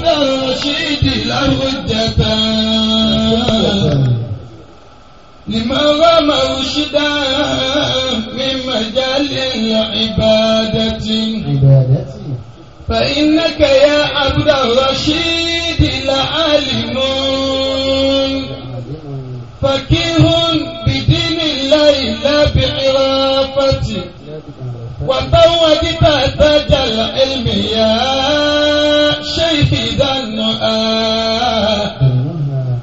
عند الرشيد له الدفاع لمن رمى رشدا من مجال عبادة فإنك يا عبد الرشيد لعالم فكيه بدين الله لا بعرافته وطودت تاج العلم يا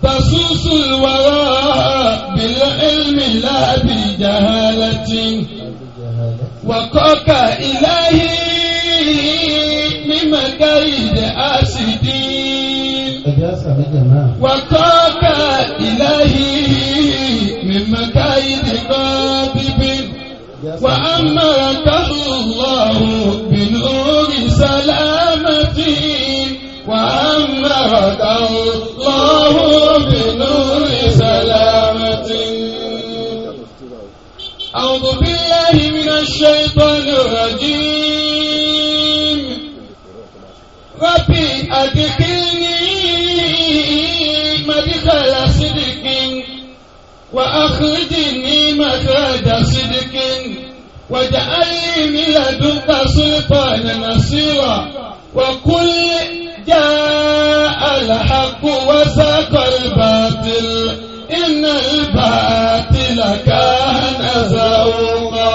تسوس الوراء بالعلم لا بجهالة وقاك إلهي من مكايد آسدين وقاك إلهي من مكايد غاضب وأمرك الله بنور سلام هدى الله بنور سلامة أعوذ بالله من الشيطان الرجيم ربي أدخلني مدخل صدق وأخرجني مخرج صدق واجعل لي من لدنك سلطانا نصيرا وكل جاهل الحق وساق الباطل إن الباطل كان زوقا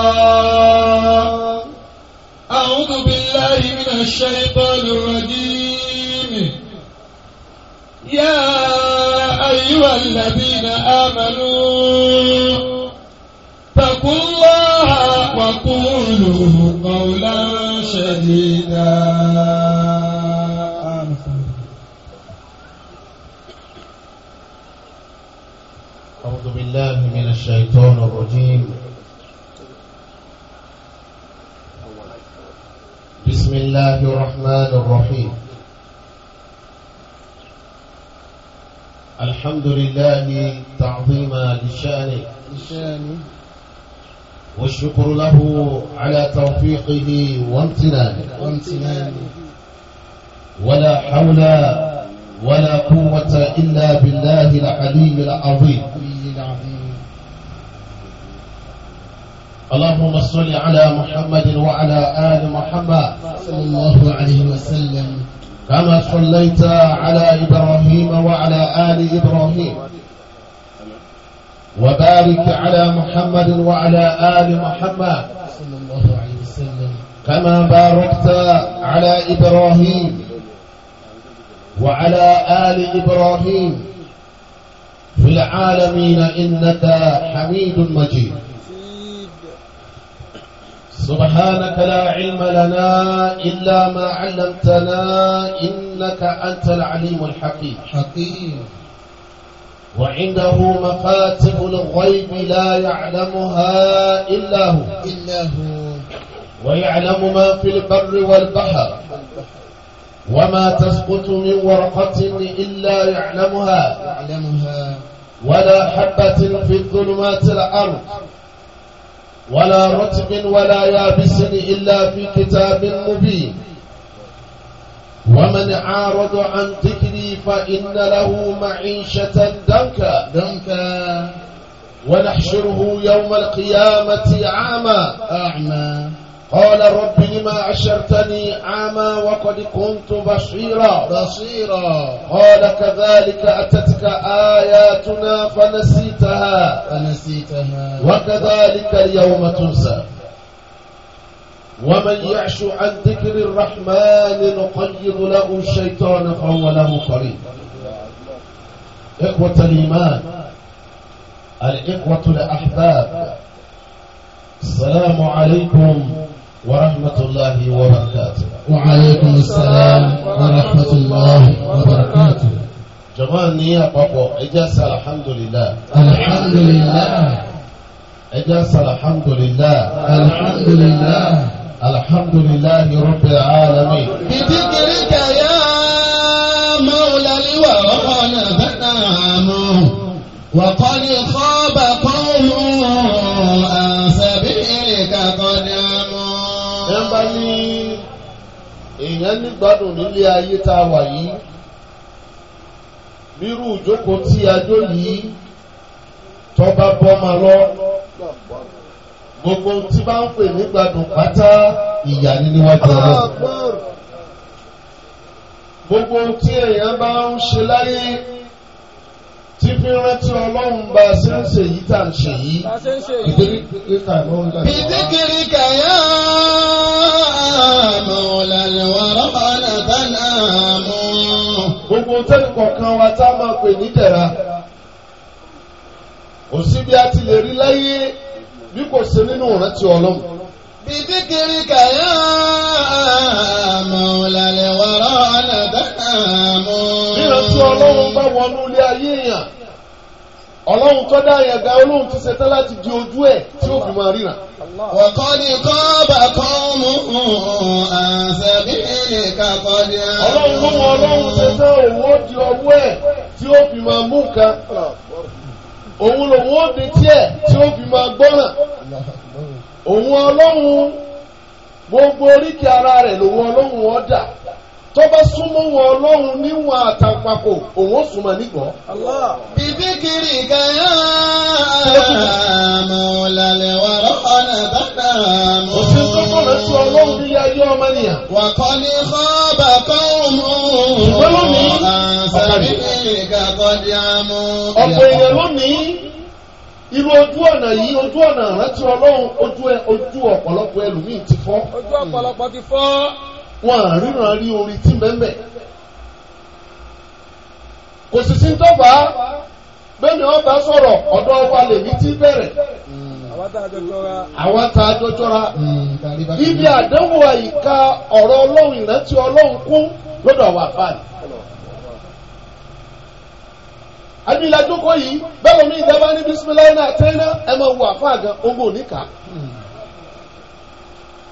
أعوذ بالله من الشيطان الرجيم يا أيها الذين آمنوا اتقوا الله وقولوا قولا شديدا بالله من الشيطان الرجيم بسم الله الرحمن الرحيم الحمد لله تعظيما لشانه والشكر له على توفيقه وامتنانه ولا حول ولا قوة إلا بالله العليم العظيم العظيم اللهم صل على محمد وعلى آل محمد صلى الله عليه وسلم كما صليت على إبراهيم وعلى آل إبراهيم وبارك على محمد وعلى آل محمد صلى الله عليه وسلم كما باركت على إبراهيم وعلى آل إبراهيم في العالمين إنك حميد مجيد سبحانك لا علم لنا إلا ما علمتنا إنك أنت العليم الحكيم حكيم وعنده مفاتح الغيب لا يعلمها إلا هو إلا هو ويعلم ما في البر والبحر, والبحر. وما تسقط من ورقة إلا يعلمها يعلمها ولا حبة في الظلمات الأرض ولا رتب ولا يابس إلا في كتاب مبين ومن عارض عن ذكري فإن له معيشة دنكا دنكا ونحشره يوم القيامة أعمى أعمى قال رب لما عشرتني عاما وقد كنت بصيرا بصيرا قال كذلك أتتك آياتنا فنسيتها فنسيتها وكذلك اليوم تنسى ومن يعش عن ذكر الرحمن نقيض له الشيطان فهو له قريب إخوة الإيمان الإخوة الأحباب السلام عليكم ورحمة الله وبركاته وعليكم السلام ورحمة الله وبركاته جماعة نية بابو إجاس الحمد لله الحمد لله إجاس الحمد لله الحمد لله الحمد لله رب العالمين بذكرك يا مولى الوفا نفعنا وقد خاب قلبي èèyàn nígbádùn nílé ayé tá a wà yìí bírú ìjókòó tí a jó yìí tọ́ba bọ́mọ lọ gbogbo tí bá ń pè nígbádùn pátá ìyà ni níwájú ọlọ́run gbogbo tí èèyàn bá ń ṣe láyé tí fi rántí ọlọ́run bá a ṣe ń ṣe yìí tá à ń ṣe yìí. bìdíkiri kàyà mọ̀lẹ́lẹ̀ wàrà bàlẹ̀ bàlẹ̀ mọ́. gbogbo tẹ́lẹ̀ kọ̀ọ̀kan wa tá a máa pè ní tẹ̀ra. kò sí bí a ti lè rí láyé bí kò sí nínú ìrántí ọlọ́run. بذكرك يا مولى الورى نبهام ìrántí ọlọ́run bá wọnú ilé ayé èèyàn ọlọ́run kọ́ dá àyàn ga ọlọ́run ti ṣetán láti di ojú ẹ̀ tí ó fi máa ríran. wọ́kọ́ni kọ́ọ̀bà kan mú àṣẹbíyẹ kakọ́ni. ọlọ́run ló wọ ọlọ́run ṣetán òun ó di ọwọ́ ẹ̀ tí ó fi máa mú nǹkan òun lòun ó di tiẹ̀ tí ó fi máa gbọ́ràn. òun ọlọ́run gbogbo oríkì ara rẹ̀ lòun ọlọ́run ọ̀dà tó súnmọ́ wọn ọlọ́run níwọ̀n àtàǹpàkò òun ó súnmọ́ nígbọ́. kiri gaya wà rọ́ọ̀nà bàtà mọ́. òsín tó sí ọlọ́run ní yáyé ọmọ nìyà. wà á irú ojú ọ̀nà yìí ojú ọ̀nà rántí ọlọ́run ojú ọ̀pọ̀lọpọ̀ ẹlòmíì ti fọ́. ojú ọ̀pọ̀lọpọ̀ ti fọ́. wọn à ríran rí orin tí mẹ́mẹ́. kò sì sí tọ́ba bẹ́ẹ̀ni wọ́n bá sọ̀rọ̀ ọ̀dọ́ wa lèmi ti bẹ̀rẹ̀. àwa tá a jọjọra. Hmm, ibi àdánwò àyíká ọ̀rọ̀ ọlọ́run ìrántí ọlọ́run kún lọ́dọ̀ àwọn àbáyé. àbí ìlàjókòó yìí bẹ́ẹ̀ mi ìjọba ní bisimilayi náà tẹ́ná ẹ máa wù àfáà gan ogún oníkà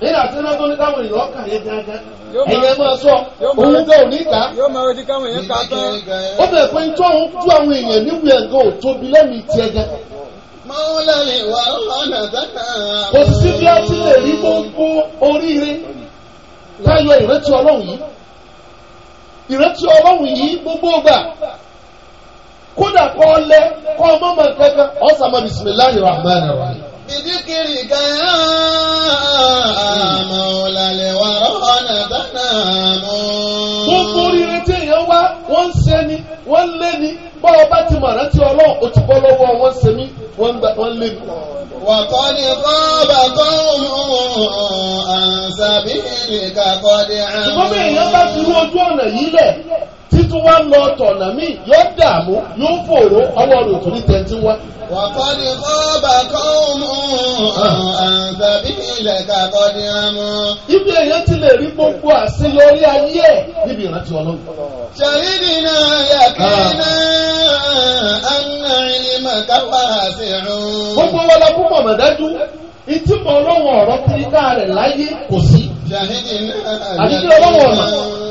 nínú àtúnná tó ní káwọn èèyàn kà yé gángan ẹ̀yẹ máa sọ òun gan oníkà ó bẹ̀rẹ̀ pé tó ń tú àwọn èèyàn níwèé ẹ̀gán ò tóbi lẹ́nu ìtì ẹ̀gán. kò sí bí a ti lè rí gbogbo oríire láyọ̀ ìrántí ọlọ́run yìí ìrántí ọlọ́run yìí gbogbo ọgbà. kódà kọ́ ma kọ́ mọ́mọ́ ọ ọ̀sán mọ́ bisimilahi rahman rahim. bìdíkìrì gàyà mọ̀ọ́lálẹ̀ wà ọ̀nà dáná mọ́. gbogbo oríire tí èèyàn wá wọ́n ń ṣe ni wọ́n lé ni bọ́ ọba ti mọ̀ ọlọ́run ti bọ́ lọ́wọ́ wọ́n ṣe mí títún wá lọ tọ̀nà mí yóò dààmú yóò fòrò ọwọ́ rẹ̀ tó ní tẹ̀ntì wá. wà á kọ́ba kọ́ mú àǹtàbí ilẹ̀ ibi èèyàn ti lè rí gbogbo àṣẹ lórí ayé ẹ̀ níbi ìrántí ọlọ́run. náà ah. gbogbo ọlọ́wọ̀n ọ̀rọ̀ kiri àdìgbò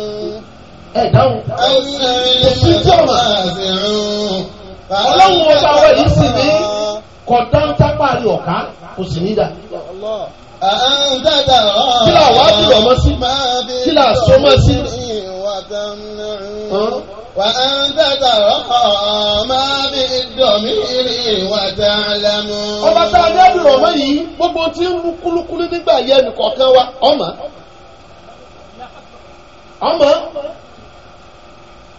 ẹ èsì tí ọmọ ọlọ́run ọba wa yìí sì ní kọ̀dán tápàrí ọ̀ká kò sì ní dà. kí là wá bí ọmọ sí kí là so mọ́ sí. وأنت ترقى ما بالضمير وتعلم. ọba tá a dábìrì ọmọ yìí gbogbo tí ń mú kúlúkúlú nígbà yẹn nìkọ̀ọ̀kan wa ọmọ ọmọ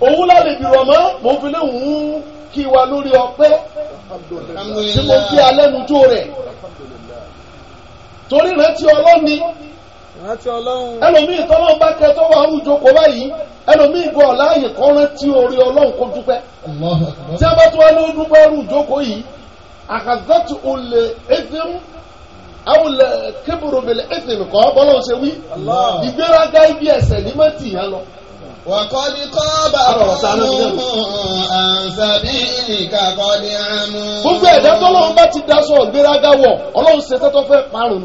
òun láti bìrọ̀ mọ́ mo fi lé wù ú kí wa lórí ọpẹ́ tí mo fi alẹ́ nu tó rẹ̀ torí rántí ọlọ́ni ẹlòmíì tọ́lọ́ bá kẹ tó wà áwùjọ kó báyìí ẹlòmíì gbọ́ láàyè kọ́ rántí orí ọlọ́run kó dúpẹ́ tí a bá tó wá ní dúpẹ́ áwùjọ kó yìí àkàzọ́tù olè ẹ̀dẹ́mú àwùlẹ̀ kébùrù bẹ̀lẹ̀ ẹ̀dẹ́mú kọ́ bọ́lá ọ̀sẹ̀ wí ìgbéraga ibi ẹ̀sẹ̀ ní mẹ́tì yẹn lọ. وقد قاب قوم gbogbo ẹ̀dá tọ́lọ́run bá ti daṣọ ìgbéraga wọ̀ ọlọ́run ṣe tọ́tọ́ fẹ́ parun.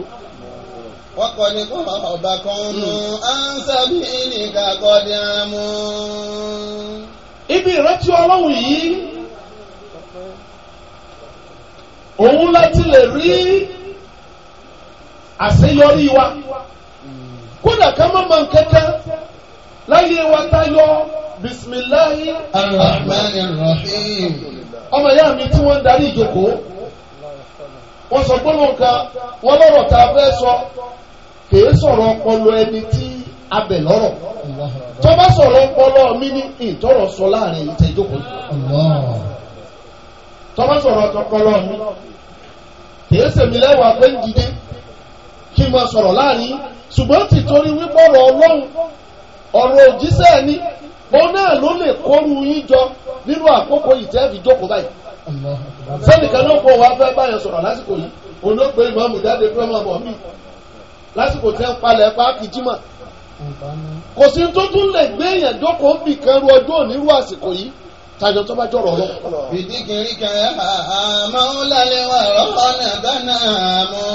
kan قاب قوم عن سبيلك قد عموا. ibi ìrántí ọlọ́run yìí òun láti lè rí àṣeyọrí wa kódà ká má láyé wa tayọ bisimilahi arahmani rahim ọmọ ìyá mi tí wọ́n ń darí ìjókòó wọ́n sọ gbólóhùn kan wọ́n lọ́rọ̀ tá a fẹ́ sọ kìí sọ̀rọ̀ ọpọlọ ẹni tí a bẹ̀ lọ́rọ̀ tó bá sọ̀rọ̀ ọpọlọ mi ní ìtọ́rọ̀ sọ láàrin ìtẹ́jókòó tó bá sọ̀rọ̀ ọpọlọ mi kìí sèmi lẹ́wà pé ń dìde kí n máa sọ̀rọ̀ láàrin ṣùgbọ́n tìtorí wípọ̀rọ̀ ọlọ́run ọ̀rọ̀ òjíṣẹ́ ni òun náà ló lè kóru yín jọ nínú àkókò ìtẹ́ẹ̀fì jókòó báyìí sẹ́nìkan náà kó wa fẹ́ báyọ̀ sọ̀rọ̀ lásìkò yìí òun ló pe ìmọ̀ọ́mù jáde pé ọmọ mi lásìkò tẹ́ ń palẹ̀ páàkì jímọ̀ kò sí tó tún lè gbé èèyàn jókòó bì kan ru ọjọ́ onírú àsìkò yìí tajọ tó bá jọrọ ọ̀rọ̀ kọlọ. bìdíkìrì kan àmọ́lá lè wà rọ́kànnà bánà mọ́.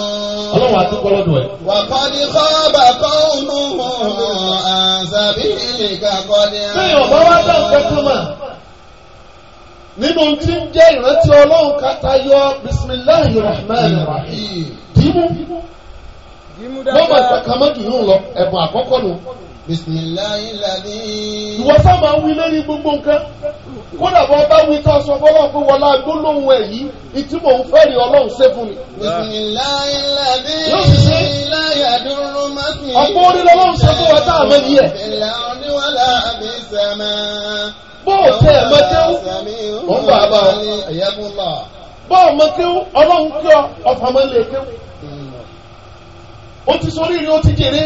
ọlọ́run àti kọlọ́dún ẹ̀. wà kọ́ni kọ́ba kọ́ọ̀mù àǹsàbí nìkan kọ́ni. bẹ́ẹ̀ ọ̀bá wá dá nǹkan tó mà. nínú tí ń jẹ́ ìrántí ọlọ́run kata yọ bisimilahi rahman rahim. dìímù. dìímù dáadáa. lọ́mọ ìfẹ́ kan mọ́ dùnú lọ ẹ̀bùn àkọ́kọ́ nù bisimilayi ladi. ìwọ sábà wí lórí gbogbo nǹkan kódà bọ́ bá wí ká sọ fọlọ́ pé wọlá gbólóhùn ẹ̀ yìí ìtumọ̀ ń fẹ́ rí ọlọ́run ṣe fún mi. bisimilayi ladi. yóò sì ṣe. láyà dúró má sí. ọ̀pọ̀ orí lọ́lọ́run ṣe fún wa tá a mẹ́ni yẹ. ìlànà oníwàlá àbí sàmà. bó o tẹ ẹ̀ mọ́tẹ́wó. ó ń bá a bá a. bó o ọlọ́run kí ọ kéwò. o ti sọ orí ni o ti jèrè.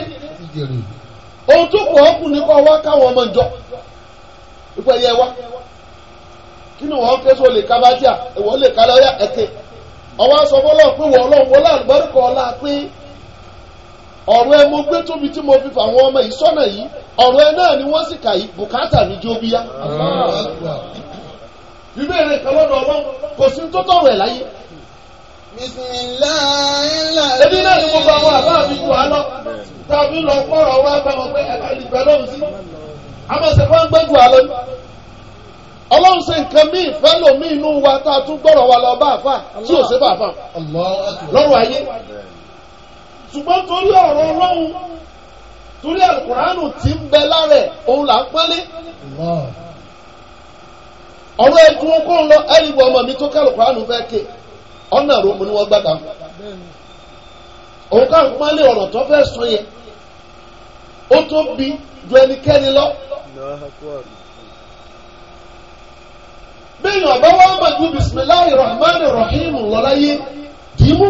ohun tó kù ọ́kùn ní kọ́ wá káwọn ọmọ ìjọ ìpẹ́ yẹ wá kí ni wọ́n fẹ́ sọ lè ká bátíà ìwọ́ lè lọ́yà ẹ̀kẹ́ ọwọ́ aṣọ fọlọ́ pé wọ́n pé ọ̀rọ̀ ẹ mo gbé tóbi tí mo fi fà ọmọ yìí sọ́nà yìí ọ̀rọ̀ ẹ náà ni wọ́n sì kà yìí bùkátà mi jó ebi náà ni mo àwọn àbá mi tàbí lọ pọ̀rọ̀ wá bá wọn pé ẹ̀ka ìgbà lọ́hùn sí. àmọ̀sẹ̀ fún agbẹ́gùn àlọ́ ni. ọlọ́run ṣe nǹkan míì fẹ́lò míì inú wa tá a tún gbọ́rọ̀ wa lọ bá àfà tí ò sí bá àfà lọ́rọ̀ ayé. ṣùgbọ́n torí ọ̀rọ̀ ọlọ́run torí àkùránù tí ń bẹ lára ẹ̀ òun là ń pẹ́lẹ́ ọ̀rọ̀ ẹ̀dùn okòó lọ ẹ̀yìn ọmọ mi tó kálukùránù fẹ́ ké ọ̀nà ìròmù òun ká ń pọ́nlé ọ̀rọ̀ tó fẹ́ sọ yẹn ó tóbi ju ẹnikẹ́ni lọ. bẹ́ẹ̀ni ọ̀bá wa máa ju bisimilahi rahmani rahim lọ́láyé dìímú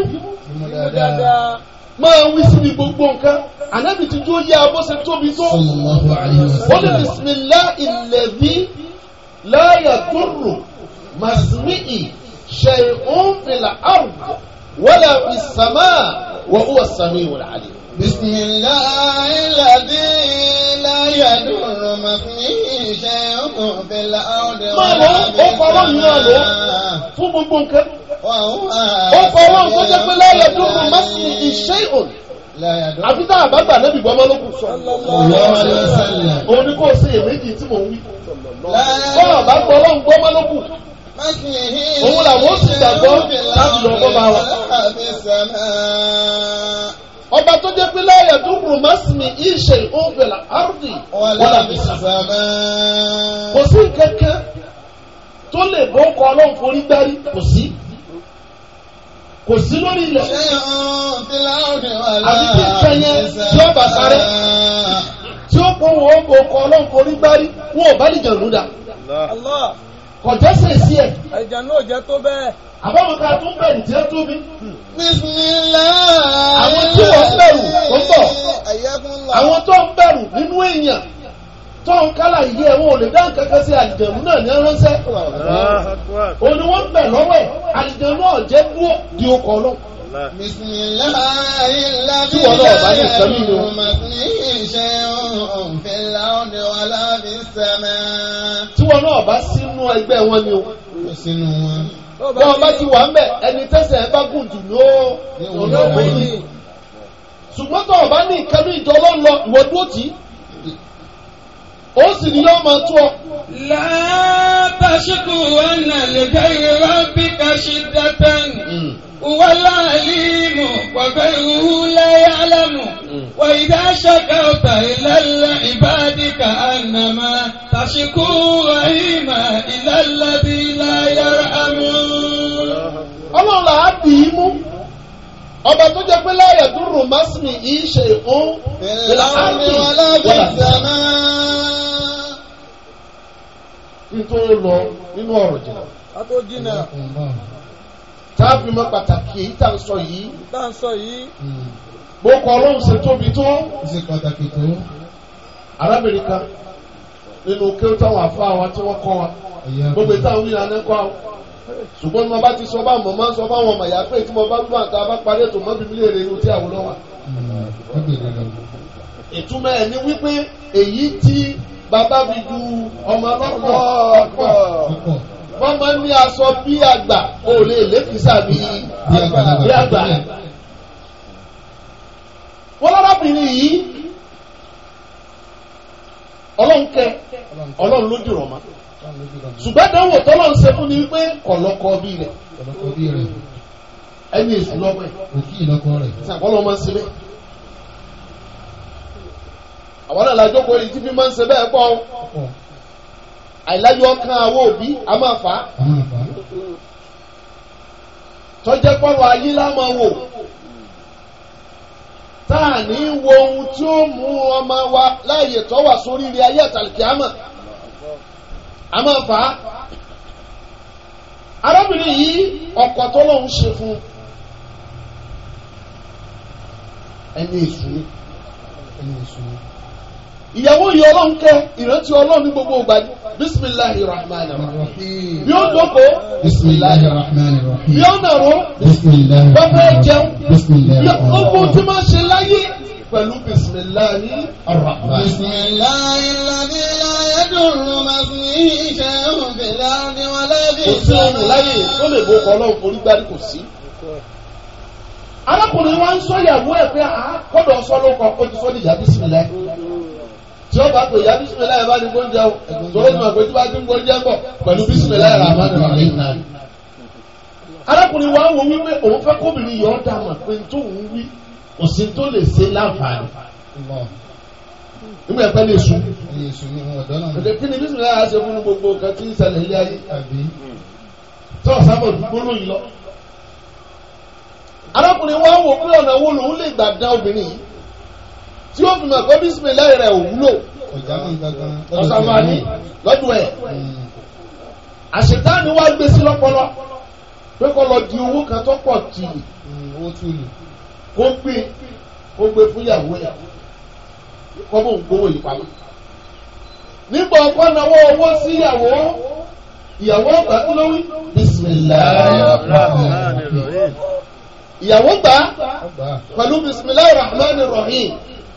máa wí síbi gbogbo nǹkan ànábì tí jó yá bó ṣe tóbi tó wọ́n ní bisimilahi lẹ́bí láyà tó rò màsímì ṣe ń fìlà àrùn. ولا في السماء وهو السميع العليم بسم الله الذي لا يدور مثله شيء في الأرض ولا في السماء fún gbogbo nǹkan ó fọwọ́ tó jẹ́ pé láyà tó kù má sí iṣẹ́ ìhòòhùn àbí tá a bá gbà lẹ́bi gbọ́ ọmọ lókun sọ òun ni kò sí èméjì tí mò ń wí kọ́ ọ̀bá gbọ́ ọlọ́run gbọ́ ọmọ lókun òun làwọn ó sì gbàgbọ́ láti lọ ọkọ bá wa. ọba tó jẹ́ pé láyà dúró mọ́sìmì ìṣe òbẹ̀là árdì wọ́lá mi sàmà. kò sí kankan tó lè bọ́ kọ́ ọlọ́run forí gbárí kò sí kò sí lórí ilẹ̀. àti tí nǹkan yẹn tí ó bà sáré tí ó kó wọn ó kó ọkọ ọlọ́run forí gbárí wọn ò bá lè jẹ̀rù dà kọjá sèṣì ẹ. ẹ̀jẹ̀ náà jẹ́ tó bẹ́ẹ̀. àbáwọn ká tún bẹ̀rù tí ó tún mi. bisimilayi. àwọn tí wọ́n ń bẹ̀rù tó ń bọ̀. àwọn tó ń bẹ̀rù nínú èèyàn tó ń kálá yìí ẹ̀wọ̀n ò lè dá nǹkan kan sí àlìjẹ̀mú náà ní ránṣẹ́. òní wọ́n ń bẹ̀ lọ́wọ́ ẹ̀ àlìjẹ̀mú náà jẹ́ dúró di okọ̀ ọlọ́run tí wọ́n náà bá ní sọ nínú. tí wọ́n náà bá sínú ẹgbẹ́ wọn ni o. bọ́ọ̀ bá ti wà ń bẹ̀ ẹni tẹ́sẹ̀ bá gùn jù ló ló wọ́n yìí. ṣùgbọ́n tó o bá ní ìkànnì ìjọ lọ́nà ìwọ́dúró tì í ó sì ní yóò máa tó ọ. látàṣíkù ọ̀nà lè bẹ̀rẹ̀ rábì kàṣí dátàn. wọ́lá àlímù wọ̀bẹ̀ ìhúlẹ̀ yálẹ̀mù. wà ìdá ṣọ́kà ọ̀tà ìlẹ́lẹ̀ ìbádìkà ànàmá. tàṣíkù rahima ìlẹ́lẹ̀ bí láyára àmú. ọlọ́run àá bì í mú ọba tó jẹ́ pé láyọ̀ tó rò má sì ní í ṣe ìkún ìlànà ìwàlágbàsánà. Tító lọ nínú ọ̀rọ̀ jìnnà. A tó jìnnà. Táàbì mọ pàtàkì èyí tá à ń sọ yìí. Tá à ń sọ yìí. Gbogbo ọlọ́run ṣe tóbi tó. Ṣé pàtàkì tó? Arábìnrin kan nínú kí ó táwọn àfa wa tí wọ́n kọ́ wa. Gbogbo ìtàn wíra ní kọ́ wa ṣùgbọ́n mo bá ti sọ bá mọ̀ máa ń sọ fáwọn ọmọ ìyá tí mo bá gbọ́ àtà bá parí ètò mọ́ bíbélì èrè inú tí àwọn lọ́wọ́. ìtumọ̀ ẹ̀ ni wípé èyí tí bàbá fi du ọmọ lọ́pọ̀ pọ̀ wọ́n máa ń ní aṣọ bí àgbà ò lè lékìsà bí àgbà. wọ́n lọ́rọ́bìnrin yìí ọlọ́run ọlọ́run ló dìrọ̀ mọ́ ṣùgbọ́n dánwò tọ́lọ́ ń ṣe fún ni wípé kọ̀lọ́kọ́ bí rẹ̀ ẹni èṣù lọ́pẹ́ òkì ìlọ́kọ rẹ̀ ṣàkọ́lọ́ máa ń ṣe bẹ́ẹ̀ àwọn náà lájọ́ kọ́ èyí tí fi máa ń ṣe bẹ́ẹ̀ pọ̀ àìláyọ̀ ọkàn àwọn òbí a máa fà á tọ́jẹ́ pọ́rọ̀ ayé lámọ̀ wò táà ní wo ohun tí ó mú ọmọ wa láàyè tọ́wà sórí ilé ayé àtàlùkì àmọ̀ a máa fà á arábìnrin yìí ọkọ̀ tó lọ́hún ṣe fún ẹni ìsúnú ẹni ìsúnú ìyàwó yìí ọlọ́run kẹ́ ìrántí ọlọ́run ní gbogbo ìgbà bisimilahi rahman rahim bí ó dọ́kọ bisimilahi rahman rahim bí nàró bisimilahi rahman rahim bàbá ẹ jẹun bisimilahi rahman rahim bí ó kó tí máa ṣe láyé pẹ̀lú bisimilahi arahman. bisimilahi ladi láyé dùnrùn màsí ìṣe òbílẹ̀ àdìwálé bí. kò sí ẹni láyè tó lè bó kọ́ lọ́wọ́ orí kò sí arákùnrin wa ń sọ ìyàwó ẹ pé a kọdọ sọ ló kọ ojú sọ ní ìyá bísímilá tí ó bá pè ìyá bísímilá ẹ bá ní gbóúnjẹ o tòun ní ọgbẹ bá ti ń gbóúnjẹ bọ pẹ̀lú bísímilá ẹ ràmá arákùnrin wa ń wo wípé òun fẹ́ kóbìnrin yọ̀ ọ́ dà mà pé tóun wí kò sí tó lè ṣe láǹfààní. nígbà pẹ́ lè sùn. ọ̀dẹ̀ kí ni bísí lára ṣe fún gbogbo nǹkan tí ń ṣẹlẹ̀ ilé ayé. tó o sábà dúpọ́ lóyìn lọ. arákùnrin wa wò pé ọ̀nà wo lòun lè gbà dán obìnrin yìí tí ó fi mọ̀ pé bísí láì rẹ̀ òwúlò. ọ̀sánfààní lọ́dún ẹ̀. Hmm. àṣetáàni wa gbé sí lọ́pọlọ pé kọ́ lọ di owó kan tó pọ̀ tì. Hmm, owó tù ní kó gbé kó gbé fúnyàwó yàwó kọ́ bó ń gbowó yìí pamọ́ nígbà ọkọ náwó owó síyàwó ìyàwó ọgbà kú lórí bisimilayi rahman rahim ìyàwó gbà pẹ̀lú bisimilayi rahman rahim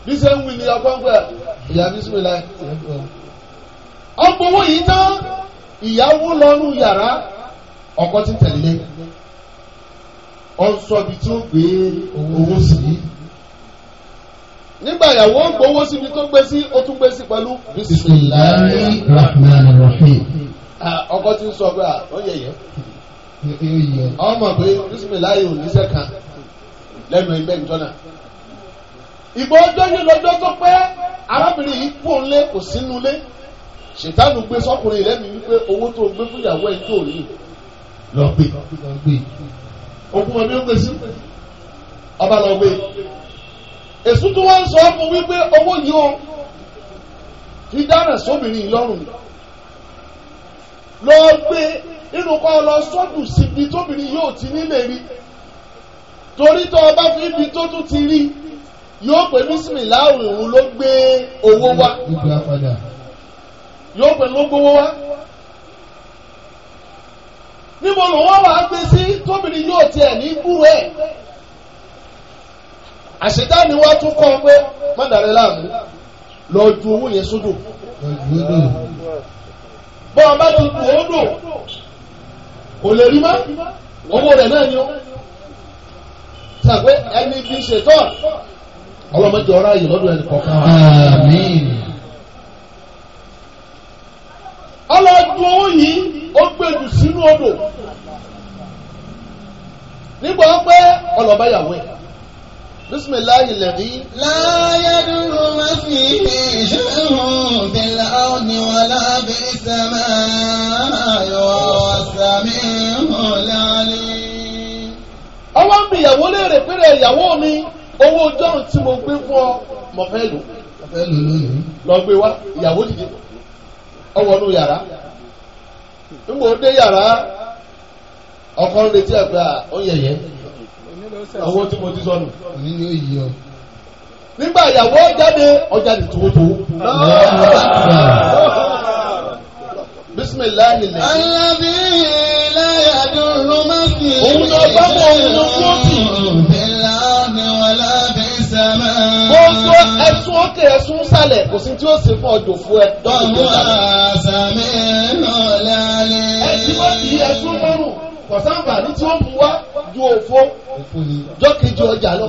bí ṣe ń wí ni ọgbọ́ngbẹ́ ìyá bisimilayi ọgbọ́wọ́ yìí tán ìyàwó lọ́nu yàrá ọkọ ti tẹ̀lé ọ̀nsọ́bi tí ó gbé owó sí. nígbà ìyàwó ń gbowó síbi tó gbé sí ó tún gbé sí pẹ̀lú. bisimilayi rahman rahim. ọkọ ti ń sọ pé àwọn yẹyẹ ọmọ pé bisimilayi ò níṣẹ́ kan lẹ́nu ẹgbẹ́ ìjọ́nà. ìbọn ọjọ́ yìí lọ́jọ́ tó pẹ́ arábìnrin yìí kú òun lé kò sínú lé ṣètàlù gbé sọkùnrin rẹ mi wípé owó tó gbé fún ìyàwó ẹ tó rí lọ òkú wọn ni ó gbèsè ọba lọ gbé èsù tó wọ́n sọ fún wípé owó yìí ó fi dáná sóbìnrin lọ́rùn lọ gbé nínú kọ́ lọ sọ́dù síbi tóbìnrin yóò ti nílé rí torí tó ọba fi ibi tó tún ti rí yóò pè bísímìlá òun ló gbé owó wá yóò pè ló gbówó wá níbo ló wọ́n wàá gbé sí tóbìnrin yóò tiẹ̀ ní gbúrú ẹ̀ àṣetáni wa tún kọ́ pé mọ́dàrí láàmú lọ ju owó yẹn sódò bọ́ ọ bá ti kù ó dò kò lè rí mọ́ owó rẹ̀ náà ni ó sàgbé ẹni bí ṣètọ́ ọlọ́mọdé ọ̀rá yìí lọ́dún ẹni kọ̀ọ̀kan ọlọ́dún owó yìí ó gbèjù sínú odò nígbà pé ọlọ́ba yàwó ẹ̀ bisimilayi lẹ́rí. láyé dúró má fi ìṣòro bílá òní wọn lábẹ́ ìsẹ̀mẹ́ ayọ̀ sàmì ọ̀làlẹ́. ọwọ́ ń bi ìyàwó léèrè pé rẹ̀ ìyàwó mi owó ọjọ́ tí mo gbé fún ọ mọ̀fẹ́ lò. lọ gbé wa ìyàwó dìde ọwọ́ nù yàrá nígbà ó dé yàrá ọkọ ń retí ẹgbẹ́ ọ̀yẹ̀yẹ́ owó tí mo ti sọnù. òní ni ó yí ọ. nígbà ìyàwó jáde ọjà di tòótòó. bisimilahi lè. alábí ilé ẹ̀dùn òun lọ bá mọ òun ló kó sí ẹ̀sùn òkè ẹ̀sùn sálẹ̀ kò sí tí ó sì fún ọjọ́ fún ẹ. ọ̀hún àṣàmì ọ̀làlẹ̀. ẹ̀sìn wọ́n ti ẹ̀sùn mọ́rùn kọ̀sánfà ní tí ó mú wá ju òfo jọ́kejì ọjà lọ.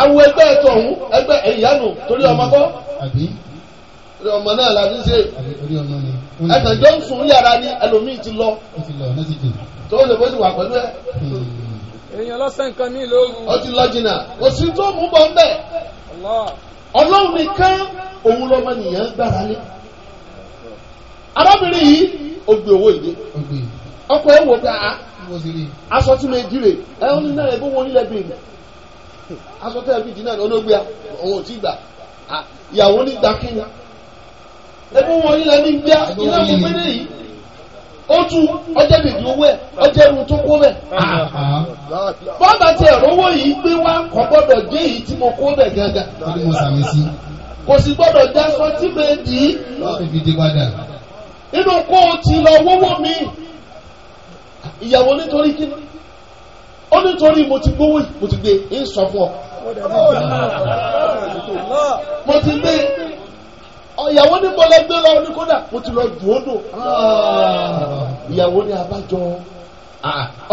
àwọn ẹgbẹ́ ẹ̀tọ́ ọ̀hún ẹgbẹ́ ẹ̀yánu torí ọmọ kọ́ orí ọmọ náà la fi ṣe ẹ̀sán jọ́ yàrá ni ẹlòmíì ti lọ tó lè bó ti wà pẹ̀lú ẹ. Hmm èèyàn lọ́sẹ̀ nǹkan mi lóru. ó ti lọ jìnnà kò sí tó mú bọ́ ńbẹ́. ọlọ́run nìkan òun lọ́mọ nìyẹn gbára lé. arábìnrin yìí ó gbé owó ìdè ọkọ̀ ẹ̀ wò pé ah, aṣọ tí mo jí rè ẹ̀ ó ní náà ẹ̀ bó wọlé lẹ́bìn aṣọ tẹ́lẹ̀ bíi jìnnà olóògbé àwọn ò tí gbà ah, ìyàwó ní gbà kí ni ẹ̀ bó wọlé lẹ́bìn gbà iná mo fẹ́rẹ̀ yìí. Otu, tú ọjọ́ bèbí owó ẹ̀ ọjọ́ irun tó kó bẹ̀. bọ́ọ̀bà tí ẹ̀rọ owó yìí gbé wá kò gbọ́dọ̀ jẹ́ èyí tí mo kó bẹ̀ gángan. kò sì gbọ́dọ̀ já sọ tí mo dì í. nínú kó o ti lọ wọ́wọ́ mi ìyàwó nítorí kí ni ó nítorí mo ti gbówó mo ti gbé ń sọ fún ọ. mo ti gbé ọ̀yàwó ní mọ̀lẹ́gbẹ́ lọ ní kódà mo ti lọ jù ó dùn. ìyàwó ní abájọ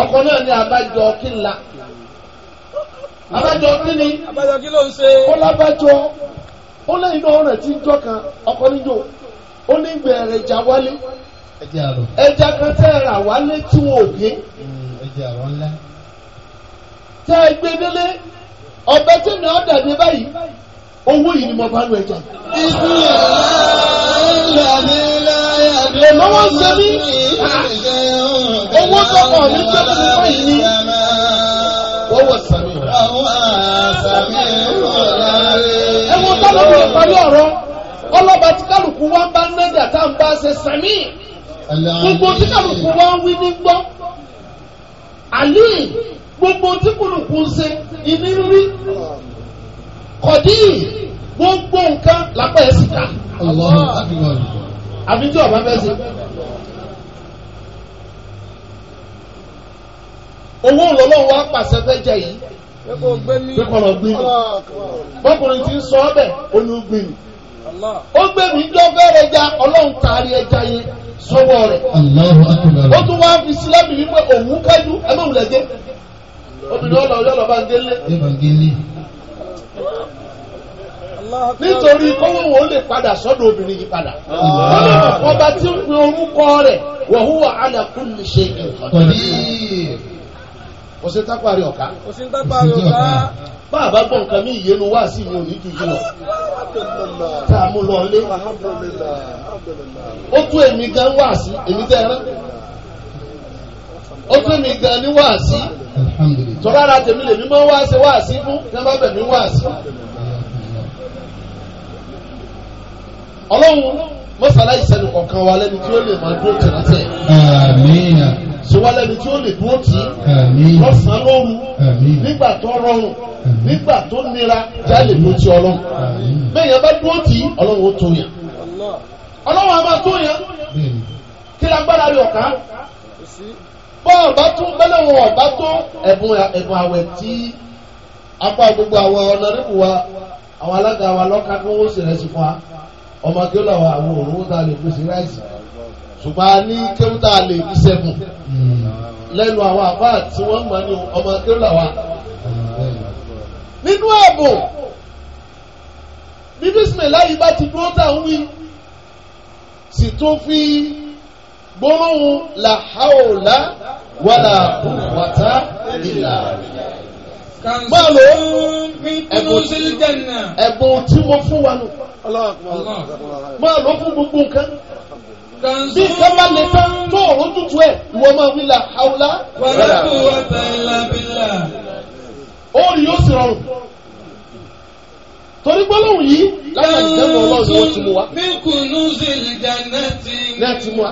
ọkọ náà ní abájọ kí la abájọ kí ni abájọ kí ló ń ṣe. ó lábájọ ó lẹ́yìn náà ọ̀rẹ́ tí ń jọ kan ọkọ níjó ó ní gbẹ̀rẹ̀ ìjà wálé ẹja kan tẹ́ ra wálé tí wọn ò gbé hmm, tẹ́ ẹ gbé délé ọ̀bẹ tí mi ọ̀ dàbí báyìí owó yìí ni mo bá lu ẹja. èèmọ̀ wọ́n ṣe mí owó tọkọ mi tó kù fún yìí ni. owó sàmì rà. ẹ̀wọ̀n tọ́lọ́ mi ò parí ọ̀rọ̀ ọlọ́ba tí kálukú wa bá nájà tá à ń bá ṣe sàmì gbogbo tí kálukú wa ń wí ní gbọ́ àlè gbogbo tí kálukú ń ṣe ìnírí kọ̀dí gbogbo nǹkan lápá ẹ̀ sì ká. àfi tí ọba fẹ́ ṣe. owó ìrọ̀lọ́wọ́ wa pàṣẹ fẹ́ jẹ yìí pé kọ́ lọ gbé mi bọ́kùnrin ti ń sọ ọ́ bẹ̀ ó ní ó gbé mi ó gbé mi jọ fẹ́rẹ̀ ẹja ọlọ́run taari ẹja yẹn sọ́wọ́ rẹ̀ ó tún wá fi sílẹ̀ wípé òun kájú ẹgbẹ́ òun lẹ́jẹ́ obìnrin ọlọ́ọ̀lọ́ bá ń délé nítorí kọ́wọ́ wo lè padà sọ́dọ̀ obìnrin yìí padà ọba tí ń pin orúkọ rẹ̀ wọ̀húwà alákùn ní ṣe nǹkan kò sí tápá rí ọ̀ká kò sí tápá rí ọ̀ká bá a bá gbọ́ nǹkan mí ìyẹnu wá sí mi ò ní ju yìí lọ tá a mú lọ lé ó tún èmi gan wá sí èmi tẹ́ ẹ rán ó tún mi gan ní wáàsí tọ́lá ara tèmi lèmi máa ń wá ṣe wáàsí fún ní wọ́n bá bẹ̀ mí wáàsí. ọlọ́run mọ́sálá ìsẹ́nu kọ̀ọ̀kan wa lẹ́ni tí ó lè máa dúró tì látẹ̀. àmín. ṣé wa lẹ́ni tí ó lè dúró tì. àmín. lọ́sàn-án lóru. àmín. nígbà tó rọrùn. àmín. nígbà tó nira já lè dúró tì ọlọ́run. àmín. bẹ́ẹ̀ yẹn bá dúró tì ọlọ́run ó tó yàn. ọlọ́run a máa tó yàn. kí lágbára rẹ̀ ọ̀kan bọ́ọ̀ bá tún bẹ́lẹ̀ wọn ọ̀bá tó ẹ̀bùn àwẹ̀ tí apá gbogbo àwọn ọ̀nàdẹ́kù wa àwọn alága wa lọ́ka kó wọ́n sì rẹ́sì fún wa ọmọ kí ó lọ́wọ́ àwọn òórùn tá a lè pèsè ráìsì ṣùgbọ́n a ní kéwù tá a lè fi sẹ́gun lẹ́nu àwọn àbá tí wọ́n mọ̀ ní ọmọ kí ó lọ́wọ́ nínú ẹ̀bùn bí bísímẹ̀ láyé bá ti dúró tá a ń wí sì tún fi gbólóhùn làhàólà wàlà wàtá ìlà. Báwo ẹ̀bùn tí mo fún wa nù? Máa lọ fún gbogbo nǹkan. Bí nǹkan bá lè tán tó òórùn tútù ẹ̀, ìwọ máa wí làhàólà. Wàlà wàtá ìlà bìlà. Ó rí ó sì rọrùn torí gbólóhùn yìí látàrí ìjẹ́bọ̀ ọlọ́run ni wọ́n ti mú wa. bí sí ìjà náà ti mú wa.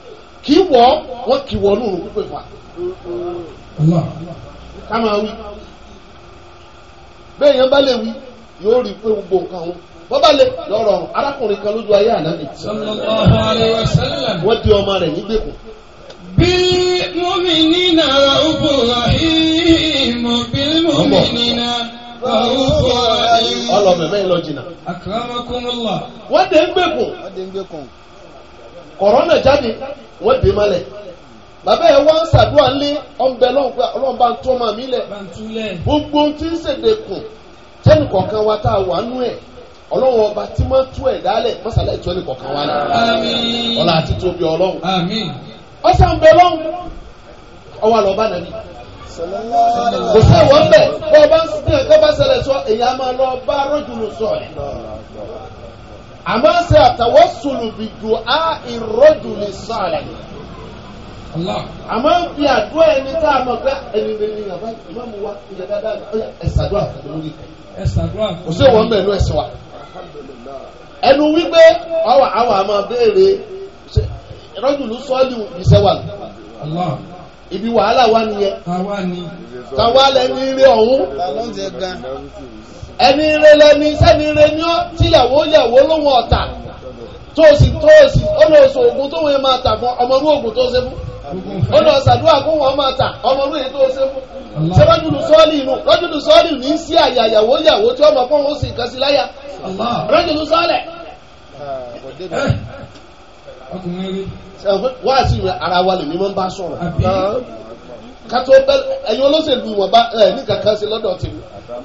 kì í wọ́n kì í wọ̀ ní òun pípé wa. ká máa wí bẹ́ẹ̀ yẹn bá lè wí yóò rí i pé gbogbo nǹkan wọn bá kan lójú ayé wọ́n di ọmọ rẹ̀ nígbèkùn. bí mu'minina ra'ufur rahim bil mu'minina ra'ufur rahim. ọlọ mẹmẹ ń lọ jìnnà. akramakumullah. wọ́n dé wọ́n dé ń ọ̀rọ̀ náà jáde wọ́n dè mọ́lẹ̀ bàbá ẹ̀ wá ń ṣàdúrà ńlẹ̀ ọ̀nbẹ ọlọ́run bá ń tọ́ ọmọ lẹ̀ gbogbo ohun tí ń ṣèdèkùn tẹ́nì kọ̀ọ̀kan wa tá a wà nú ẹ̀ ọlọ́run ọba tí máa tú ẹ̀ dálẹ̀ mọ́sálẹ̀ tó ẹnì kọ̀ọ̀kan wa lẹ̀ ọlọ́run àti tóbi ọlọ́run ọ̀sẹ̀ bẹ̀ àmọ́ ṣe àtàwọ́sùlù bí dùá ìrọ́jù lè sọ̀rọ̀ àmọ́ bí àdúrà ẹni tá a mọ̀ pé ẹni lè ní àbá ìmọ̀ mu wa ìjà dáadáa ẹ̀sàdúrà lórí ẹ̀sàdúrà kò sí wọn bẹ̀rù ẹ̀sìn wa ẹnu wípé àwọn àwọn àmọ́ béèrè ìrọ́jù ló sọ́ọ́lù ìṣẹ́wà ibi wàhálà wa nìyẹn tàwa lẹ́ni rí ọ̀hún. ẹni rẹ lẹni sẹ́ni ni tíyàwó yàwó lóhun ọ̀tà tó sì tó o tó wọn máa tà fún ọmọrú oògùn tó ṣe fún ó lọ kó wọn máa tà ọmọrú èyí tó ṣe fún sẹ́wájúlù sọ́ọ̀lì inú ní sí àyà yàwó yàwó tí ọmọ fún òun sì kàn sí láyà wá sí ara wa kátó ẹ̀yin olóṣèlú ìwọ̀nba ẹ̀ ní kankan sí lọ́dọ̀ tèmi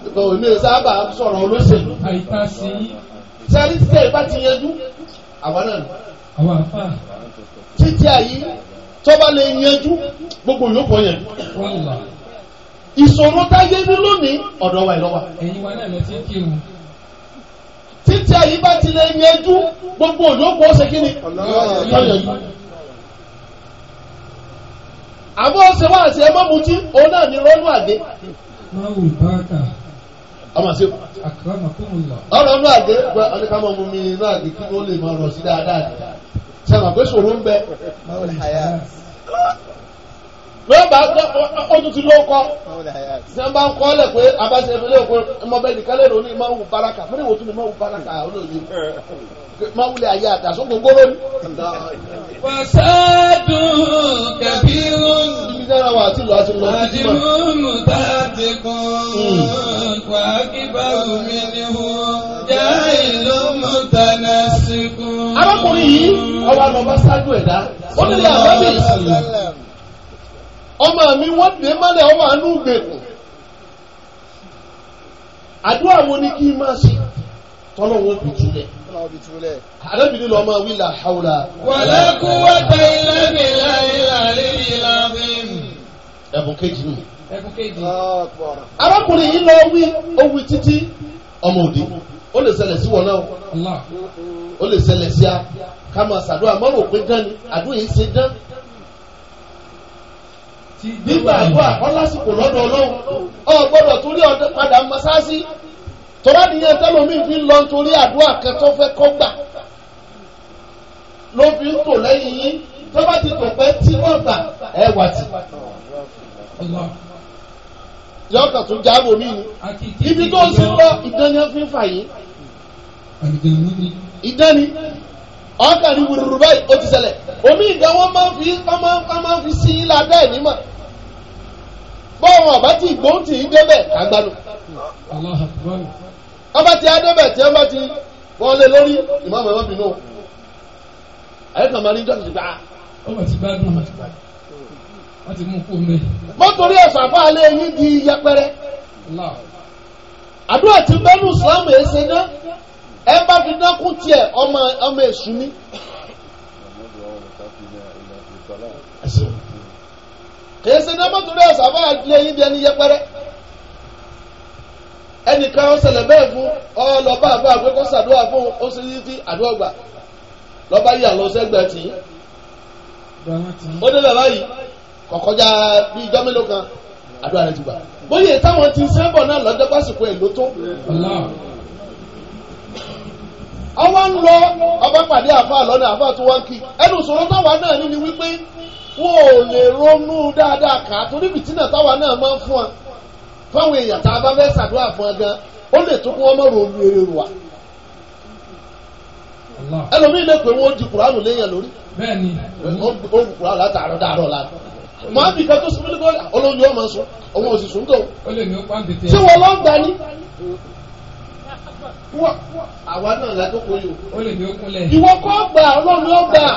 ìgbà òní sábà sọ̀rọ̀ olóṣèlú. àyíká sí i. sẹ́rí títẹ̀ ìbá ti yanjú àwa náà. àwa àfa. títí àyí tó lè yanjú gbogbo yóò kọ yẹn. ìṣòro táyé ní lónìí ọ̀dọ̀ wa ìlọ́wà. ẹ̀yin wa náà lọ sí kí o títí àyí bá ti lè yanjú gbogbo yóò kọ ṣe kí ni. ọ̀nà ọ̀nà ọ̀nà àmọ́ ọ̀sẹ̀ wá àti ẹmọ́ mutí òun náà ni rọ́nú àdé. báwo bàtà. ọmọ sí. àkàràmà kò mú lọ. ọ̀rọ̀ nú àdé pé ọ̀nìkàmọ́ mu mi náà àdé kí ó lè máa rọ̀ sí dáadáa. sẹ́wọ̀n pé ń bẹ. báwo ni lọ́ba ọdún ti lóko ṣe ń bá ń kọ́ lẹ̀ pé abáṣe ìfẹ́lẹ́ òkú ọmọbẹ baraka ni baraka gbogbo lónìí. wàṣádùn kẹfìrún. ibi wa àti lọ àti lọ. àdìmúmù ndị a ti kún wà á kí arákùnrin yìí ọba ọmọ mi wọ́n dé mọ́lẹ̀ ọmọ àánú gbèkùn àdúrà wo ni kí n máa ṣe tọ́lọ̀ wọn bì túlẹ̀. arábìnrin lọ́mọ wíìlà haúlà. wàlá kú wá ta ilé mi láyé àlè ìlà mi. ẹ̀bùn kejì mi. ẹ̀bùn kejì. arákùnrin yìí lọ wí owí títí ọmọ òde ó lè ṣẹlẹ̀ sí wọn náà o lè ṣẹlẹ̀ sí a ká máa ṣàdúrà mọ́rò pé dán ni àdúrà yìí ṣe dán nígbà àdúrà ọlásìkò lọ́dọ̀ ọlọ́run ọgbọ́dọ̀ torí ọdẹ padà mọ́sáàsì tọ́lá nìyẹn tẹ́lómi fi ń lọ nítorí àdúrà kẹtọ́ fẹ́ kọ́ ló fi ń tò lẹ́yìn yín tó bá ti tò pẹ́ tí wọ́n gbà ẹ wà tì. yọ̀ọ̀kà tó jáàbò mí ni ibi tó ń sin lọ ìdánilẹ́ fi ń fà yín ìdáni ọkàn ní wùrùrù báyìí ó ti ṣẹlẹ̀ omi ìdánwò máa ń fi sí ńlá bẹ́ẹ̀ nímọ̀ bọ́ọ̀rùn ọ̀bá tí ìgbóhùn tì í débẹ̀ àgbàdo. ọba ti adébẹ̀ tí ọba ti wọ́n lórí ìmọ̀mọ̀ ẹ̀wọ̀n bínú. àyẹ̀kọ̀ máa ní jọ́sìn ti gbà bá dùn ti mú kó mẹ́. di yẹpẹrẹ. àdúrà ti bẹ́nu sàmù ẹ bá fi dákú tiẹ̀ èsì náà mọ́tò rẹ̀ sábà lẹ́yìn bí ẹni yẹpẹrẹ ẹnìkan ọ̀sẹ̀lẹ̀ bẹ́ẹ̀ fún ọlọ́ba àbọ̀ àgbẹ̀kọ́ sàdúrà fún oṣù yìí ti àdúrà gbà lọ́ba yìí àlọ́sẹ̀gbẹ̀ tì í ó dé bàbá yìí kọ̀kọ́já bíi ijọ́ mélòó kan àdúrà rẹ̀ ti gbà bóyá táwọn ti sẹ́ńbọ̀ náà lọ́jọ́ pásìkò ẹ̀ ló tó ọwọ́ ń lọ ọba pàdé àfa lọ́nà àfa tó wá ń kí ẹnu ìṣòro táwa náà ni wípé wọn ò lè ronú dáadáa kà á torí bìtínà táwa náà máa ń fún fáwọn èèyàn tá a bá fẹ́ ṣàdúrà fún wọn gan ó lè tó kó wọn mọ̀ ronú eré wa ẹlòmíì lè pè wọn ó di kuranu léèyàn lórí ó wù kuranu látàárọ̀ dàárọ̀ la màá bì kan tó sọ fúnlẹ sọ ọmọ òsì sùn tó. ṣé wọn lọ gbà ní. àwa náà la tó yìí o. ìwọ kọ́ gbà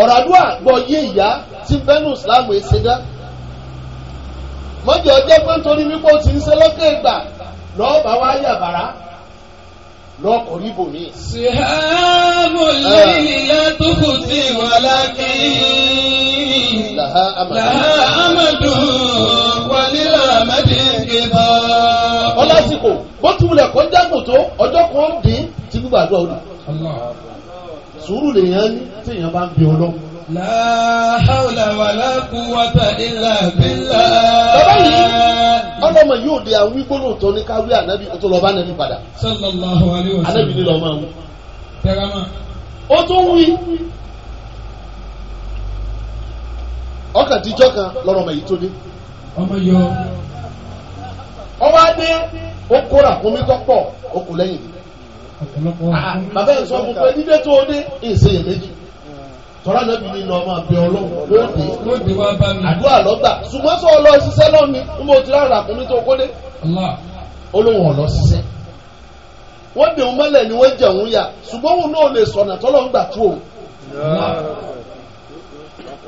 ọ̀rọ̀ àdúrà gbọ́ yé ìyá tí bẹ́nu ìsìláàmù èsè dá mọ́jọ́ jẹ́ pé nítorí wípé ó ti ń ṣe lọ́kẹ́ ìgbà lọ́ọ́ bá wá yà bàrá lọ́kọ̀ níbò ní. Ṣìhámù lẹ́yìn látòkù tí wà lákì. Làhá Amadu wàlílà Amadi Gébà. Ọlásìkò, bó ti kọjá gùn ọjọ́ kan dín ti gbígbàdúrà ọdún. sùúrù lèèyàn ya téèyàn bá ń bí ọlọ. La Bàbá yìí, ọlọ́mọ yóò di àwọn igbóná tó ní ká ànábì tó lọ bá ànábì padà. Ànábì ni ọ ka dị Ó tún wí. Ọkàn tíjọ́ kan lọ́rọ̀ ọmọ yìí tó dé. Ọmọ Ah, bàbá ẹ̀ sọ fún pé nílé tó dé èsè méjì tọ́lá náà bí nínú àbí ọlọ́run lóde àdúrà lọ́gbà ṣùgbọ́n sọ ọlọ́ ṣiṣẹ́ náà ni ní mo ti rárá fún mi tó kólé. olóhùn ọ̀lọ́ ṣiṣẹ́. wọ́n dè ń mọ́lẹ̀ ni wọ́n jẹun yà ṣùgbọ́n òun náà lè sọ̀nà tọ́lọ́ ń gbà tú òun.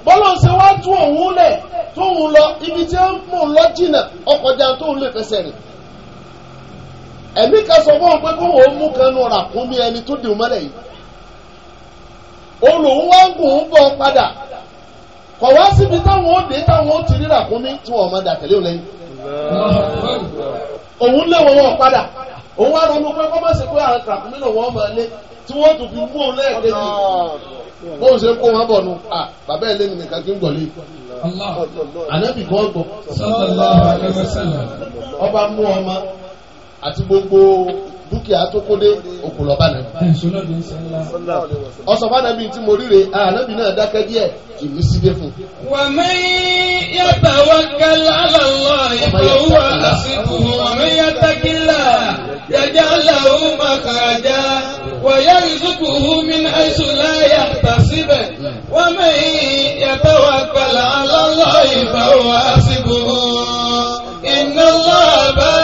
bọ́lá ń ṣe wá tú òun lẹ̀ tóun lọ ibi tí ó ń mú un lọ jìnnà ọkọ̀ jà tóun lè fẹsẹ̀ rìn. ẹ̀mí ka sọ fún òun pé kó òun mú ẹni tó di mọ́lẹ̀ yìí olùhùn wá ń gùn ún bọ̀ padà kọ̀ wá síbi táwọn táwọn ó ti rí mi tí wọ́n máa dàtẹ̀lé òun lẹ́yìn òun lé wọn wọn padà fi mú òun lẹ́ẹ̀kejì ṣe kó wọn bọ̀ nù à bàbá lẹ́nu nìkan kí ń ànábì ọba mú àti gbogbo dúkìá tó kó dé òkùnlọ bá nàbí. ọsọ bá nàbí tí mo ríre ànábì náà dákẹ́ díẹ̀ kì síbẹ̀ fún. wa man yatawakkal ala Allahi fa huwa hasbuh wa man yattaqillah yaj'al lahu makhraja wa yarzuqhu min haythu la yahtasib wa man yatawakkal ala Allahi fa huwa hasbuh inna Allaha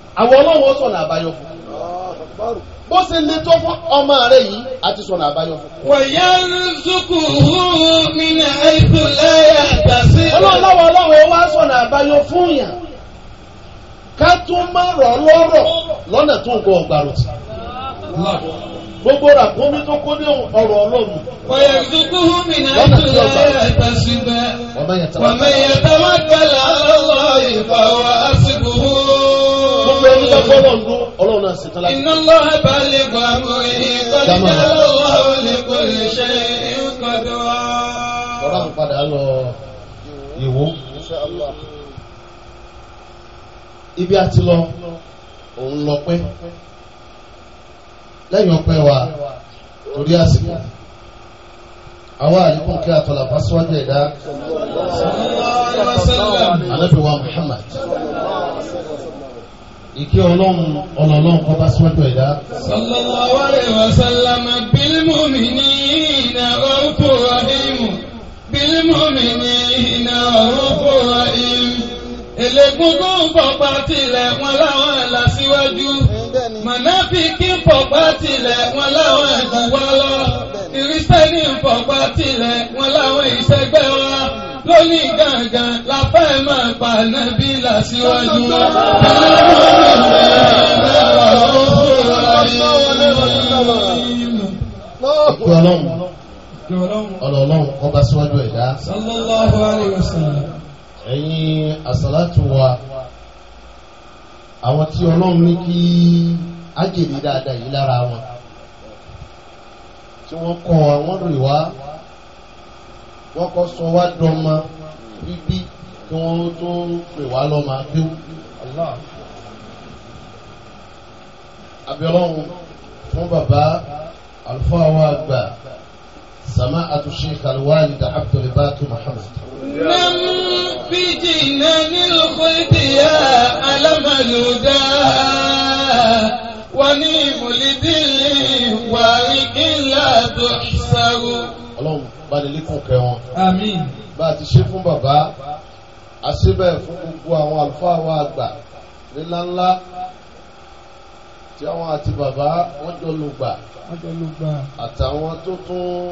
àwọn ọlọ́wọ́ sọ̀nà àbáyọ fún bó ṣe lè tó fún ọmọ rẹ̀ yìí àti sọ̀nà àbáyọ fún. wọ̀nyá ń zukù mi ní àìsàn lẹ́yà àgbàsí. ọlọ́wọ́ ọlọ́wọ́ wá sọ̀nà àbáyọ fún yàn ká tún má rọ̀ lọ́rọ̀ lọ́nà tó ń gbọ́ sí gbogbo tó kó ní ọ̀rọ̀ Ọlọ́run. lọ wọ́n gbogbo ẹni tó gbọ́ lọ́n dún ọlọ́run náà ṣetán láti. iná lọ ẹ̀bá lè gbà mọ́ ìyẹn kọ́lé lọ́wọ́ ò lè kó lè ṣe ìkọ̀dọ̀ wa. ọ̀rọ̀ ibi a lọ òun lọ pẹ́ lẹ́yìn ọpẹ́ wa lórí àsìkò àwọn àlékún kí àtọ̀là bá síwájú ẹ̀dá anábìwá Muhammad ìkẹ́ ọlọ́run ọ̀nà ọlọ́run kọ́ bá síwájú ẹ̀dá. sallallahu alaihi wa sallam bil mu'minina raufur rahim bil mu'minina raufur rahim èlégúngún pọ̀pá tilẹ̀ wọn láwọn ẹ̀là síwájú mọ̀nàfíkì pọ̀pá tilẹ̀ wọn láwọn ẹ̀dùn wá lọ kìrìsìtẹ́nì pọ̀pá tilẹ̀ wọn láwọn ìṣẹ́gbẹ́ wa lóní gàngàn la fẹ́ máa gbà nábì là ọlọ́run ọlọ́run ọba síwájú ẹ̀dá. ẹ̀yin àsálàtù wa àwọn tí ọlọ́run ní kí ájèlè dáadáa yìí lára wọn tí wọ́n kọ́ àwọn rè wá wọ́n kọ́ sọ wá dọ́mọ bíbí kí wọ́n tó pè wá lọ́mọ akéwù. abiolóhùn fún bàbá àlùfáà wa àgbà سماعة الشيخ الوالد عبد الباقي محمد نم بجنان الخلد يا ألم الهدى ونيم لدل bá wọn. àmín. bá a ti ṣe fún bàbá a fún gbogbo àwọn àlùfáà wa àgbà níláńlá tí àwọn àti bàbá wọ́n jọ lò gbà. wọ́n jọ lò gbà. àtàwọn tó tún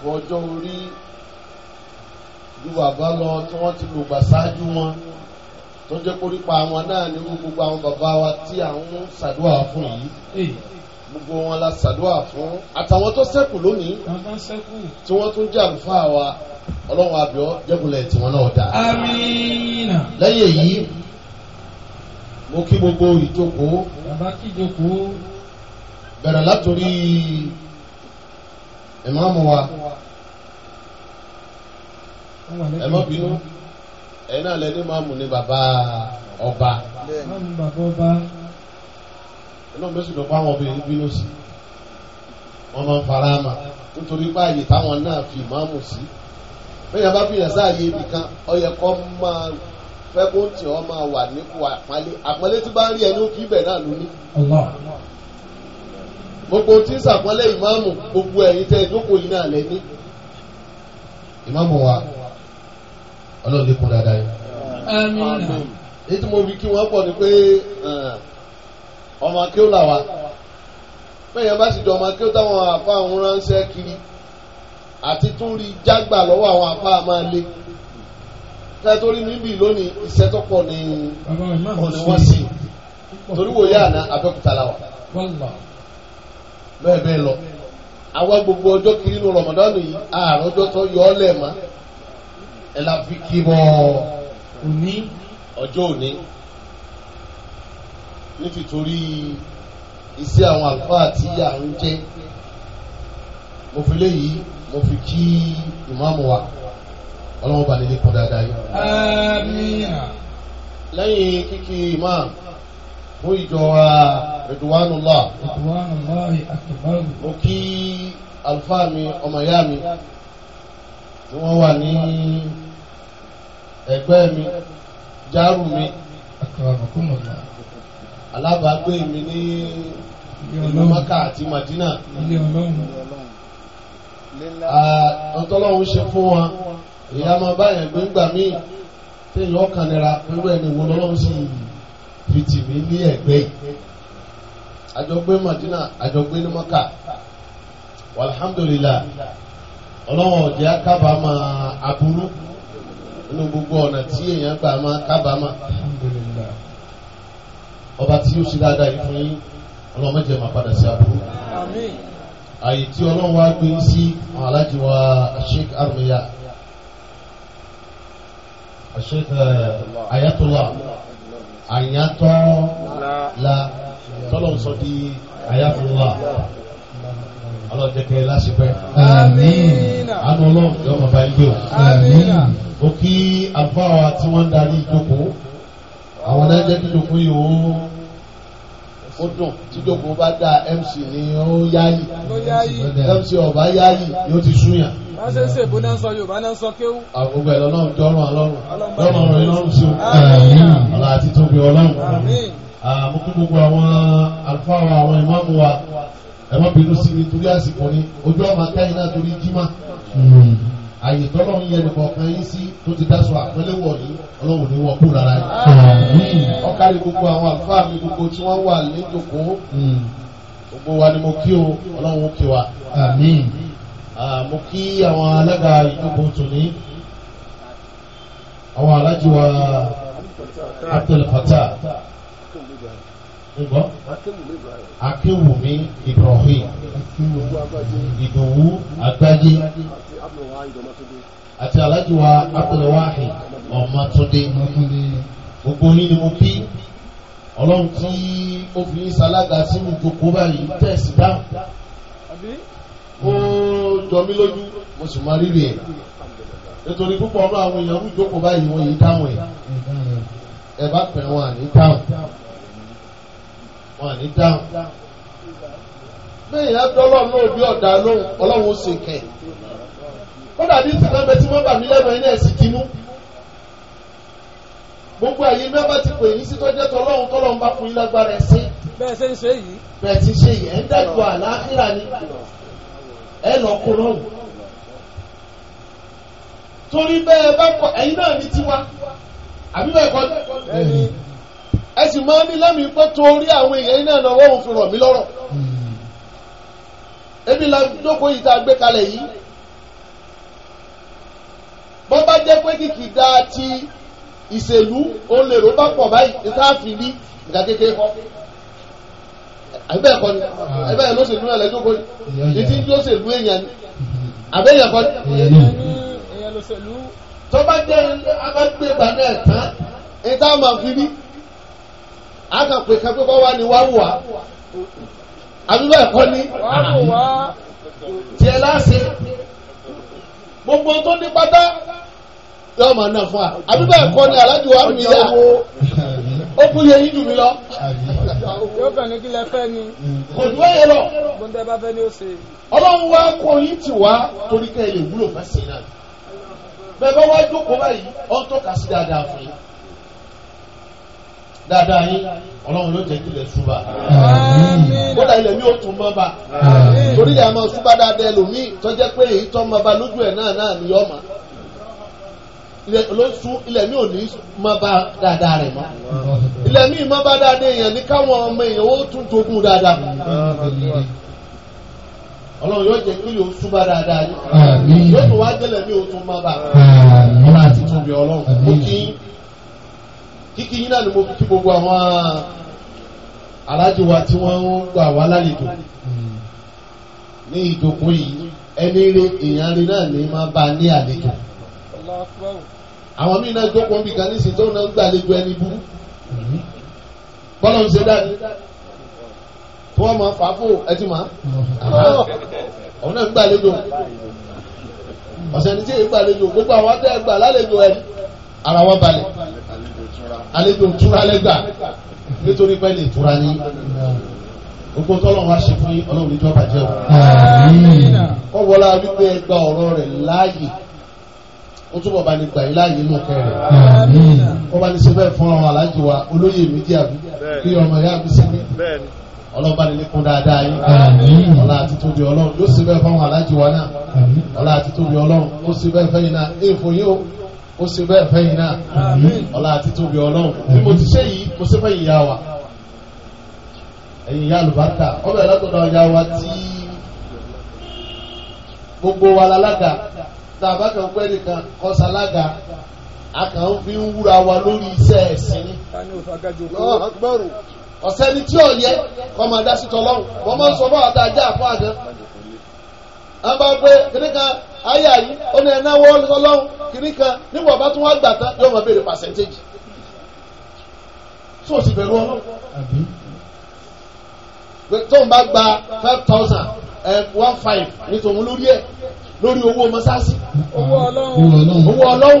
fọjọ́ orí ju bàbá lọ tí wọ́n ti lò gbà ṣáájú wọn tó jẹ́ korípa àwọn náà ní gbogbo àwọn bàbá wa tí à ń ṣàdúrà fún yìí gbogbo wọn la ṣàdúrà fún àtàwọn tó ṣẹ́kù lónìí tí wọ́n tún jẹ́ àlùfáà wa ọlọ́run àbíọ́ jẹ́kulẹ̀ tiwọn náà dá. lẹ́yìn èyí mo kí gbogbo ìjókòó. bẹ̀rẹ̀ látòrí ìmáàmù wa ẹ bínú ẹ náà lẹni máàmù ni bàbá bàbá ọba ọlọ́run ló sì lọ fáwọn obìnrin bínú sí wọn máa ń fara mà nítorí pé táwọn náà fi ìmáàmù sí bẹ́ẹ̀ bá fìyàn sáàyè nìkan ó yẹ máa fẹ́ kó tì ọ́ máa wà nípò àpọ́nlé àpọ́nlé tí bá ń rí ẹni ó kí ibẹ̀ náà lóní. gbogbo tí ń sàpọ́nlé ìmáàmù gbogbo ẹ̀yin tẹ́ ìjókòó yìí náà lẹ́ni. ìmáàmù wa ọlọ́run lè kún dáadáa yìí. èyí tí mo fi kí wọ́n pọ̀ ni pé ọmọ kí ó là wá bẹ́ẹ̀ bá sì jọ ọmọ kí ó táwọn àfa òun ránṣẹ́ kiri àti tún rí jágbà lọ́wọ́ àwọn àfa máa le tẹ́tọ́rí níbí lónìí iṣẹ́ tó pọ̀ ní ọ̀nà wọn sí torí wò yá àná abẹ́kúta la bẹ́ẹ̀ bẹ́ẹ̀ lọ àwa gbogbo ọjọ́ kiri ní rọmọdánù yìí ààrùn ọjọ́ tó yọ ọ́ lẹ́ẹ̀ma ẹ̀ la fi kí bọ́ òní ọjọ́ òní ní fi torí iṣẹ́ àwọn àlùfáà tí à ń jẹ́ mo fi léyìí mo fi kí ìmáàmù wa ọlọ́wọ́ nílé kan dáadáa yìí. lẹ́yìn kíkí ìmáàmù fún ìjọ wa Ridwanullah. mo kí àlùfáà mi ọmọ ìyá mi tí wọ́n wà ní ẹgbẹ́ mi járù mi alábàágbé mi ní ìlú maka àti madina ọtọ́lọ́hún ṣe fún wa ìyá máa báyẹn gbé ńgbà míì téèyàn ọkàn nira irú ẹni wo lọ́lọ́hún sì fi tì mí ní ẹ̀gbẹ́ àjọgbé madina àjọgbé ní alhamdulilah ọlọ́wọ́n ọ̀jẹ̀ akábàámà aburú nínú gbogbo ọ̀nà tí èèyàn gbà máa kábàámà ọba tí yóò ṣe dáadáa yìí fún yín ọlọ́run má jẹ́ máa padà sí aburú. àyè tí ọlọ́run wá gbé sí àwọn wa sheikh armiya sheikh eh, ayatollah ayatọ́ la tọ́lọ́run sọ di ayatollah ọlọ́jẹ́kẹ́ lásìpẹ́. àmín. àánú ọlọ́run yóò máa bá ń gbé o. àmín. mo kí àbúrò tí wọ́n ń darí ìjókòó àwọn náà jẹ́ kí lókun yìí ó dùn tíjókòó bá dá mc ní ó yáyì mc ọba yáyì yóò ti súnyà. wọ́n ṣe ń ṣe ìbò náà ń sọ yorùbá náà ń sọ kéwù. àgbègbè ọlọ́run jọrùn ọlọ́run lọ́mọ ọ̀rọ̀ ìlọ́run sí òun ọ̀la àti tóbi ọlọ́run mo kí gbogbo àwọn àlùfáà wa àwọn ìmáàmù wa ẹ má bínú sí mi torí àsìkò ni ojú ọmọ akẹ́yìn náà torí jímà. Hmm àyè tọ́lọ́ ń yẹ nìkan yín sí tó ti dáṣọ àpẹẹlẹ́wọ̀ yìí ọlọ́run ní wọn kú rárá yìí. ọkàlì gbogbo àwọn àlùfáà mi gbogbo tí wọ́n wà léjòkó hmm. gbogbo wa ni mo kí o ọlọ́run kí wa. mo kí àwọn alága ìjókòó tòní àwọn alájí wa Abdulfatah ǹgbọ́ Akéwùmí Ibrahim Ìdòwú Agbájé àti alájì wa abdulwahid ọmọtúndé gbogbo yín ni mo kí ọlọ́run tí ó fi ń ṣalága sínú gbogbo báyìí tẹ̀sí dáhùn ó jọ mí lójú mo sì máa rírì ẹ̀ nítorí púpọ̀ ọ̀rọ̀ àwọn èèyàn ń jókòó báyìí wọ́n yìí dáhùn ẹ̀ ẹ̀ bá pẹ̀ wọn àní dáhùn wọn àní dáhùn bẹ́ẹ̀ yẹn dọ́lọ́ náà bí ọ̀dà lóhùn ọlọ́run ó sì kẹ̀ ẹ̀. kódà ní ìsìnkú na tí wọ́n bà mí lẹ́nu ẹni ẹ̀sìn kínú gbogbo àyè mẹ́fà ti pè sí tọ́lọ́hún tọ́lọ́hún bá fún yín lágbára ẹ̀ sí. bẹ́ẹ̀ ṣe ń ṣe yìí. bẹ́ẹ̀ ti ṣe yìí ẹ̀ ń àlàáfíà ni lọ́hùn. torí bẹ́ẹ̀ bá kọ ẹ̀yin náà ní tiwa àbí bẹ́ẹ̀ kọ́ ẹ sì máa a gbé kalẹ̀ yìí bó bá jẹ́ pé kìkìdá ti ìṣèlú òun lè ró bá pọ̀ báyìí ní sáàfì rí ìdá kékeré kọ́ àbẹ́ ẹ̀kọ́ ni ẹ̀bẹ́ ẹ̀ ló ṣèlú ẹ̀ lẹ́jọ́kọ́ ni ìdí tí ó ṣèlú èèyàn ni àbẹ́ èèyàn kọ́ ni. tó bá jẹ́ agbágbé ìgbà náà tán ìta máa fi rí àkàpè kan pé kọ́ wá ni wá wà àbí bẹ́ẹ̀ ni tiẹ̀ láṣẹ gbogbo tó ní pátá yóò máa ná fún wa àbí bẹ́ẹ̀ kọ́ ni alájú wa mi yá ó kú yẹ yín jù mí lọ. yóò kàn ní kí lẹ fẹ́ ni. kò ní wáyé lọ. bóńdé bá fẹ́ ni ó ṣe. ọlọ́run wa kó yín tì wá torí kẹ́ ẹ lè wúlò fẹ́ sẹ́yìn náà. bẹ́ẹ̀ bá wá jókòó báyìí ọ́n tọ́ka sí dáadáa fún yín. dáadáa yín ọlọ́run ló jẹ́ ìpìlẹ̀ ṣùgbà kódà ilẹ̀ mi tún mọ́ bá torí ilẹ̀ àmọ́ ṣùgbà dáadáa ẹlòmíì tó pé èyí tó mọ́ bá lójú ẹ̀ náà náà ni ọmọ lóṣù ilẹ̀ mi ò ní mọ́ bá dáadáa rẹ̀ mọ́ ilẹ̀ mi mọ́ bá dáadáa èèyàn ní káwọn ọmọ èèyàn ó tún tógun dáadáa ọlọ́run yóò jẹ́ ṣùgbà dáadáa yóò tún wá mi ò tún mọ́ bá ọlọ́run àti ọlọ́run kíkí yín náà ni mo fi kí gbogbo àwọn aláàjì wa tí wọ́n ń gbà wá lálejò ní ìjókòó yìí ẹni rí èèyàn rí náà ní máa bá a ní àlejò àwọn míì náà jókòó bí kan nísìnyí tó náà ń gbàlejò ẹni bú bọ́lá ń ṣe dáadé tí wọ́n máa fà á fò ẹtì máa ọ̀hún náà ń gbàlejò ọ̀sẹ̀ ní tí èyí gbàlejò gbogbo àwọn atẹ́ gbà lálejò ẹ̀ ara wa balẹ̀ àlejò túra lẹ́gbà nítorí pé lè túra ní gbogbo tọ́lọ́run wá ṣe fún yín ọlọ́run níjọ́ bàjẹ́ o. ó wípé ẹgbà ọ̀rọ̀ rẹ̀ láàyè ó túbọ̀ bá ní gbà yín láàyè inú kẹrẹ̀. ó bá ní ṣe fún àwọn aláàjì wa olóyè mi díà bí ọmọ ìyá mi sí ní ọlọ́ba ní nípun dáadáa yín ọlá àti tóbi ọlọ́run yóò sì bẹ́ẹ̀ fún àwọn aláàjì wa náà ọlá àti tóbi ọlọ́run ó sì bẹ́ẹ̀ fẹ́yìn yín o ó ṣe bẹ́ẹ̀ fẹ́yìn náà ọlá àti tóbi ọlọ́run bí mo ti ṣe yìí mo ṣe fẹ́yìn ìyá wa ẹ̀yìn ìyá àlùbáta ọbẹ̀ látọ̀dọ̀ ìyá wa tí gbogbo wa lálága tá a bá kàn pẹ́ nìkan kọ́sálága a kàn fi ń wúra wa lórí iṣẹ́ ẹ̀sìn ni ọ̀sẹ́ni tí ò yẹ kọ́ máa dá sí tọ́lọ́run wọ́n máa ń sọ fún àtàjà fún àgán a bá gbé kìnnì kan ayé àyí ó ní ẹ̀ná wọ́ọ̀lù ọlọ́run kìnnì kan níwọ̀n bá tún wá gbà tán yóò máa béèrè pàṣẹ́ntéèjì tó o sì bẹ̀rù ọlọ́run tó ń bá gba five thousand one five ní tòun lórí ẹ̀ lórí owó mọ́sáàsì owó ọlọ́run owó ọlọ́run.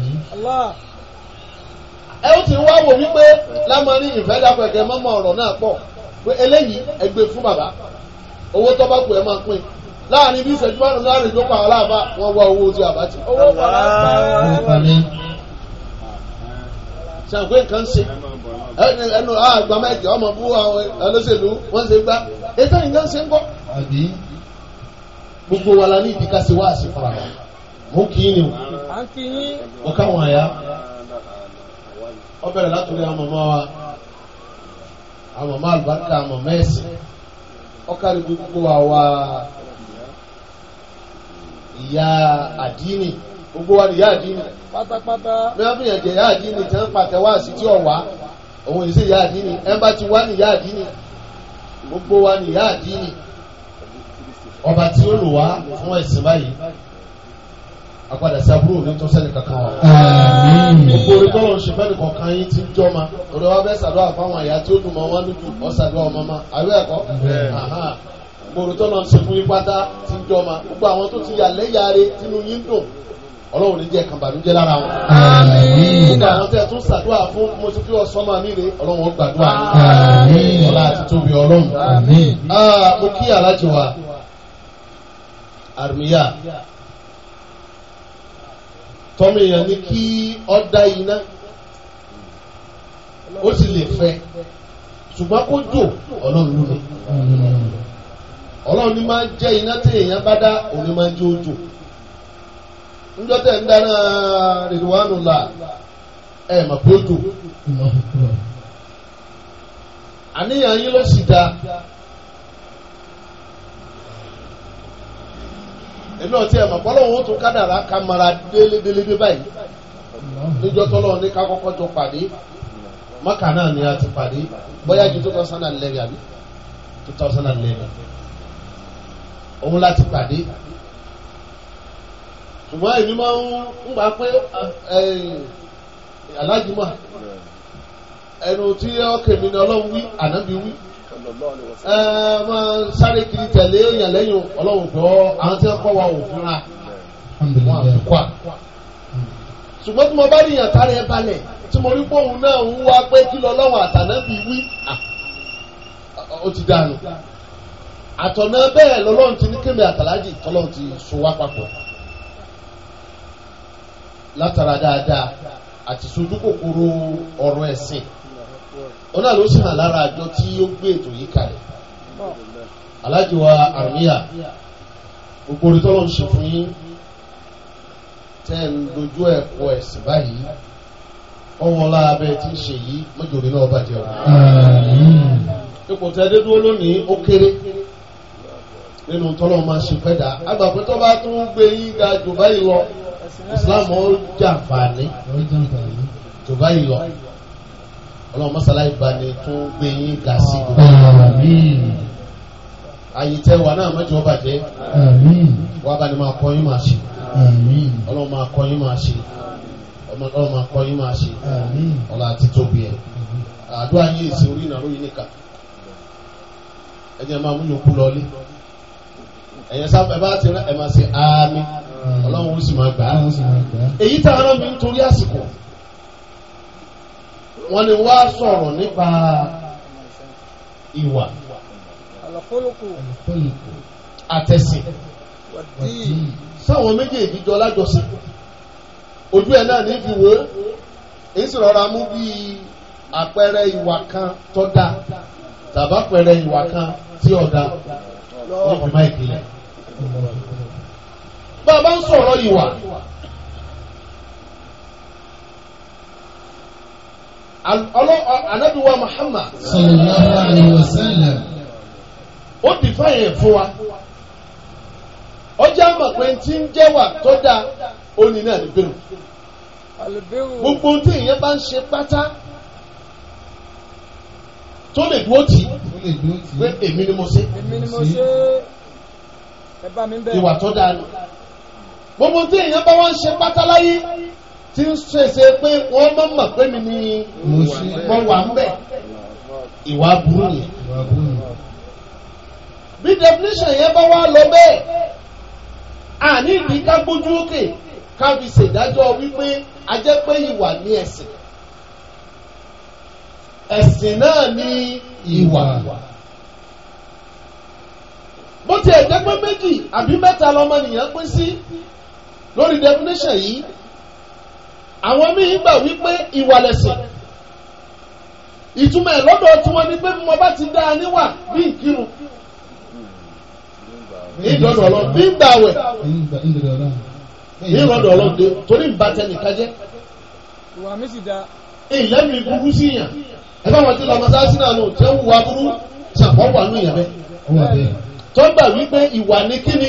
ẹ ó ti wá wò wípé lámọ́rí ìfẹ́ dápẹ̀kẹ́ mọ́mọ́ ọ̀rọ̀ náà pọ̀ pé eléyìí ẹ gbé fún bàbá owó tó bá kù ẹ máa pín láàrin bí ìṣẹ́jú márùn-ún láàrin tó pa aláàbá wọn wá owó ti àbátì. owó pàlà ṣàǹkó nǹkan ṣe ẹnu àgbà mẹ́jọ ọmọ bú àwọn olóṣèlú wọ́n ṣe gbá ètò nǹkan ṣe ń bọ̀. gbogbo wa la ní ìdíkàṣe wá àṣìkò àwọn mú kí ni o káwọn àyà ọbẹ̀rẹ̀ látòrí àwọn wa àwọn ọmọ àlùbáríkà àwọn ọmọ ẹ̀sìn ọkàrí gbogbo àwa ìyá àdínì gbogbo wa ni ìyá àdínì pátápátá bí wọ́n fi yàn jẹ́ ìyá àdínì tí wọ́n pàtẹ́ wá sí tí ọ̀wá òun yìí sí ìyá àdínì ẹ bá ti wá ní ìyá àdínì gbogbo wa ni ìyá àdínì ọba tí ó lò wá fún ẹ̀sìn báyìí àpadà sàbúrò ní tó sẹ́ni kankan wa. gbogbo orí kọ́lọ̀ ṣe fẹ́ nìkan kan yín ti ń jọ́ ma ọ̀dọ̀ wa bẹ́ẹ̀ sàdúrà fáwọn àyà tí ó dùn mọ́ wọn lójú ọ̀sàdúrà ọmọ ma àbí ẹ̀kọ́ gbogbo tó náà ṣe fún yín pátá ti ń jọ́ ma gbogbo àwọn tó ti yà lẹ́yàre tínú yín dùn ọlọ́run ní jẹ́ kàbàlújẹ́ lára wọn. nígbà àwọn tẹ́ tún ṣàdúrà fún mo ti fi ọ̀sán máa nílé ọlọ́run ó gbàdúrà ọlá àti tóbi ọlọ́run. Ah, mo kí alájọ wa àrùmíyà tọ́mọ èèyàn ní kí ọ dá iná ó sì lè fẹ́ ṣùgbọ́n kó jò ọlọ́run ló ní ọlọ́run ni máa jẹ́ iná tí èèyàn bá dá òun ní máa jẹ́ òjò níjọ́ tẹ̀ ń dáná rìdíwánu là ẹ̀ mà pé àníyàn yín lọ sí dáa. èmi ọ̀tí ẹ̀ mọ̀ kọ́lọ́ wọn tún kádàrá ká mara délébélébé báyìí níjọ́ ní ká tó pàdé mọ́kà náà ni a ti pàdé bóyá ju two thousand and eleven àbí two thousand òun láti pàdé ṣùgbọ́n èmi máa ń gbà pé alájùmọ̀ ẹnu tí ọkẹ́ ẹ máa sáré kiri tẹ̀lé èèyàn lẹ́yìn ọlọ́run gbọ́ àwọn tí wọ́n kọ́ wa ò fúnra wọn àfikún à. ṣùgbọ́n tí mo bá ní ìyàtá rẹ̀ balẹ̀ tí mo rí bóun náà ń wá pé kí lọ́lọ́run àtàná fi wí ó ti dànù àtọ̀nà bẹ́ẹ̀ lọ́lọ́run ti ní kémi àtàlájì tọ́lọ́run ti so wá papọ̀ látara dáadáa àti sojú kòkòrò ọ̀rọ̀ ẹ̀sìn òun ló sì hàn lára àjọ tí ó gbé ètò yìí kalẹ̀ alájọ àmìyà gbogbo orí tọ́lọ́ ń ṣe fún yín tẹ́ ń dojú ẹ̀kọ́ ẹ̀sìn báyìí ọwọ́ láàbẹ̀ tí ń ṣe yìí mọ́jòrì náà bàjẹ́ o. ipò tẹ́lẹ̀ dúró lónìí ó kéré nínú tọ́lọ́ máa ṣe fẹ́dà agbàgbé tó bá tún gbé yín ga jù báyìí lọ Islam ó jàǹfààní jù báyìí lọ. ọlọ́run mọ́sálá ìbáni tó gbé yín ga sí gbogbo ayé náà mẹ́jọ bàjẹ́ wà bá ní ma kọ́ yín ṣe ọlọ́run ma kọ́ yín ṣe ọlọ́run kọ́ yín ṣe àti tóbi ẹ̀ àdúrà yìí èsì orí ìnàró yìí nìkan ẹni ẹ máa mú yòókù lọlé ẹ̀yẹ sábà ẹ bá ti rẹ ẹ máa ṣe àmì ọlọ́run ó wọ́n lè wá sọ̀rọ̀ nípa ìwà àtẹ̀sìn sáwọn méjèèjì jọ lájọsìn ojú ẹ̀ náà ní fi wò ó èyí sì rọra mú bíi àpẹẹrẹ ìwà kan tó dáa tàbá pẹ̀rẹ̀ ìwà kan tí ọ̀dà lọ́wọ́ máìkì lẹ̀. bá a bá ń sọ̀rọ̀ ìwà anabiwa Muhammad. sallallahu alayhi wa sallam. ó dìfá yẹn wa ọjà àmà ń jẹ́ gbogbo tí èèyàn bá ń ṣe pátá tó lè dúró tì ni mo ṣe ìwà gbogbo tí èèyàn bá wá ń tí ń ṣèṣe pé wọ́n mọ̀ mọ̀ pé mi ni mo wà ń bẹ̀ ìwà burú yẹn. bí definition yẹn bá wá lọ bẹ́ẹ̀ àní ìdí ká gbójú òkè ká fi ṣèdájọ́ wípé a jẹ́ pé ìwà ní ẹ̀sìn ẹ̀sìn náà ní ìwà. bó tiẹ̀ jẹ́ pé méjì àbí mẹ́ta lọmọnìyàn pín sí lórí definition yìí àwọn míì gbà wípé ìwà ìtumọ̀ ẹ̀ lọ́dọ̀ tí wọ́n ní pé mo bá ti dá a níwà bí ìkírun ìdọ̀dọ̀ lọ bí ń gbàwẹ̀ ìrọ̀dọ̀ lọ dé torí ń bàtẹ nìkan jẹ́ ìlẹ́nu ìgbúgbú sí yàn ẹ bá wọn ti lọ mọ́sáàsì náà lò tẹ́ wù wá burú ṣàpọ̀ wà ní ìyàn bẹ́ẹ̀ tó gbà wípé ìwà ní kíni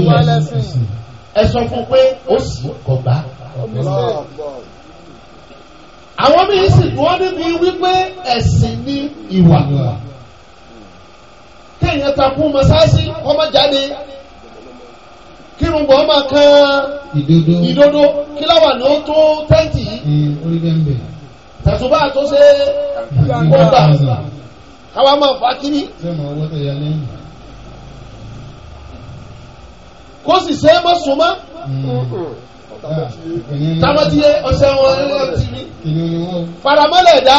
ìwà lẹ́sìn ẹ sọ fún pé ó sì kọ̀ gbà àwọn míì sì wọ́n níbi wípé ẹ̀sìn ní ìwà kéèyàn takú mọ́sáàsì ọmọ jáde kírun bọ̀ ọmọ kan ìdodo kí láwà ni ó tó tẹ́ǹtì yìí tẹ̀sùbá tó ṣe kóńtà káwa máa fa kiri kó sì ṣe é mọ́ sùn mọ́. Hmm tamatiye ọsẹ wọn ti mi faramọlẹ ẹ̀dá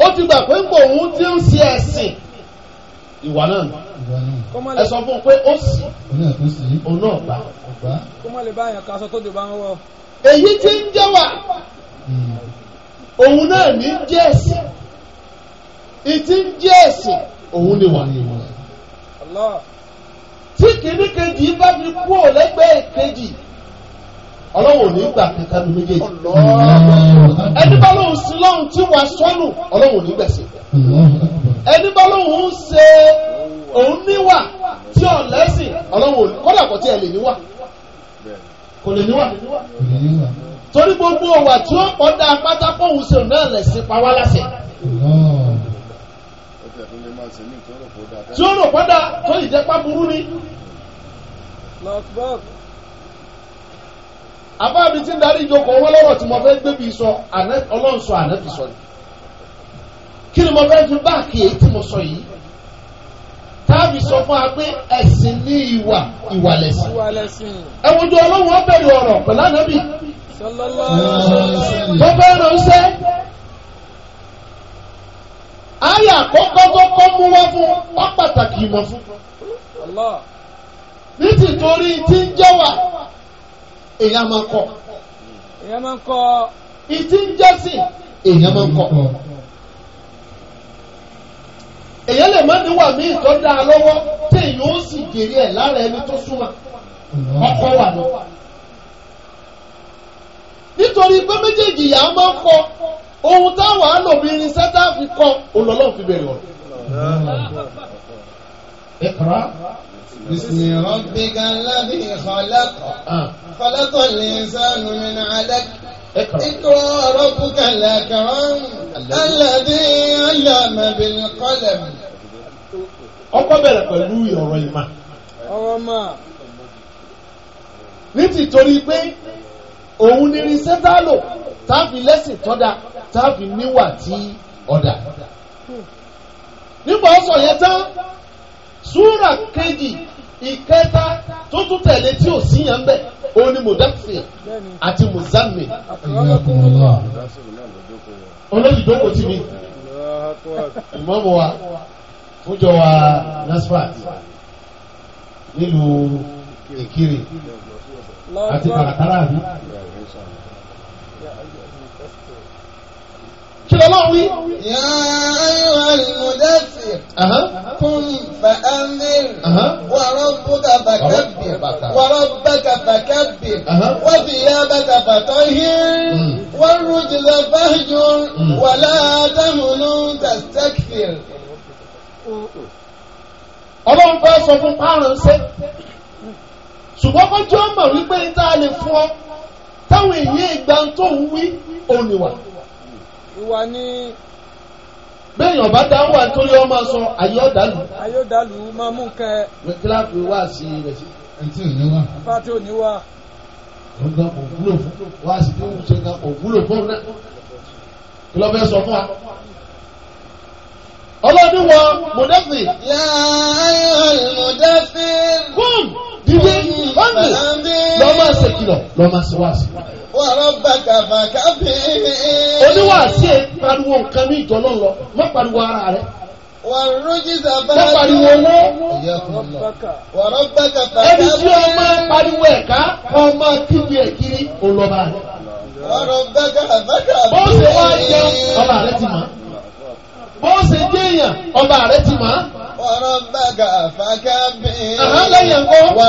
ó ti gbà pé kò ń tí ń ṣe ẹ̀sìn ìwà náà ẹ sọ fún un pé ó sì òun náà gbà. èyí tí ń jẹ́ wà hmm. òun náà ní jẹ́ ẹ̀sìn ìtí ń jẹ́ ẹ̀sìn òun ni wà ní ìwà tí kìíní kejì bá fi kú ò lẹ́gbẹ̀ẹ́ kejì ọlọ́wọ́ ní gbà kankan ní méjèèjì ẹni bá lóun sí lọ́hùn tí wàá sọ́nù ọlọ́wọ́ ní gbẹ̀sẹ̀ ẹni bá lóun ń ṣe òun níwà tí ọ̀lẹ́sìn ọlọ́wọ́ kọ́lá kọ́ tí ẹ lè níwà kò lè níwà torí gbogbo ọ̀wà tí ó pọ̀ dá pátákó òun ṣe náà lẹ̀ sí pa wá láṣẹ tí ó rò padà tó sì jẹ́ pábúrú ni. àbáàbí tí ń darí ìjókòó owó lọ́rọ̀ tí mo fẹ́ gbé bí sọ ọlọ́run sọ ànábì sọ ni kí ni mo fẹ́ fi báàkì èyí tí mo sọ yìí táàbì sọ fún wa pé ẹ̀sìn ní ìwà ìwà lẹ̀sìn ẹ wojú ọlọ́run ó bẹ̀rẹ̀ ọ̀rọ̀ pẹ̀lú ànábì tó fẹ́ ránṣẹ́. ayé àkọ́kọ́ tó kọ́ mú fún wá pàtàkì ìmọ̀ fún. nítìtorí tí ń jẹ́ wà èèyàn máa ń kọ́. èèyàn máa ń kọ́. ìtí ń jẹ́sìn èèyàn máa ń kọ́. èèyàn lè má níwà mí tó dáa lọ́wọ́ tí ohun táwọn alòbìnrin sẹ́tà fi kọ́ olọ́lọ́ fi bẹ̀rẹ̀ ọ̀rọ̀. Ìkọ́ra. Bísí rabbika alladhi khalaq. Ah. Khalaqal insana min 'alaq. Iqra rabbuka al-akram. Alladhi 'allama bil qalam. Ọkọ bẹ̀rẹ̀ pẹ̀lú ọ̀rọ̀ ìmọ̀. Ọ̀rọ̀ máa. Ní tìtorí pé òun ni rí sẹ́tà lò táàfin lẹ́sìn tọ́da táàfin níwà tí ọ̀dà. nípa ọsọ yẹn tán súrà kejì ìkẹta tó tún tẹ̀lé tí ò sí yẹn bẹ́ẹ̀ òun ni mudafir àti muzamil. olóyìnbó tí mi ìmọ̀mù wa fúnjọ wa nasfat nílùú Ìkirè àti kàràkàrà àbí. kí lọ́lọ́run wí. yà á yọ àlùmọ́dẹ́sì kún fàámìr wàrọ̀ bùkà bàkàbì wàrọ̀ bàkà bàkàbì wàbí yà bàkà bàtọ́hìn wàrújìlẹ̀ fàájùn wàlá àtàmùnú tàṣẹ́kìr. ọlọ́run bá sọ fún párọ̀ ṣe ṣùgbọ́n kó jọ́ mọ̀ wípé tá a lè fún ọ táwọn èèyàn ìgbà tó ń wí òun nìwà ìwà ni. béèyàn bá dá wà nítorí ọmọ sọ ayé ọ̀dàlù. ayé ọ̀dàlù máa mú kẹ. kíláàpù wá sí i rẹ̀ sí. ẹtí ò ní wá. ifá tí ò ní wá. ó gbà kò wúlò fún wá sí kí ó ṣe kò wúlò fún náà. kí ló fẹ́ sọ fún wa ọlọ́dún wọ mọ̀dẹ́fì. láàárọ̀ mọ̀dẹ́fì. kúm dídé ọ̀nì lọ́ máa ṣe kìlọ̀ lọ́ máa ṣe wáàsí. wàrọ̀ bàkà bàkà bèèrè. oníwàásí ẹ pariwo nǹkan ní ìjọ náà lọ má pariwo ara rẹ. Wàrújísà bá dùn. Má pariwo lọ. Wàrọ̀ bàkà bàkà bèèrè. Ẹni tí ọ máa pariwo ẹ̀ka, ọ máa kíbi ẹ̀ kiri, ó rẹ̀. Wàrọ̀ bàkà bàkà bèèrè. wá jẹun, ọba rẹ̀ ti mọ̀. bó ṣe ọba rẹ ti mọ̀ ọ́. ọ̀rọ̀ bàgà fàkàbí. lẹ́yìn wà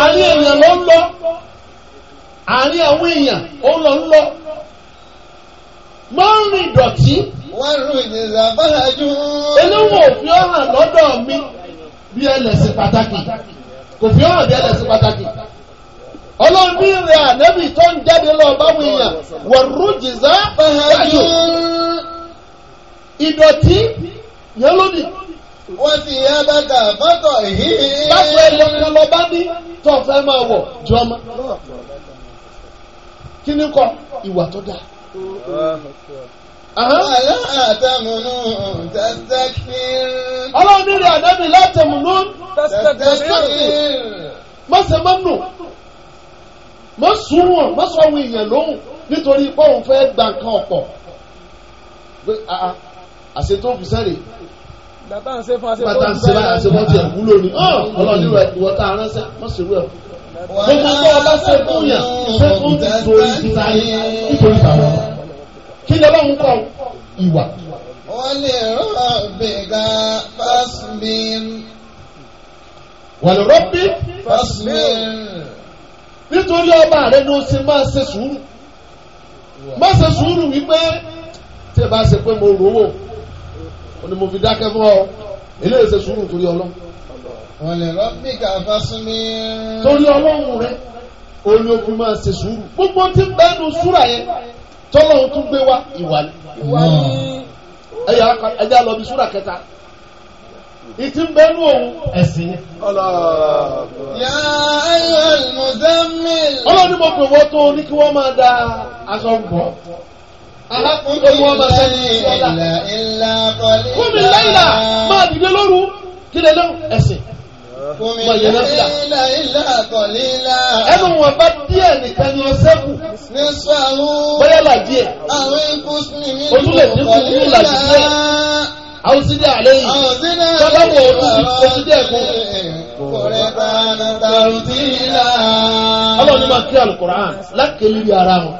àárín èèyàn ló lọ àárín àwọn èèyàn ó lọ ń lọ máa wà òfin ọ̀hàn lọ́dọ̀ mi bí ẹlẹ́sìn pàtàkì kò fi ọ̀hàn bí ẹlẹ́sìn pàtàkì rẹ̀ tó ń jáde lọ ìdọ̀tí yẹn lódì. wọ́n ti yá bàtà fọ́tọ̀ yìí. báṣọ ẹ̀yọ kan lọ bá ní tó fẹ́ máa wọ̀ jọmọ. kí ni kọ ìwà tó dáa. Àlá àtàmùnú tẹ́tẹ́kìr. Ọlọ́run ní rẹ̀ àdábì látàmùnú tẹ́tẹ́kìr. Má ṣe má nù. Má sùn wọn, má sọ àwọn èèyàn lóhùn nítorí pé òun fẹ́ gba nǹkan ọ̀pọ̀. Ah, ah, àṣẹ tó fi sáré bàtà ń ṣe fún àṣẹ bàtà ń ṣe báyà àṣẹ bọ́ọ̀tì ẹ̀ wúlò ni ọlọ́ọ̀ni rẹ̀ wọ́tà aránṣẹ́ mọ́ṣẹ́rú ẹ̀ gbogbo tó ta yé kí ni ọlọ́run kọ ìwà. wọ́n nítorí ọba rẹ ló ṣe máa ṣe sùúrù máa ṣe sùúrù wípé tí ẹ bá ṣe pé mo rówó òní mo fi dákẹ́ fún ọ ilé ìṣe sùúrù torí ọlọ́run. ọ̀lẹ̀ rọ́bì kàfá súnmí. torí ọlọ́run rẹ òní òfin máa ṣe sùúrù gbogbo tí bẹ́ẹ̀nu súrà yẹn tọ́lọ́run tún gbé wá ìwà ni. ẹ̀yà lọ bí súrà kẹta ìtì ń bẹnu òun ẹ̀sìn yẹn. yà á yọ ìmùsẹ́ mi. ọlọ́run ni mo pè wọ́n tó ní kí wọ́n máa da aṣọ ń bọ̀ alákùnrin wọn máa sẹ́yìn Kumi mi láyìlá máa dìde lóru kí lè lọ́wọ́ ẹ̀sìn wọ́n yẹ lọ́fíà ẹnu wọn bá díẹ̀ nìkan ni ọsẹ́ kù bóyá là díẹ̀ ojú lè dínkù nínú ìlàjì díẹ̀ àwọn sí díẹ̀ àlẹ́ yìí tọ́lá wọ̀ ọdún ti kọ́ sí díẹ̀ ọlọ́run ní máa kí alukóra hàn lákèlú ara wọn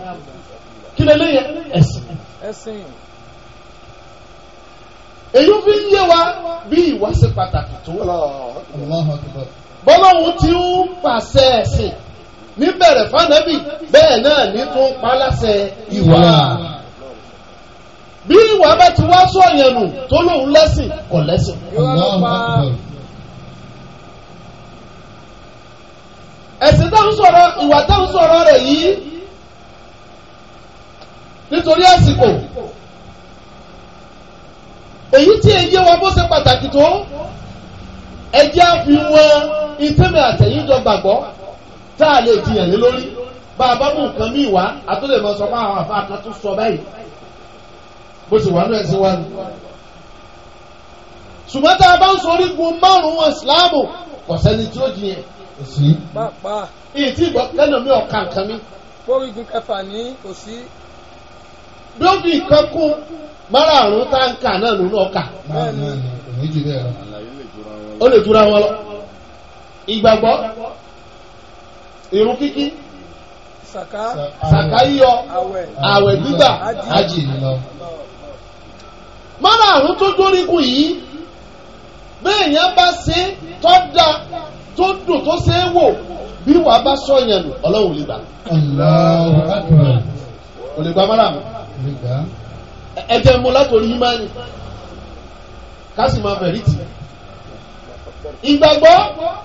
kí lè léyìn ẹ̀sìn. ẹ̀sìn. èyí fi ń yé wa bí ìwà ṣe pàtàkì tó. bọ́lọ́hún ti ń pàṣẹ ẹ̀sìn níbẹ̀rẹ̀ fánẹ́bì bẹ́ẹ̀ náà ní tún paláṣẹ ìwà. bí ìwà bá ti wá sọ yẹn nù tó lóun lẹ́sìn kò lẹ́sìn. ẹ̀sìn táwọn sọ̀rọ̀ ìwà táwọn sọ̀rọ̀ rẹ̀ yìí nítorí àsìkò èyí tí èyí wa bó ṣe pàtàkì tó ẹjẹ́ àfihàn ìtẹ́mẹ̀ àtẹ̀yìnjọ gbàgbọ́ tá a lè jiyàn lé lórí bá a bá mú nǹkan míì wá àtúndẹ̀ mọ́ sọ fún àwọn àfa kan tó sọ báyìí bó ṣe wà ní ẹ̀sìn wa ni. ṣùgbọ́n tá a bá ń sọ orígun márùn-ún ìsìláàmù kò sẹ́ni tí ó jiyàn sí. ìtì ìgbọ́ lẹ́nu mi ọ̀ka nǹkan mi. orígun kẹfà ní kò lójú ìkan mara márààrún táǹkà náà ló náà kà. ó lè jura wọn lọ ìgbàgbọ́ ìrun kíkí yíyọ àwẹ̀ gbígbà lọ. márààrún tó dórígun yìí bẹ́ẹ̀ yẹn bá ṣe tó dáa tó dùn tó ṣe é wò bí wàá bá sọ yẹn ọlọ́run lè gbà. ẹjẹ mú látòrí ìmáàni ká sì máa bẹ̀rí tì ìgbàgbọ́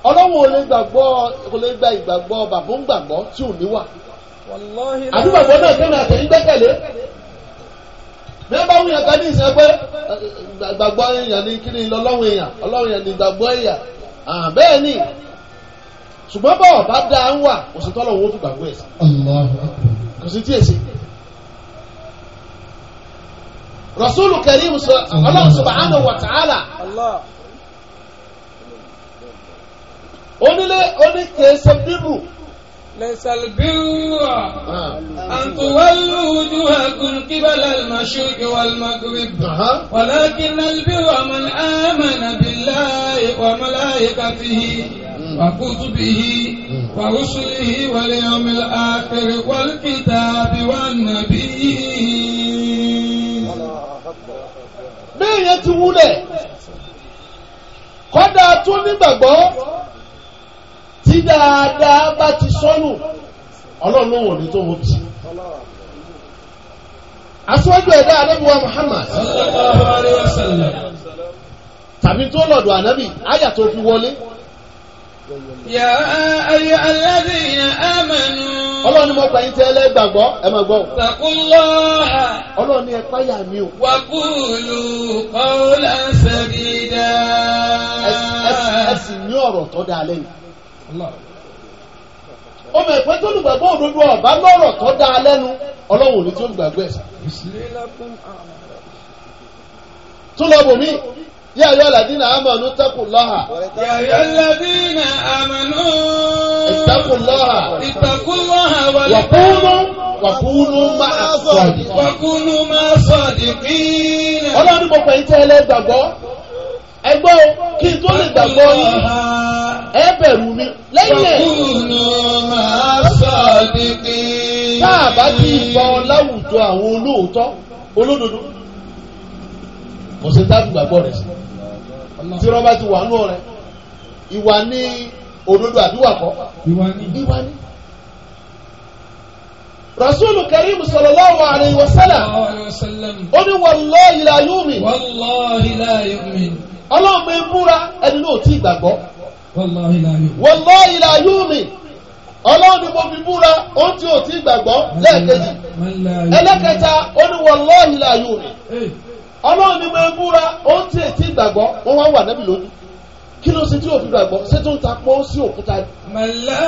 ọlọ́wọ́ ò lè gbàgbọ́ ò lè gba ìgbàgbọ́ bàbá ń gbàgbọ́ tí ò níwà àdúgbàgbọ́ náà kẹ́rin àtẹ̀yìn gbẹ́kẹ̀lé mẹ́bàá wúyàn ká ní ìsìn pé gbàgbọ́ èèyàn ní kí ni ọlọ́run èèyàn ọlọ́run èèyàn ní gbàgbọ́ èèyàn bẹ́ẹ̀ ni ṣùgbọ́n bọ́ọ̀ bá dáa ń wà òsìtọ́lọ́wọ́ ó tún gbàgbọ́ ẹ̀sìn kò sí tí èsì rasulu karim ọlọ́run subhanahu wa ta'ala onílé oníkèésè bíbù. ليس البر آه. أن تولوا وجوهكم قبل المشرق والمغرب ولكن البر من آمن بالله وملائكته وكتبه ورسله واليوم الآخر والكتاب والنبيين béèyàn ti wúlẹ̀ kọ́dà tún nígbàgbọ́ tí dáadáa bá ti sọnù ọlọ́run ò ní tó wọ́n ti. aṣọ́jú ẹ̀dá anábíwá Muhammad tàbí tó lọ́dọ̀ ànábì áyà tó fi wọlé. Yà ayọ̀ alábì yẹn Ọlọ́run ni mo gbà yín gbàgbọ́ ẹ máa ni ẹ mi o. Wàkúlù kọ́lá sẹ́gídà. Ẹ sì ní ọ̀rọ̀ tó dáa lẹ́yìn. Ọmọ ẹ̀pẹ́ tó lùgbàgbọ́ òdodo ọ̀bá tó Ọlọ́run ò yà yọ ladina amanu takullaha. yà yọ ladina amanu. ìtakullaha. ìtakullaha wàlẹ̀. wàkúnú wàkúnú máa sọ̀dì. wàkúnú máa sọ̀dì kíínà. ọlọ́run gbogbo ẹ̀yin tẹ́ ẹ lẹ́ gbàgbọ́ ẹgbọ́ kí n tó lè gbàgbọ́ yín ẹ bẹ̀rù mi lẹ́yìn ẹ̀. tá a bá kí ìbọn láwùjọ àwọn olóòótọ́ olódodo kò sí tábù gbàgbọ́ rẹ̀ sí i tí wọ́n bá ti wà nù rẹ̀ ìwà ní òdodo àdúrà kọ́ ìwà ní. Rasulu Karim sallallahu alayhi wa sallam. Ó ní wallahi la yu'min. Wallahi la yu'min. Ọlọ́run mi múra ẹni náà tí gbàgbọ́. Wallahi la yu'min. Wallahi la yu'min. Ọlọ́run ni mo fi múra ó tí ò tí gbàgbọ́ lẹ́ẹ̀kejì. Ẹlẹ́kẹta ó ní wallahi ọlọ́run ni máa búra ó ń tí ètí ìgbàgbọ́ wọ́n wá wà nẹ́bí lójú kí ló ṣe tí òfin gbàgbọ́ ṣé tó ń ta pọ́ sí òkúta ni. màlá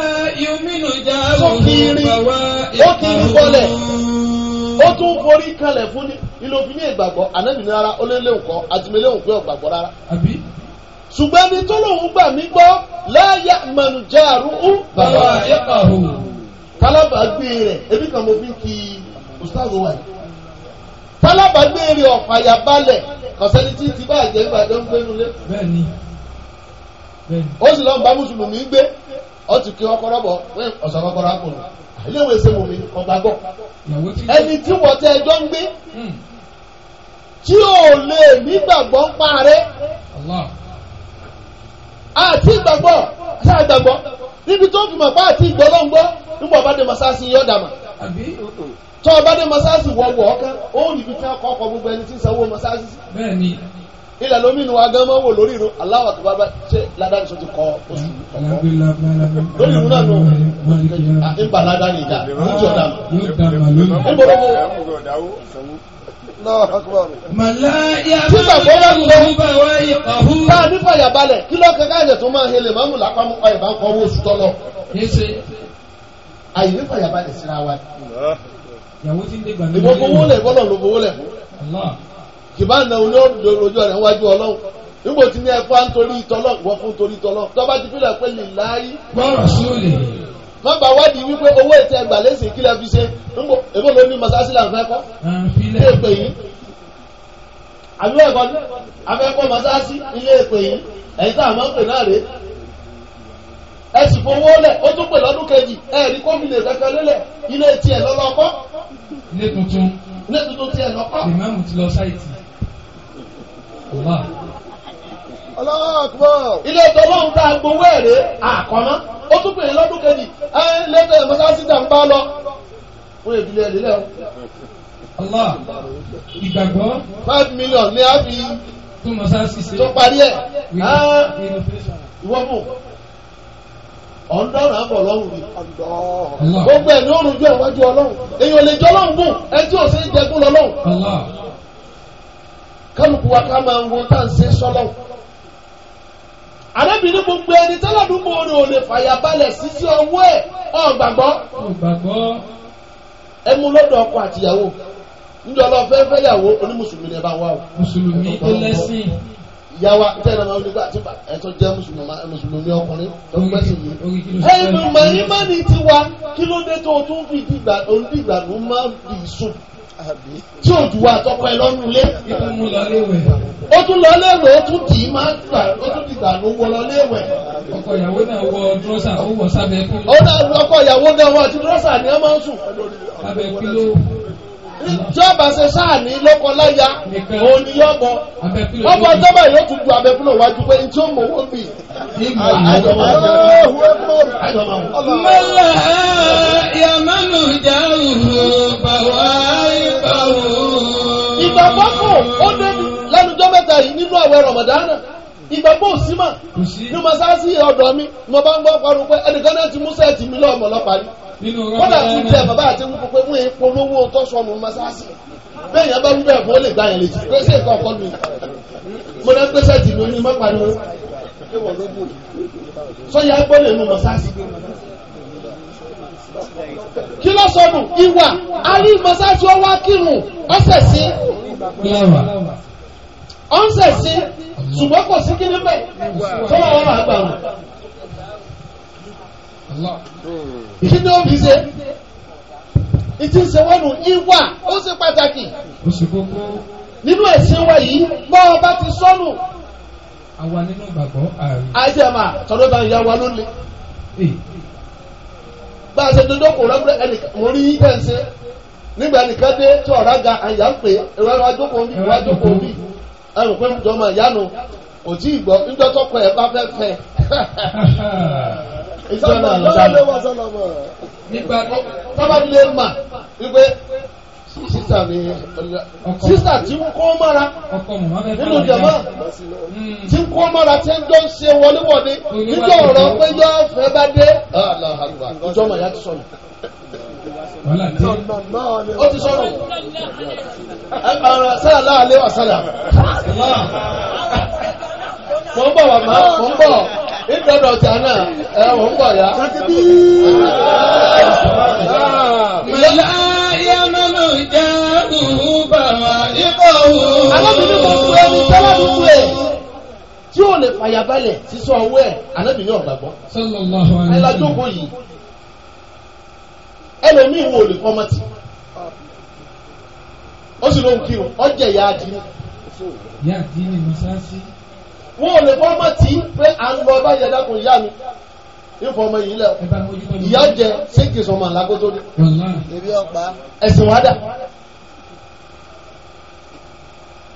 yomínú já òun bàwá ìpàrọ̀ ó tún forí kalẹ̀ fún ni ilé ní ìgbàgbọ́ ànábì ní rárá ó lé léwu kan àtìmí léwu pé ọ̀gbàgbọ́ rárá. ṣùgbọ́n ẹni tó lòun gbà mí gbọ́ láyà mọ̀nù já àrùn ún bàwá ìpàrọ̀. kálábàá gbé rẹ̀ ebi kan mo fi kí ustaz wa yìí. tálábàgbé rẹ̀ ọ̀fàyà balẹ̀ kọ̀sẹ́ni tí ti bá ìjẹ́ ìbàdàn gbé nulẹ̀. ó sì lọ mùsùlùmí gbé ó ti kí ọkọrọ bọ wẹ ọsàn ọkọrọ iléèwé ọgbà gbọ. ẹni tí wọ́n tẹ ẹjọ́ ń gbé hmm. tí ò lè nígbàgbọ́ ń pa àti ìgbàgbọ́ níbi tó tọ́ ọ bá dé mọ́sáàsì wọ̀wọ̀ ọ̀kan ó rí ibi tí wọ́n kọ́ ọkọ̀ gbogbo ẹni tí ń sanwó mọ́sáàsì. bẹ́ẹ̀ni. ilẹ̀ lómi ni wàá gánmọ́ wò lórí irun aláwọ̀ tó bá bá ṣe ládàáni sọ ti kọ oṣù kọ̀ọ̀kan. lórí irun náà nù ìgbà ládàáni ìjà lójú ọ̀dà. Tígbà tó rẹ̀ lọ, bá a nípa ìyàbalẹ̀, kí ló kankan àjẹ̀ tó máa hẹlẹ̀ máa mú lápámú ọ̀yẹ̀ bá ń kọ́ owó oṣù tọ́lọ. Àyè nípa ìyàbalẹ̀ síra wa ìyàwó tí ń dé gbàgbé. ìwọ fowó lẹ̀ fọlọ́ ló fowó lẹ̀ fún. kìbá na oní ojú rẹ̀ wájú ọlọ́run nígbò tí ní ẹ̀fọ́ à ń torí ìtọ́lọ́ wọ́n fún torí ìtọ́lọ́ tọ́ba ti fílẹ̀ pé lè láyé. gbọ́rọ̀ sí òlè. wọ́n bá wádìí wípé owó ètò ẹgbàá lẹ́sìn kílẹ̀ fi ṣe nígbò èkó ló ní masasi là ń fẹ́ kọ́. ilé èpè yìí. àbí wọ́n ẹ̀kọ́ afẹ́kọ́ masasi ilé èpè yìí ẹ̀yìn tá àwọn ọ̀pẹ̀ náà rèé ẹ sì fowó lẹ̀ ó tún pè lọ́dún kejì ẹ rí kómìnà kankan ilé tiẹ̀ Ile ilé tuntun ilé tuntun ìmáàmù ti lọ sáìtì. ilé tọ́lọ́hún tá a gbowó èrè àkọ́ná ó tún pè lọ́dún kejì ẹ lẹ́tẹ̀ mọ́sáàsì dà ń bá lọ. wọ́n o. ìgbàgbọ́. five million ni a fi tó parí ẹ̀ ah. ìwọ́n ọ̀ndọ́rọ̀ àbọ̀ lọ́rùn ni. gbogbo ẹ̀ òrùn jọ ìwájú ọlọ́run èèyàn lè jọ ọlọ́run bùn ẹ ò sí jẹgún lọ́lọ́run. kálukú wa ká máa ń wo tá à ń ṣe sọ́lọ́run. arábìnrin gbogbo ẹni tẹ́lẹ̀dúgbò rẹ̀ ò lè fàyà balẹ̀ sí ọwọ́ ẹ̀ ọ̀gbàgbọ́. ẹ mú lọ́dọ̀ ọkọ àtìyàwó níjọ́ lọ fẹ́ fẹ́yàwó onímùsùlùmí ni ẹ bá wà o. mùsùlùmí tó lẹ́sìn ìyá wa tẹ́lẹ̀ náà wọlé gbà tó bá ẹ̀tọ́ jẹ́ mùsùlùmí ọkùnrin tó ń gbẹ́sìn yìí. ẹ̀yin mọ̀ ní má ní tiwa kí ló dé tó o tún fi dìgbà o ní dìgbà ló má bì í sùn. tí o jù wá tọkọ ẹ lọ́nu lé. o tún lọ léèwé o tún dì í má gbà o tún dìgbà ló wọ lọ léèwé. ọkọ ìyàwó náà wọ dúrọ́sà ó wọ sábẹ́ pílò. ọkọ ìyàwó náà wọ àti dúrọ́sà ni wọ́n máa ń sùn. sábẹ́ pílò tí ó bá ṣe sáà ní lọ́kọ láya òun ni yọ bọ ọmọ ọjọ́bà yóò tún ju abẹ́fúlò wájú pé n tí ó mọ owó mi. mọ́lá yamanu jáwùú bàwá ìbáwò. ìgbàgbọ́ kò ó débi lẹ́nujọ́ mẹ́ta yìí nínú àwẹ̀ rọ̀mọ̀dánà ìgbàgbọ́ òsínmà ní mo sá sí ọ̀dọ̀ mi mo bá ń gbọ́ parun pé ẹnìkan náà ti mú sẹ́ẹ̀tì mi lọ́ọ̀mọ̀ lọ́pàá kódà tún tẹ bàbá àti wúkọ pé wọ́n polówó tọ́sọ̀nù mọ́sáàsì bẹ́ẹ̀ yẹn bá wú bẹ́ẹ̀ fún ó lè gbá yẹn létí pé sí ọkọ mi mo náà pèsè ìdìbò ní mọ́pàdé sọ́yà gbọ́dọ̀ nù mọ́sáàsì kí ló sọnù ìwà arí mọ́sáàsì ọwọ́ akírun ọ̀sẹ̀ sí ọ̀sẹ̀ sí ṣùgbọ́n kò sí kí ní bẹ́ẹ̀ sọ́wọ́ àwọn àgbà wọn. kí ni ó fi ṣe ìtì ń ṣe wọ́nù ìwà ó pàtàkì nínú ẹ̀sìn wa yìí mọ ọba ti sọ́nù. àwa nínú ìgbàgbọ́ ààrẹ. àìsèmà sọdọ́ ta ìyá wa ló bá a ṣe dodo kò rẹ́gbẹ́ ẹnìkan mo rí yín nígbà nìkan dé tí ọ̀rá ga àyà ń pè é ìjọba àlùsálà nígbà tó tábàdìlẹ mà wípé sísà ni sísà tí ń kó mọ́ra nínú jàmá hmm. tí ń kó mọ́ra tí ń jọ ń ṣe wọléwọlé níjọ ọ̀rọ̀ pé yọ fẹ́ bá dé ìjọ mà yá ti sọnù. ó ti sọnù sálà láàlẹ́ wà sálà mọ̀ ń bọ̀ wà mọ̀ ń bọ̀ ìdọ̀dọ̀ ọ̀tà náà ẹ̀ wọ́n ń bọ̀ yá. Mọ̀lá yá mọ́nà ìjà òhù bàwà ibò òhù. Alábìnrin kan fún ẹni tẹ́lá dúdú ẹ̀ tí ò lè fàyàbalẹ̀ sísọ ọwọ́ ẹ̀ alábìnrin ọ̀gbàgbọ́. Ẹ la jókòó yìí. Ẹlòmíì wo lè fọmọ tì. Ó sì ló ń kírun, ọjà ìyá àdínú. Ìyá àdínú ni mo sá sí wọn ò lè fọ́ ọmọ tí pé à ń lọ bá yẹ dákun ìyá mi ìfọ ọmọ yìí lẹ ìyá jẹ sékè sọmọ àlágótó ni ebi ọpa ẹsìn wàdà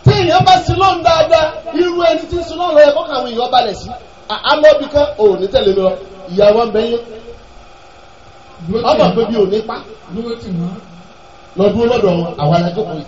tí èèyàn bá sin lọ́n dáadáa irú ẹni tí ń sin lọ́n lọ yẹ kọ́kàn àwọn èèyàn balẹ̀ sí àmọ́ bí kan ò ní tẹ̀lé mi lọ ìyàwó ń bẹ yín ọmọ pé bí ò ní pa lọ dúró lọ́dọ̀ àwọn alájókòó yìí.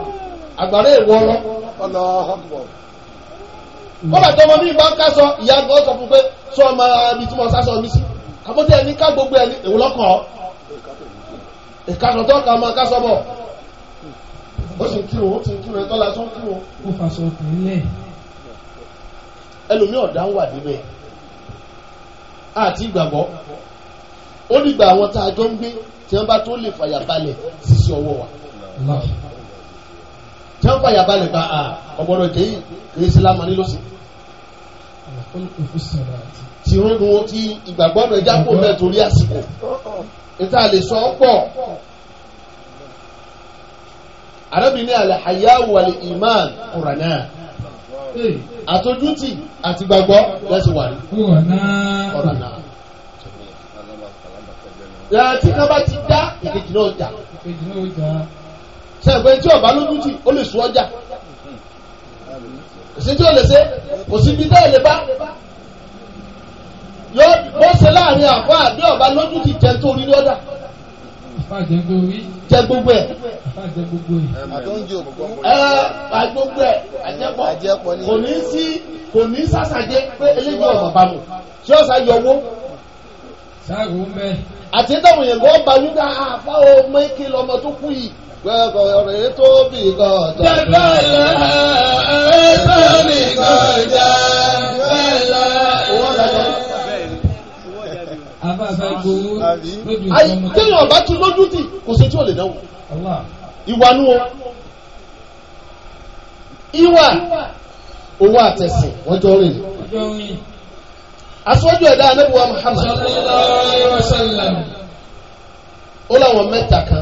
àgbàrá èwo ọlọ ọlọ ọgbọ bọ́lá tọmọ mi bá ń kásọ ìyá àgbà ọ̀sọ̀ fún pé sọ ọmọ ibi tí mo sásọ mi sí àbótí ẹni ká gbogbo ẹni èwo lọ́kàn ọ́ ìkàtọ̀ tó kà máa kásọ bọ̀ ó sì kí òun ti kí òun tọ́lá tó kí òun. ó fàṣọ ọkùnrin lẹ̀. ẹlòmíì ọ̀dà ń wà níbẹ̀ àti ìgbàgbọ́ ó nígbà àwọn tá a jọ ń gbé tí wọ́n bá tó lè fàyà balẹ̀ sísè ọwọ́ wa tí wọ́n fàyà balẹ̀ bá a ọ̀gbọ́dọ̀ jẹ́yìn ní ìsìlámù nílòsì. tí wọ́n mú ti ìgbàgbọ́ rẹ̀ jápò mẹ́ torí àsìkò níta lè sọ ọ́ pọ̀. arábìnrin àlẹ́ àyáwó àlẹ́ imán kùrànà àtọ́jútì àti gbàgbọ́ lẹ́sìn wà ní. kùrànà yàrá tí ká bá ti dá ìkejì náà jà sẹ́gbẹ́ tí ọba lójú tì ó lè sún ọjà èsì tí ó lè ṣe kò sí ibi tẹ́ẹ̀ lè bá yóò bọ́sẹ̀ láàrin àpá àbí ọba lójú tì jẹ́ tó rí ní ọ̀dà jẹ gbogbo ẹ ẹ àgbogbo ẹ àjẹpọ kò ní sí kò ní sàṣàjẹ pé eléyìí ọ̀rọ̀ bá mu tí ọ̀sà yọ owó. àti táwọn èèyàn gbọ́ bá wípé ah, àfa ọmọ eke lọmọ tó kú yìí gbẹ̀bọ̀rẹ̀ tó bì gọ̀dọ̀. Jẹ́gbẹ́lá ẹ̀rẹ́ tó bì gọ̀dọ̀. Bẹ́ẹ̀lá ayi tẹ́lẹ̀ ọba ti lójú tì kò sí tí ò lè dánwò ìwà nú o ìwà owó àtẹ̀sìn wọ́n jọ rìn aṣojú ẹ̀dá anábùwà Muhammad ó láwọn mẹ́ta kan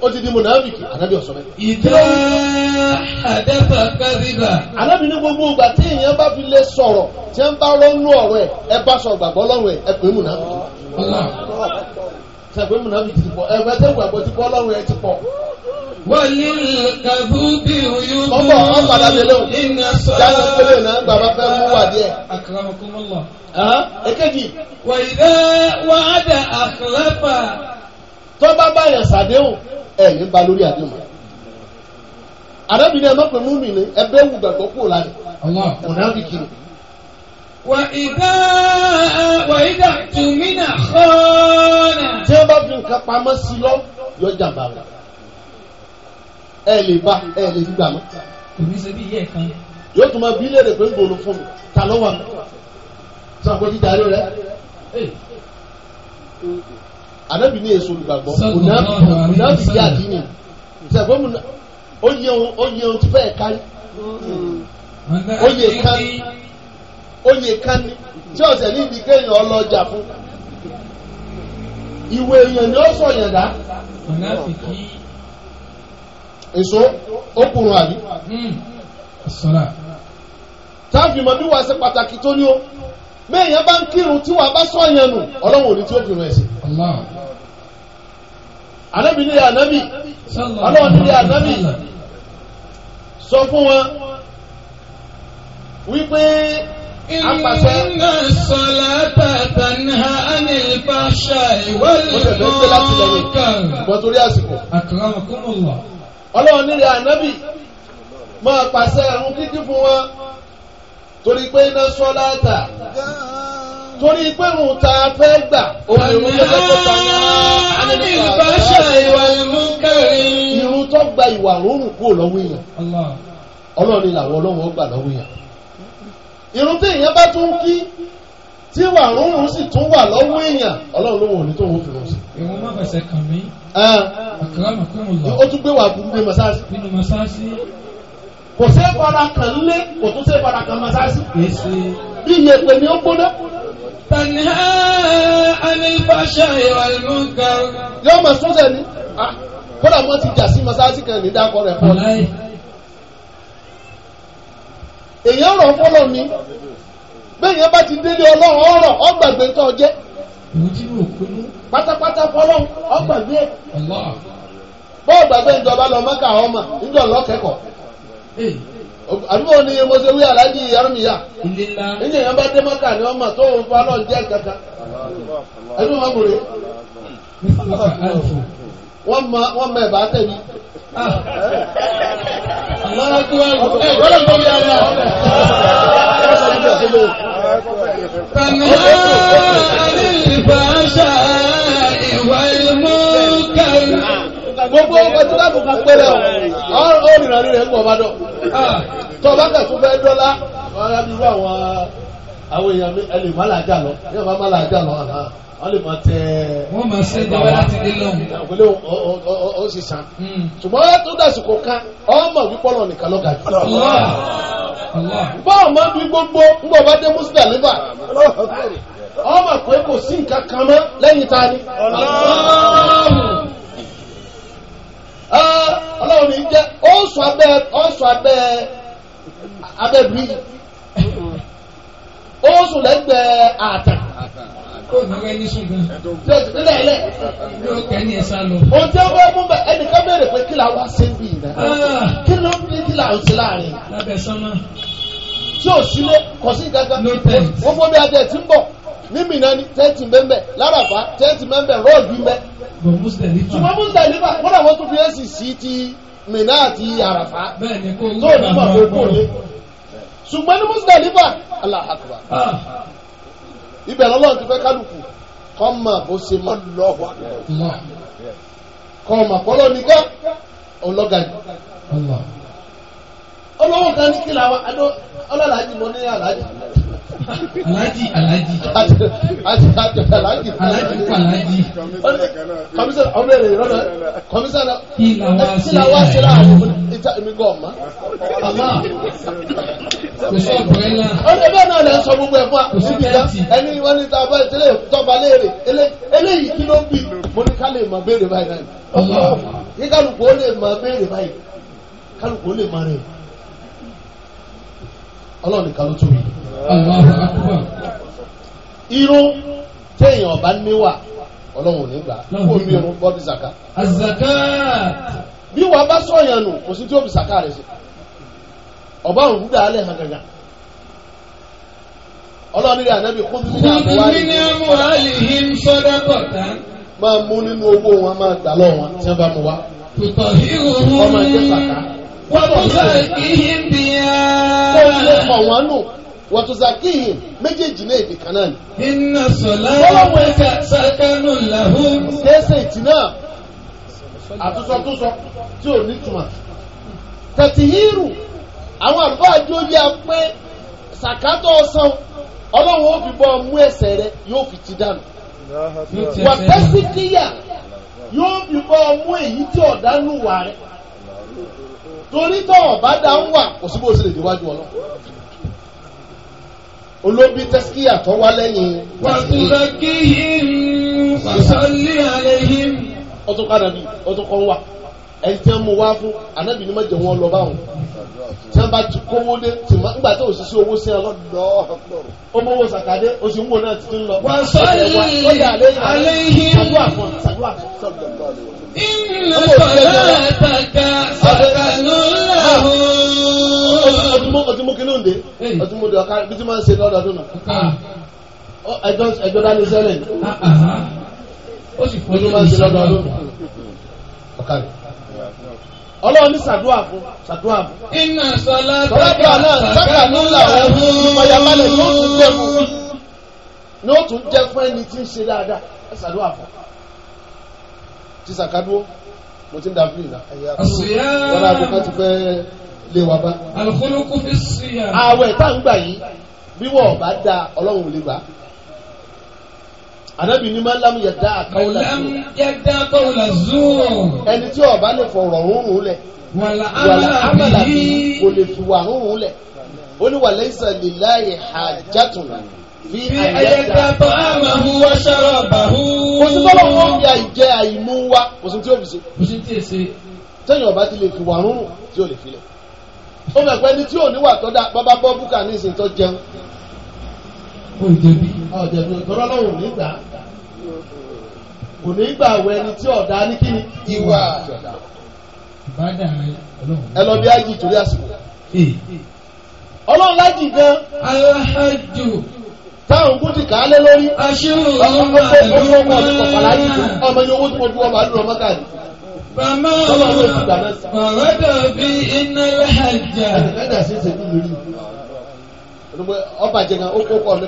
ó ti di mọ̀nàbìkì ànábì ọ̀sọ́ bẹ́ẹ̀. ìdá àdẹ́fà kárìbà. Anabi ní gbogbo ìgbà tí èèyàn bá fi lè sọ̀rọ̀ tí ń bá rọ́nú ọ̀rọ̀ ẹ̀ ẹ bá sọ gbàgbọ́ lọ́rùn ẹ̀ ẹ pè é mọ̀nàbìkì. ti pọ̀ ẹ̀fẹ́ tẹ́ gbàgbọ́ ti pọ̀ lọ́rùn ẹ̀ ti pọ̀. kàbú bí oyún náà gbàgbọ́ fẹ́ mú tó bá báyàn sàdéhùn ẹ̀ ní ba lórí àdéhùn àdébìnrin ẹ má pè mú mi ní ẹbẹ wù gbàgbọ́ kúrò lára ọ̀nà bí kiri. wàyídà wàyídà tùmínà kọ́ọ̀nà. tí wọ́n bá fi nǹkan pamọ́ sí lọ yọ jàmbá rẹ̀ ẹ lè bá ẹ lè fi gbà mọ́. kò ṣe bí iye kan. yóò tún máa bí léèrè pé ń gbòòrò fún mi ta ló wà mí. sọ àpótí darí rẹ. ànábì ní èso olùgbàgbọ́ mùnàfíkì àdínì ṣẹ̀gbọ́n mùnà na oye ohun tí fẹ́ẹ̀ kárí fẹ yẹ kárí ó yẹ kárí tí ọ̀sẹ̀ ní ibi kéèyàn ọlọ́jà fún ìwé èèyàn ni ó sọ yẹn dá èso ó àbí hmm. táàfin mọ̀ bí wàá pàtàkì tó ní o mẹ́yìn bá ń kírun tí wàá bá sọ yẹn nù ọlọ́run ò ní tí ó kírun ẹ̀ sí. ànábì ní ànábì ọlọ́run ní ànábì sọ fún wọn wípé apàṣẹ. iná sọlá tàtà ní ànìlbà ṣàìwọ́ lè kàn. wọ́n torí àsìkò. àkàrà kún un lọ. ọlọ́run ní ànábì máa pàṣẹ ẹ̀rùn kíkí fún wọn torí pé iná sọlá tà torí pé òun ta fẹ́ gbà òun ìrún tó fẹ́ kọta ní àánú ìbáṣà ìwà ìmú kẹrin. irun tó gba ìwà rọrùn kúrò lọ́wọ́ èèyàn ọlọ́run làwọn ọlọ́run gbà lọ́wọ́ èèyàn. irun tí èèyàn bá tún kí tí ìwà rọrùn sì tún wà lọ́wọ́ èèyàn ọlọ́run ló wọ̀ ní tóun fi rọrùn sí. ìwọ́n má bẹ̀sẹ̀ kàn mí. àkàrà kò kò sí ìfara kan lé kò tún sí ìfara kan mọ́sáàsì. iye pè ó gbóná. تنهى عن الفحشاء والمنكر yóò máa sọ́sẹ̀ ni kódà wọ́n ti jà sí masáàsì kan ní dákọ̀ rẹ̀ fún bá ti délé ọlọ́run ọ̀rọ̀ ọgbàgbé tó pátápátá ọgbàgbé gbàgbé ìjọba lọ ọmọ àdúgbò ni mo ṣe wí aláàjì arúmìyá ìyẹn yẹn bá dé mọ́kà ni wọ́n mọ̀ tó ń fa náà jẹ́ kankan ẹ̀dùn wọn múre wọ́n mọ wọ́n mọ ẹ̀bà tẹ̀lé. Ọlọ́run tó bí ara. Tànà àlè ìfàṣà. ọ ọkọ̀ tí láàbù ọ ọ rìnrìn àrí ń ọrụ ọrụ ọrụ tó bá kẹ̀ ah. fún bẹ́ẹ̀ dọ́là bí wọ́n àwọn àwọn èèyàn mi ẹ lè má lọ ẹ má má lọ àná lè tẹ máa ṣe láti dé hmm. ṣùgbọ́n tó ọmọ nìkan jù. báwo máa bí gbogbo bá dé ọmọ pé kò sí nǹkan kan mọ́ lẹ́yìn ọlọ́run ní jẹ́ ó sọ abẹ́ ó sọ abẹ́ abẹ́ bíríjì ó sùn lẹ́gbẹ̀ẹ́ àtàn kò ní wẹ́ ní ṣùgbọ́n. Nílẹ̀ ilẹ̀. Ní o kẹ́ ní ẹ sá mú bẹ́ẹ̀ ẹnìkan béèrè pé kí la wá sí bí iná. Kí ló ń bí kí la ò sí láàrin? Lábẹ́ sánmà. Tí ò sílé kò sí gángan. Ló tẹ̀. bí adé ti ń bọ̀ ní mìíràn ní tẹ́ẹ̀tì mẹ́mbẹ̀ láràbá tẹ́ẹ̀tì mẹ́mbẹ̀ rọ́ọ̀dù mẹ́. ṣùgbọ́n mùsùlùmí nípa kódà wọ́n tún fi ẹ̀sì sí ti mìíràn àti àràfá tó nípa gbogbo òde. ṣùgbọ́n ní mùsùlùmí nípa Allahu Akbar. Ah. ibẹ̀ lọ́lọ́run ti fẹ́ kálukú kọ́ mà bó ṣe mọ́ lọ́wọ́ kọ́ mà kọ́lọ́ nìkan ọlọ́gàjì. ọlọ́wọ́ kan ní kílà wa adó ọlọ́làájì ní àlàájì. Aláàjì aláàjì. Àti àti aláàjì. Aláàjì kọ aláàjì. Kọmísà ọmọ èrè lọ́dọ̀ kọmísà la náà. bẹ́ẹ̀ náà lè sọ gbogbo ẹ̀ fún wa. Ẹni ta bá ìtẹ́lẹ̀ tọ́ba léèrè. Eléyìí kí ló ń bì? Mo ní ká lè máa béèrè báyìí náà. kálukú ó lè máa béèrè báyìí. Kálukú ó lè máa rẹ̀. ọlọ́run nìkan ló tóbi. irun téèyàn bá níwà ọlọ́run ò ní gbà kó mi irun bọ́ bí zaka. azaka. bí wàá bá sọ̀yàn nù kò sí tí ó bí zaka rẹ̀ sí. ọba òun dà á lẹ̀ hàn gàgà ọlọ́run ní ànábì kúndùmínà amúhálìhìn sọ́dọ́kọ̀tà. máa mú nínú owó wọn máa gbà lọ́wọ́ tí wọ́n bá mú wa. kùtọ̀ hírò wọn. ọmọ ẹgbẹ́ sàkà. wàtúzàkìhìm bíyà. ó lè nù wàtúzàkìhìm méjèèjì náà èdè kan náà ni. iná sọlá wọ́n ká sákánù làhùn. ṣéṣe àtúnṣọtúnṣọ tí ò ní túmọ̀. àwọn pé sàkátọ̀ ọ̀sán ọlọ́run ó fi bọ́ ọmú ẹsẹ̀ rẹ yóò fi ti dànù. torí tọ̀wọ̀ bá ń wà kò sí bó déwájú ọlọ́ olóbi tẹ́síkìyà tó wá lẹ́yìn ọtún kánàbí ọtún kan wà ẹni tẹ́ mú wá fún anábì ní wọn lọ báwọn tí wọ́n bá ti kówó dé tìmọ̀ nígbà tó òṣìṣẹ́ owó sí ẹ lọ́dọ̀ ó owó sàkádé oṣù ń wò náà ti tún lọ. wọ́n sọ yìí aléyìn sàdúrà fún sàdúrà fún sọ̀dọ̀ iná sọ̀rọ̀ àtàkà sàkànú làwọn. ọdúnmọ́ ọdúnmọ́ kí ló ń dé ọdúnmọ́ dé ọ̀ká bí tí ah. dání ah, ah, ó sì fún ọdún máa ń ṣe ọlọ́run ní sàdúà fún sàdúà fún. iná sọlá tọ́jà náà sábà ló làwọn fún ọ̀yàmálẹ̀ yóò tún jẹ́ fún ní ó tún jẹ́ fún ẹni tí ń ṣe dáadáa sàdúà fún. ti sàkádúró mo ti ń da fún ìlà ẹ̀yà wọn náà kò ti fẹ́ lé wa bá. àwẹ̀ tá ń gbà yìí bí wọ́n bá da ọlọ́run ò lè gbà á. Ànábì ní máa ń lámú yẹ̀dá àkọ́wọ́lá zuu. yẹ̀dá àkọ́wọ́lá zuu. ẹni tí ọba lè fọ̀rọ̀ rúnrún lẹ̀. wàlà àmàlà bíi kò lè fi wà rúnrún lẹ̀. ó ní wa laysa lillahi hajatun. fi ayẹ̀dá bọ́ àmàhu wa sharabahu. kò sí tọ́lọ̀ wọn bí àìjẹ àìmú wa kò sí tí ó fi ṣe. kò sí tí ì ṣe. tẹ́yìn ọba ti lè fi wà rúnrún tí ó lè fi lẹ̀. ó mọ̀ pé tí ò ní wà tọ́ da bàbá bọ́ búkà ní ìsìn tó jẹun kò jẹ̀bi. ọ̀jẹ̀bi òtọ́rọ́ lọ́wọ́ ò ní gbà kò ní gbà wọ ẹni tí ọ̀dà ní kíni ìwà. ẹ lọ torí àsìkò. ọlọ́run lájì gan. aláhájú. táwọn gúdì ká lórí. aṣírò ọmọ ẹ̀rọ ọmọ ọmọ ẹ̀yọ owó tí mo dúró ọmọ àdúrà ọmọ káàdì. Bàmá ọ̀rọ̀ bàbá dàbí iná láhàjà. Ẹ̀ka dà sí ìṣèlú lórí. ọba jẹgan ó kó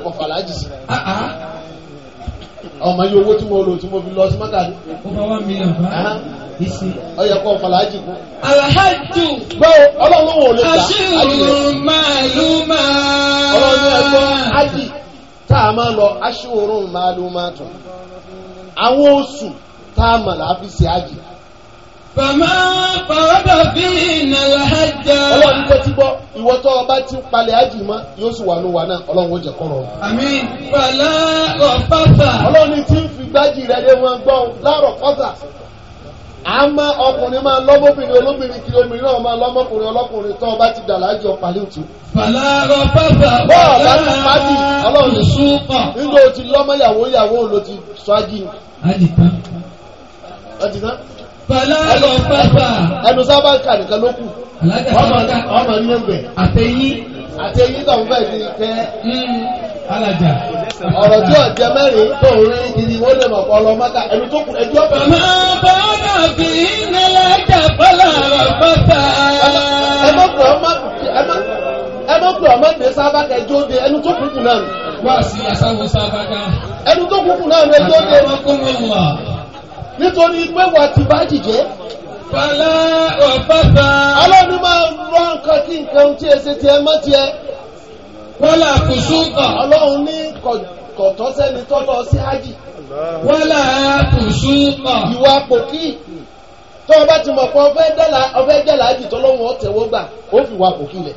ọmọ yìí owó tí mo lò tí mo fi lọ sí mọ́tà ọba wa mi yàn bá ìsì. ọyọ kọ fàlàjì kú. alahaju. báwo ọlọ́run wò lè gbà. aṣíwòrán màlúmà. ọlọ́run ẹ̀gbọ́n tá a máa lọ àwọn oṣù tá a mọ̀ láfi ṣe Fàmá fàwọ́bà bí iná làájá. Ọlọ́run kò ti gbọ́, ìwọ tó ọba ti palẹ̀ ájì mọ́, yóò sì wà ní wa náà, ọlọ́run ó jẹ kọ́rọ̀. Àmín. Fàlá ọ̀pápà. Ọlọ́run ti ń fi gbájì rẹ̀ lé wọn gbọ́n láàrọ̀ kọ́tà. Àmọ́ ọkùnrin máa lọ́mọbìnrin olóbìnrin kiri obìnrin náà máa lọ́mọkùnrin ọlọ́kùnrin tó ọba ti dàlá jọ pàlẹ́ òtún. Fàlá ọ̀pápà. Bọ́ọ̀ bá ti pàdé ọlọ́run sùpà. Nígbà tí lọ́mọ yàwó yàwó ló ti sọ ájì. Ájì tán. Ájì tán. Fọlọ́ọ̀lọ́ pápá. Ẹnu sábà ń kà nìkan ló Ọmọ ní ẹgbẹ̀. Àtẹ̀yìn. Àtẹ̀yìn tó ń bẹ̀ ní kẹ́. Hmm, alájà. Ọ̀rọ̀ tí ọ̀jẹ̀ mẹ́rin tó ń rí gidi lè ọlọ Ẹnu tó kù Màá bá ọ̀nà bí nílẹ̀ jà Ẹ má pè ẹ má de ẹnu tó kù kù náà. Wá sí sábà Ẹnu tó de. Àtàwọn nítorí pé wà ti bá jìjẹ́. Fọlá ọ̀pọ̀pọ̀. Ọlọ́run máa ń rọ nǹkan kí nǹkan tí èsì tiẹ̀ mọ́ tiẹ̀. Wọ́lá kò súnkà. Ọlọ́run ní kọ̀tọ́ sẹ́ni tó lọ sí Hájì. Wọ́lá kò súnkà. Ìwà pòkì. Tó o bá ti mọ̀ pé ọfẹ́ jẹ́lá Hájì tó lọ́wọ́ ọ̀tẹ̀wọ́gbà, ó fi wà pòkì lẹ̀.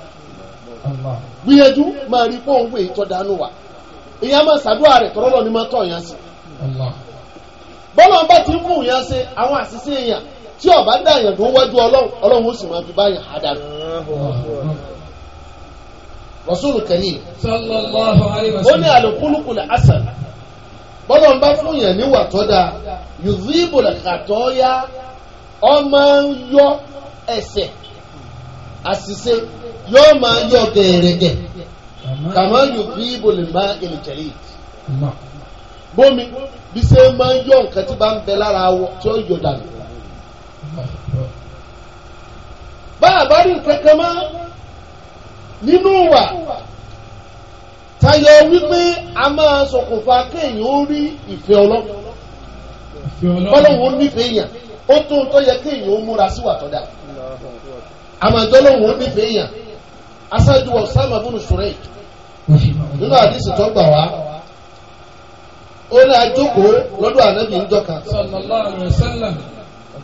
gbìyànjú máa rí pọ́ùn wé ìtọ́dánù wa ìyá máa ṣàdúrà rẹ̀ tọ́lọ́lọ́ ni máa tọ̀ yẹn sí bọ́lá ọba ti mú yẹn ṣe àwọn àṣìṣe èèyàn tí ọba dá yẹn tó wájú ọlọ́run ọlọ́run ó sì máa fi bá yẹn àdánù rasulu karim ó ní àlòkúlùkù lè asan bọ́lá ọba fún yẹn níwà tó dáa yùzíbù lè kàtọ́ yá ọmọ yọ ẹsẹ̀ asịsị yọọ ma yọ gẹ̀ẹ́rẹ́gẹ̀ kàmáyò bí ibòlè má ìrìnkẹ̀rì bómi bí ṣe máa yọ nǹkan tí bá ń bẹ lára wọ yọ dànù. bá a tayọ a ma ṣokùnfà kéèyàn ori ifeọlọ tó àmàgbẹ́lóhùn ó nífẹ̀ẹ́ yàn aṣáájú wa Usama bùnú sùrẹ́ẹ̀ nínú àdìsí tó gbà wá ó ní ajókòó lọ́dọ̀ ànábì ń jọka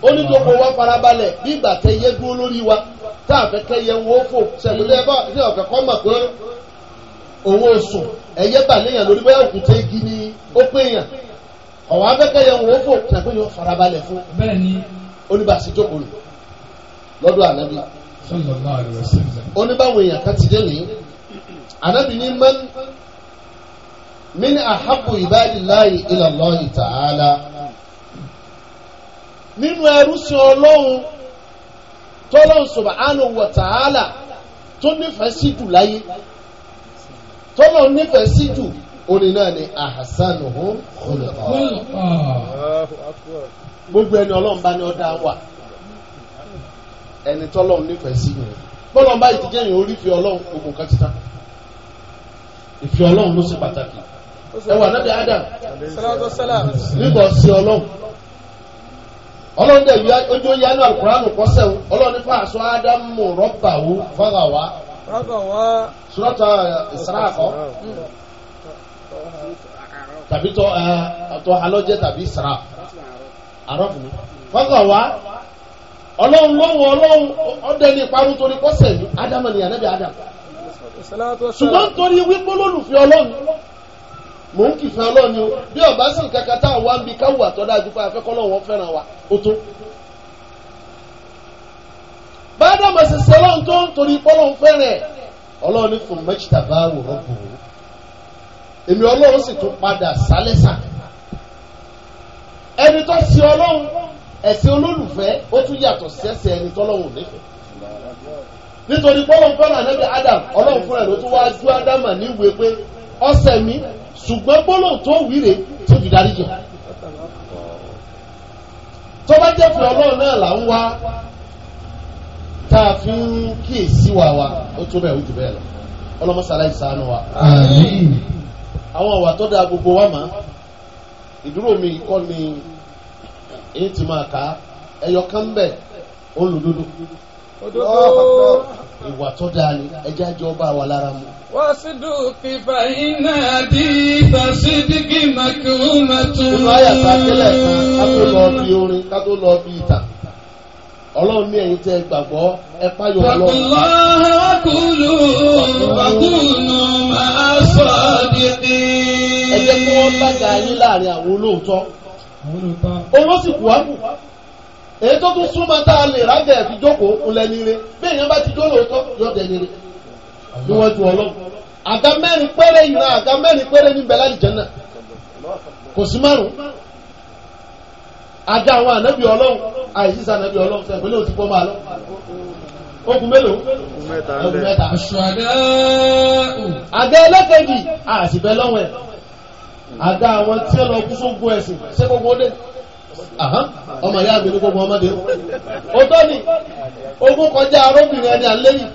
ó ní gbogbo wa farabalẹ̀ bí ìgbà tẹyẹ dúró lórí wa tá a fẹ́ kẹyẹ ń wó fò ṣẹ̀gbẹ́lẹ́ bá ní ọ̀kẹ́ kọ́ mọ̀ pé òun ò sùn ẹ̀yẹ bà léèyàn lórí bẹ́ẹ̀ òkúta igi ni ó pé èèyàn ọ̀wọ́ abẹ́kẹ̀yẹ ń wó fò ṣẹ̀gbẹ́lẹ́ farabalẹ̀ fún ó ní bá a sì ànábì sallallahu alaihi wasallam. oníbàwọ̀ èèyàn anabi ní man min ahabu ibadillahi ilallahi ta'ala nínú ẹrú sí ọlọ́run tọ́lọ́run subhanahu wa ta'ala tó nífẹ̀ẹ́ sí jù láyé tọ́lọ́run nífẹ̀ẹ́ sí jù orin náà ni ahasanuhu khuluqa gbogbo ẹni ọlọ́run bá ní ọ̀dà wà ẹni tọ́lọ́run nífẹ̀ẹ́ sí yẹn bọ́lọ́n báyìí ti jẹ́yìn orí fi ọlọ́run ogun kan ti ta ìfi ọlọ́run ló ṣe pàtàkì ẹwà nàbẹ Adam nígbà ọsẹ ọlọ́run ọlọ́run dẹ̀ yọ ojú oyè anú alukuraanu kọ́sẹ̀ o ọlọ́run nípa àṣọ Ádámù rọ́bà wo fọ́nà wá sùrọ́tà ìsàrà uh, àkọ́ tàbí tọ́ uh, alọ́jẹ́ tàbí ìsàrà àrọ́fù mi fọ́nà wá. ọlọ́run lọ́wọ́ ọlọ́run ọdẹ ní ìparun torí pọ́sẹ̀ ní ádámà ní ànábì ádám ṣùgbọ́n torí wípé ọlọ́run mò ń kìfẹ́ ọlọ́run ni o bí ọba sì ń kankan tá à wá ń bi káwù àtọ́dá àdúgbò afẹ́kọ́lọ́ wọn fẹ́ràn wa ó tó. ṣe ọlọ́run tó ń torí ọlọ́run ní fún mẹ́tìtà bá bò ó èmi ọlọ́run sì tún padà ẹ̀sìn olólùfẹ́ ó tún yàtọ̀ sẹ́sẹ̀ ẹni tọ́lọ́hùn nífẹ̀ẹ́ nítorí pọ́lọ́n fẹ́ràn ànábì Adam ọlọ́run fúnra ló tún wáá ju Ádámà níwèé pé ọ̀sẹ̀ mi ṣùgbọ́n gbólóhùn tó wíre tó fi darí jẹ tó bá jẹ́ pé ọlọ́run náà là ń wá tá a fi ń kíyèsí wa wa ó tó bẹ́ẹ̀ ó jù bẹ́ẹ̀ lọ ọlọ́mọsàlá ìsànù wa. àwọn àwà tó dáa gbogbo wa mọ̀ ìdúró mi kọ́ ni. èyí ti máa kà á ẹyọ kan ń bẹ̀ olùdodo ìwà tó dáa ni ọba lára mu. wọ́n sì dùn fífa iná àdí ìfàsídìgì màkìrúmàtú. nínú àyàtọ̀ akẹ́lẹ̀ kan ká tó lọ bí orin ká tó lọ bí ìtàn ọlọ́run ní gbàgbọ́ ẹ páyọ̀ sọ ọ́ dídí. ẹ jẹ́ kí wọ́n owó sì kú ágùn èyí tó tún súnmọ́ tá a lè rájà ẹ̀ fi jókòó ń lẹ́ni rẹ bí èèyàn bá ti dó lóòótọ́ yóò dẹni rẹ ni wọ́n ju ọlọ́run àga mẹ́rin péré ìran àga mẹ́rin péré níbẹ̀ láìjẹ́ náà kò sí márùn-ún àwọn ànábì ọlọ́run àìsísà ànábì ọlọ́run sẹ́gbẹ́ lóòótọ́ pọ́ máa lọ okùn mélòó okùn mẹ́ta àṣọ àgẹ́ ẹlẹ́kẹ̀jì àṣìbẹ́ lọ́wọ́ ẹ̀ àga àwọn tí ọ̀nà ọkú sógun ẹ̀sìn ṣé gbogbo dé ọmọ ìyá mi ní gbogbo ọmọdé ó ni ogún kọjá arọ́bìnrin ẹni àléyìn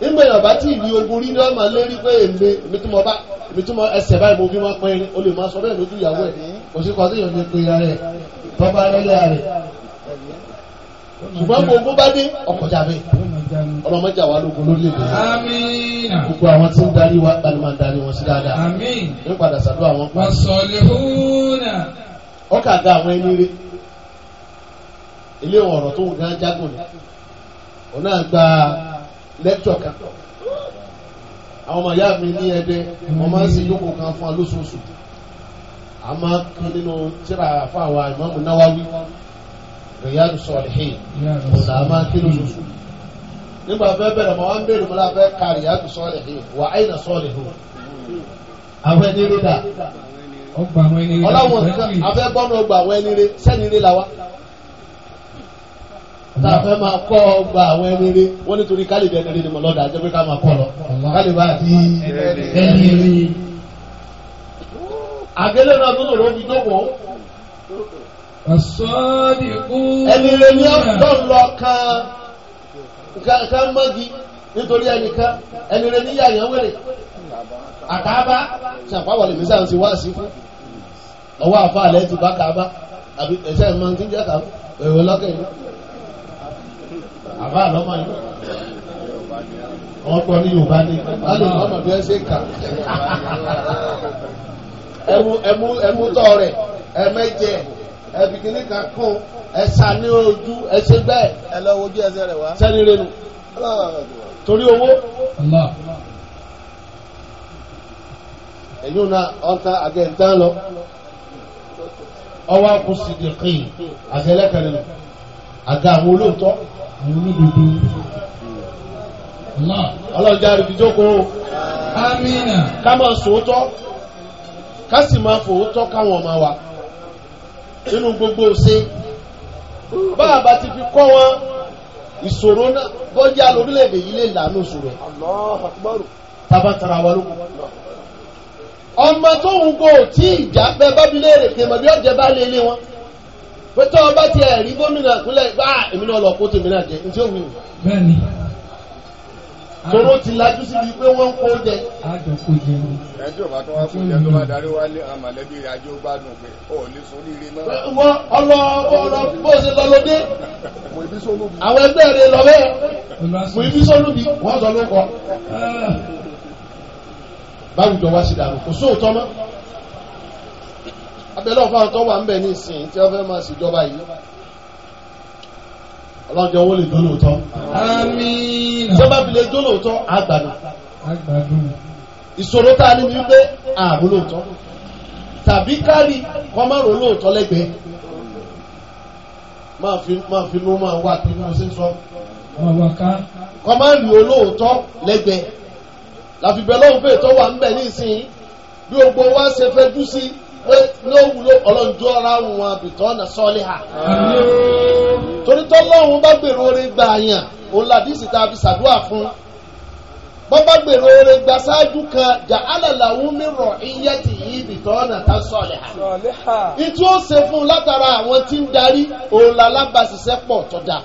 nígbà yàrá tí ìlú ogun rí náà máa lérí pé èmi èmi bá èmi ẹsẹ̀ báyìí mo fi máa pẹ́ o lè máa sọ bẹ́ẹ̀ lójú ìyàwó ẹ̀ kò sí kọ́ síyàn ní pé ya rẹ̀ tọ́ba rẹ̀ lẹ́yà rẹ̀ ṣùgbọ́n gbogbo bá dé ọkọ̀ jáde. ọlọ́mọdé àwa lógun lórílẹ̀-èdè yìí gbogbo àwọn tí ń darí wa gbalima darí wọn sí dáadáa ní padà sàdó àwọn pa. ọkà ka àwọn ẹni rí ilé ọ̀rọ̀ tó ń gan jágùn ni òun náà gba lẹ́tọ̀ kan àwọn ọmọ ìyá mi ní ẹdẹ wọn máa ń sin lóko kan fún wa lóṣooṣù a máa nínú tíra fáwọn a máa kí lóṣooṣù. nígbà fẹ́ bẹ̀rẹ̀ mọ́ wá ń bèrè fẹ́ kárí àti sọ́ọ̀lì hì wà àyìnà sọ́ọ̀lì hù. àwọn ẹni rí dà. ọgbà àwọn ẹni rí dà. ọlọ́wọ́ nǹkan afẹ́ gbọ́nà ọgbà àwọn ẹni rí sẹ́ni rí la wa. tá a fẹ́ máa kọ́ ọgbà àwọn ẹni rí wọ́n nítorí ẹni rí ni mo lọ́dà jẹ́ pé ká máa kọ́ lọ. ẹni rí. àgẹ́lẹ́ náà tó ká mọ́gi nítorí ẹnìkan ẹni rẹ níyà yẹn wèrè àkàbá ṣàpáwọ̀ lè mísà ń ti wá sí fún ọwọ́ àfàlẹ́ ti bá kàbá àbí ẹ̀ṣẹ́ ìmọ̀ tí ń jẹ́ kàbá èrò lọ́kẹ̀ yìí àbá àlọ́mọ yìí wọ́n gbọ́ ní Yorùbá ní alẹ́ ọmọ bí ẹ ṣe kà ẹmu ẹmu ẹmu tọ́ rẹ̀ ẹmẹ́jẹ ẹbí kìíní kan kún ẹ̀sà ní ojú ẹ̀sẹ̀ bẹ́ẹ̀. ẹ lọ wojú ẹsẹ̀ rẹ̀ wá. sẹ́ni rẹ̀ nù torí owó. èyí na ọ̀ntà àgẹ̀ntà lọ ọwọ́ kù sídìkì àgẹ̀lẹ́kẹ̀rẹ̀ lọ àga àwọn olóòótọ́ àwọn olódodo ọlọ́jà àrùbíjókòó amínà ká máa sòótọ́ ká sì máa fòótọ́ káwọn ọmọ wa nínú gbogbo ṣe báàbá ti fi kọ́ wọn ìṣòro náà bọ́jà lórílẹ̀‐èdè yìí lè lànà ìṣòro ẹ̀ tabatara wa ló kọ́ ọmọ tó ń go tí ìjà pẹ́ bábílẹ̀ èrè kèmọ̀ bí ọ̀jẹ̀ bá lé ilé wọn pẹ̀tọ́ ọba ti ẹ̀rí gómìnà ìpínlẹ̀ gbá èmi náà lọ kó tèmi náà jẹ́ ní tí ó wù mí tọ́rọ ti lajú si pé wọ́n ń kó jẹ. àjọ kò jẹ ní. ẹjọ́ bá tó wá kó jẹ tó bá darí wálé àmàlẹ́bí rẹ̀ ajé ó gbádùn pé ó ní sóríire náà. wọ́n ọlọ ọlọ bó ṣe lọ lóde. àwọn ẹgbẹ́ rẹ̀ lọ bẹ́ẹ̀. mùsùlùmí sólùbí wọ́n sọ ló kọ. Ah. báwùjọ wá sí dàrú kò sóòótọ́ mọ́. abẹ́lẹ́ ọ̀fà tó wà ń bẹ̀ ní ìsìn tí wọ́n fẹ́ máa ṣèjọba yìí ọlọ́jọ́ owó lè dúró lóòótọ́. àmín. tó bá fi lè dúró lóòótọ́ àgbàdo. àgbàdo. ìṣòro tá a ní ni wípé ààrùn lóòótọ́ tàbí kárì kọ́ máa rò lóòótọ́ lẹ́gbẹ̀ẹ́ máa fi máa fi ló máa wà bí mo ṣe sọ. kọ́ máa lù olóòótọ́ lẹ́gbẹ̀ẹ́ làfi bẹ́ẹ̀ lọ́hùn-ún pé ètò wà ń bẹ̀ ní ìsìn bí gbogbo wa ṣe fẹ́ dú sí i. lówùlò ọlọ́njọ́ ara wọn àbìtọ́ ọ̀nà sọ́ọ́lì hà. torí tó lọ́hùn bá gbèrò orin gba àyàn òun làdísì tá a fi ṣàdúrà fún. wọ́n bá gbèrò orin gba ṣáájú kan jà alàlàwù mi rọ̀ iye tì í bìtọ́ ọ̀nà tá sọ́ọ̀lì hà. ìtú ó ṣe fún un látara àwọn tí ń darí òun làlábàṣiṣẹ́ pọ̀ tọ́jà.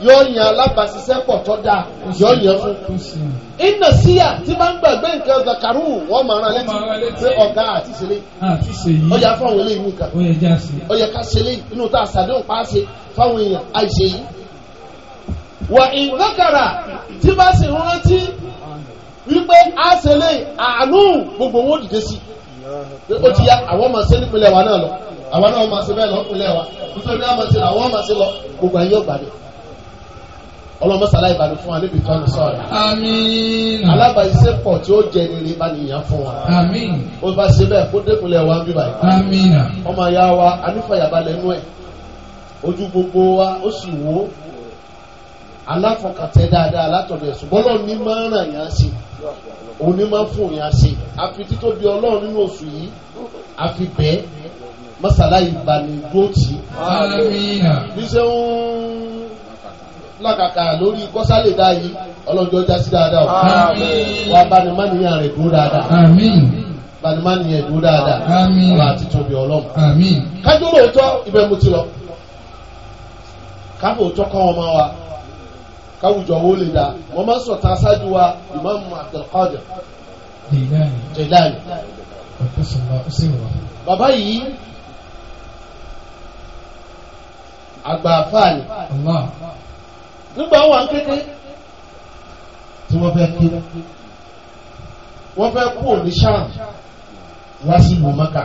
yóò yan alábàṣiṣẹ́pọ̀ tó dáa yóò yan fún. iná síyà tí bá ń gbàgbé nǹkan zakaru wọ́n máa ran létí pé ọ̀gá àti ṣeré ọ̀yà fáwọn eléyìí nìkan ọ̀yà ká ṣeré inú tá a ṣàdéhùn pa á ṣe fáwọn èèyàn àìṣe yìí. wà ìgbàkàrà tí bá sì ń rántí wípé a ṣeré àánú gbogbo wọn dìde sí i ó ti ya àwọn ọmọ ṣe nípìnlẹ̀ wa náà lọ àwọn náà ọmọ ṣe bẹ́ẹ̀ lọ́kùnrin wa nítorí náà ọmọ ṣe làwọn ọmọ ṣe lọ gbogbo ayé ọgbà ni ọlọ́mọ sàlàyé ìbàdàn fún wa níbi kan sọ̀rọ̀. àmín. alábàáṣepọ̀ tí ó jẹ ní ní ìbánìyàn fún wa. àmín. ó bá ṣe bẹ́ẹ̀ kó dẹ́kunlẹ̀ wa ń bí báyìí. ọmọ ya wa anífàyàbalẹ̀ nú ẹ̀ ojú gbogbo wa ó sì wò ó aláfọkàtẹ́ dáadáa látọ̀dọ̀ ẹ̀sùn bọ́lọ̀ ní máa ń ràn yàn sí òní máa fún yàn sí àfi títóbi ọlọ́run nínú oṣù yìí àfi bẹ́ẹ̀ mọ́sálá ìbànújó tì í làkàkà lórí kọ́sálẹ̀ dá yìí ọlọ́jọ́ já sí dáadáa o. wà á bani má nìyẹn rẹ̀ dúró dáadáa. bani má nìyẹn dúró dáadáa. ọlọ́ àti tóbi ọlọ́mù. kájú lóòótọ́ ibẹ̀ mo ti lọ. káfọ̀ òótọ́ kọ́ ọmọ wa káwùjọ wo lè dá wọ́n máa ń sọ̀tà aṣáájú wa ìmáàmù Abdulkadir Jilani. bàbá yìí àgbà àfáà ni nígbà wà ń kéke tí wọ́n fẹ́ ké wọ́n fẹ́ kú òní ṣáà wá sí ìlú mọ́kà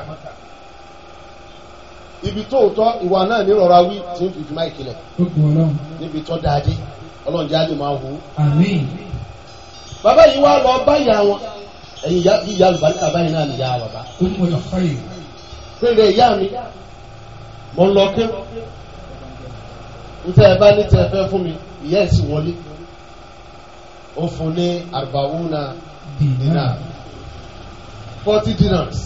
ibi tó tọ́ ìwà náà ní rọra wí tí ń fìfì máa ìkìlẹ̀ níbi tó dáadé ọlọ́run jáde máa hù ú. bàbá yìí wá lọ báyà wọn ẹ̀yin ìyá àlùbáríkà báyìí náà nìyá bàbá. péré ìyá mi mo lọ ké n tẹ́ ẹ bá ní tẹ́ ẹ fẹ́ fún mi ìyá ẹ̀ sì wọlé ó fún ní àrùbáwúna dínà forty dinars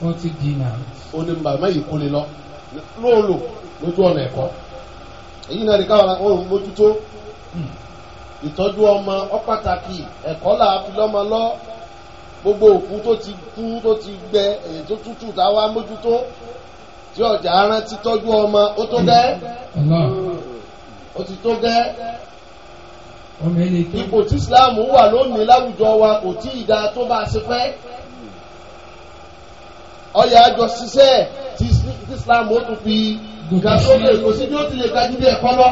forty dinars ó ní màmá yìí kó lè lọ lóòlò lójú ọ̀nà ẹ̀kọ́ èyí náà ní káwọn ohun mójútó hmm. ìtọ́jú ọmọ ọ̀pàtàkì ẹ̀kọ́ là á fi lọ́mọ lọ gbogbo òkú tó ti kú tó ti gbẹ èyí tó tútù táwa mójútó tí ọjà arántí tọ́jú ọmọ ó tó dẹ́ ó ti tó gẹ́ ipò tí Islam wà lónìí láwùjọ wa kò tí ì dáa tó bá a ṣe fẹ́ ọyà àjọ ṣiṣẹ́ tí Islam ó tún fi gùnkà sókè kò sí bí ó ti lè ka jíde ẹ̀kọ́ lọ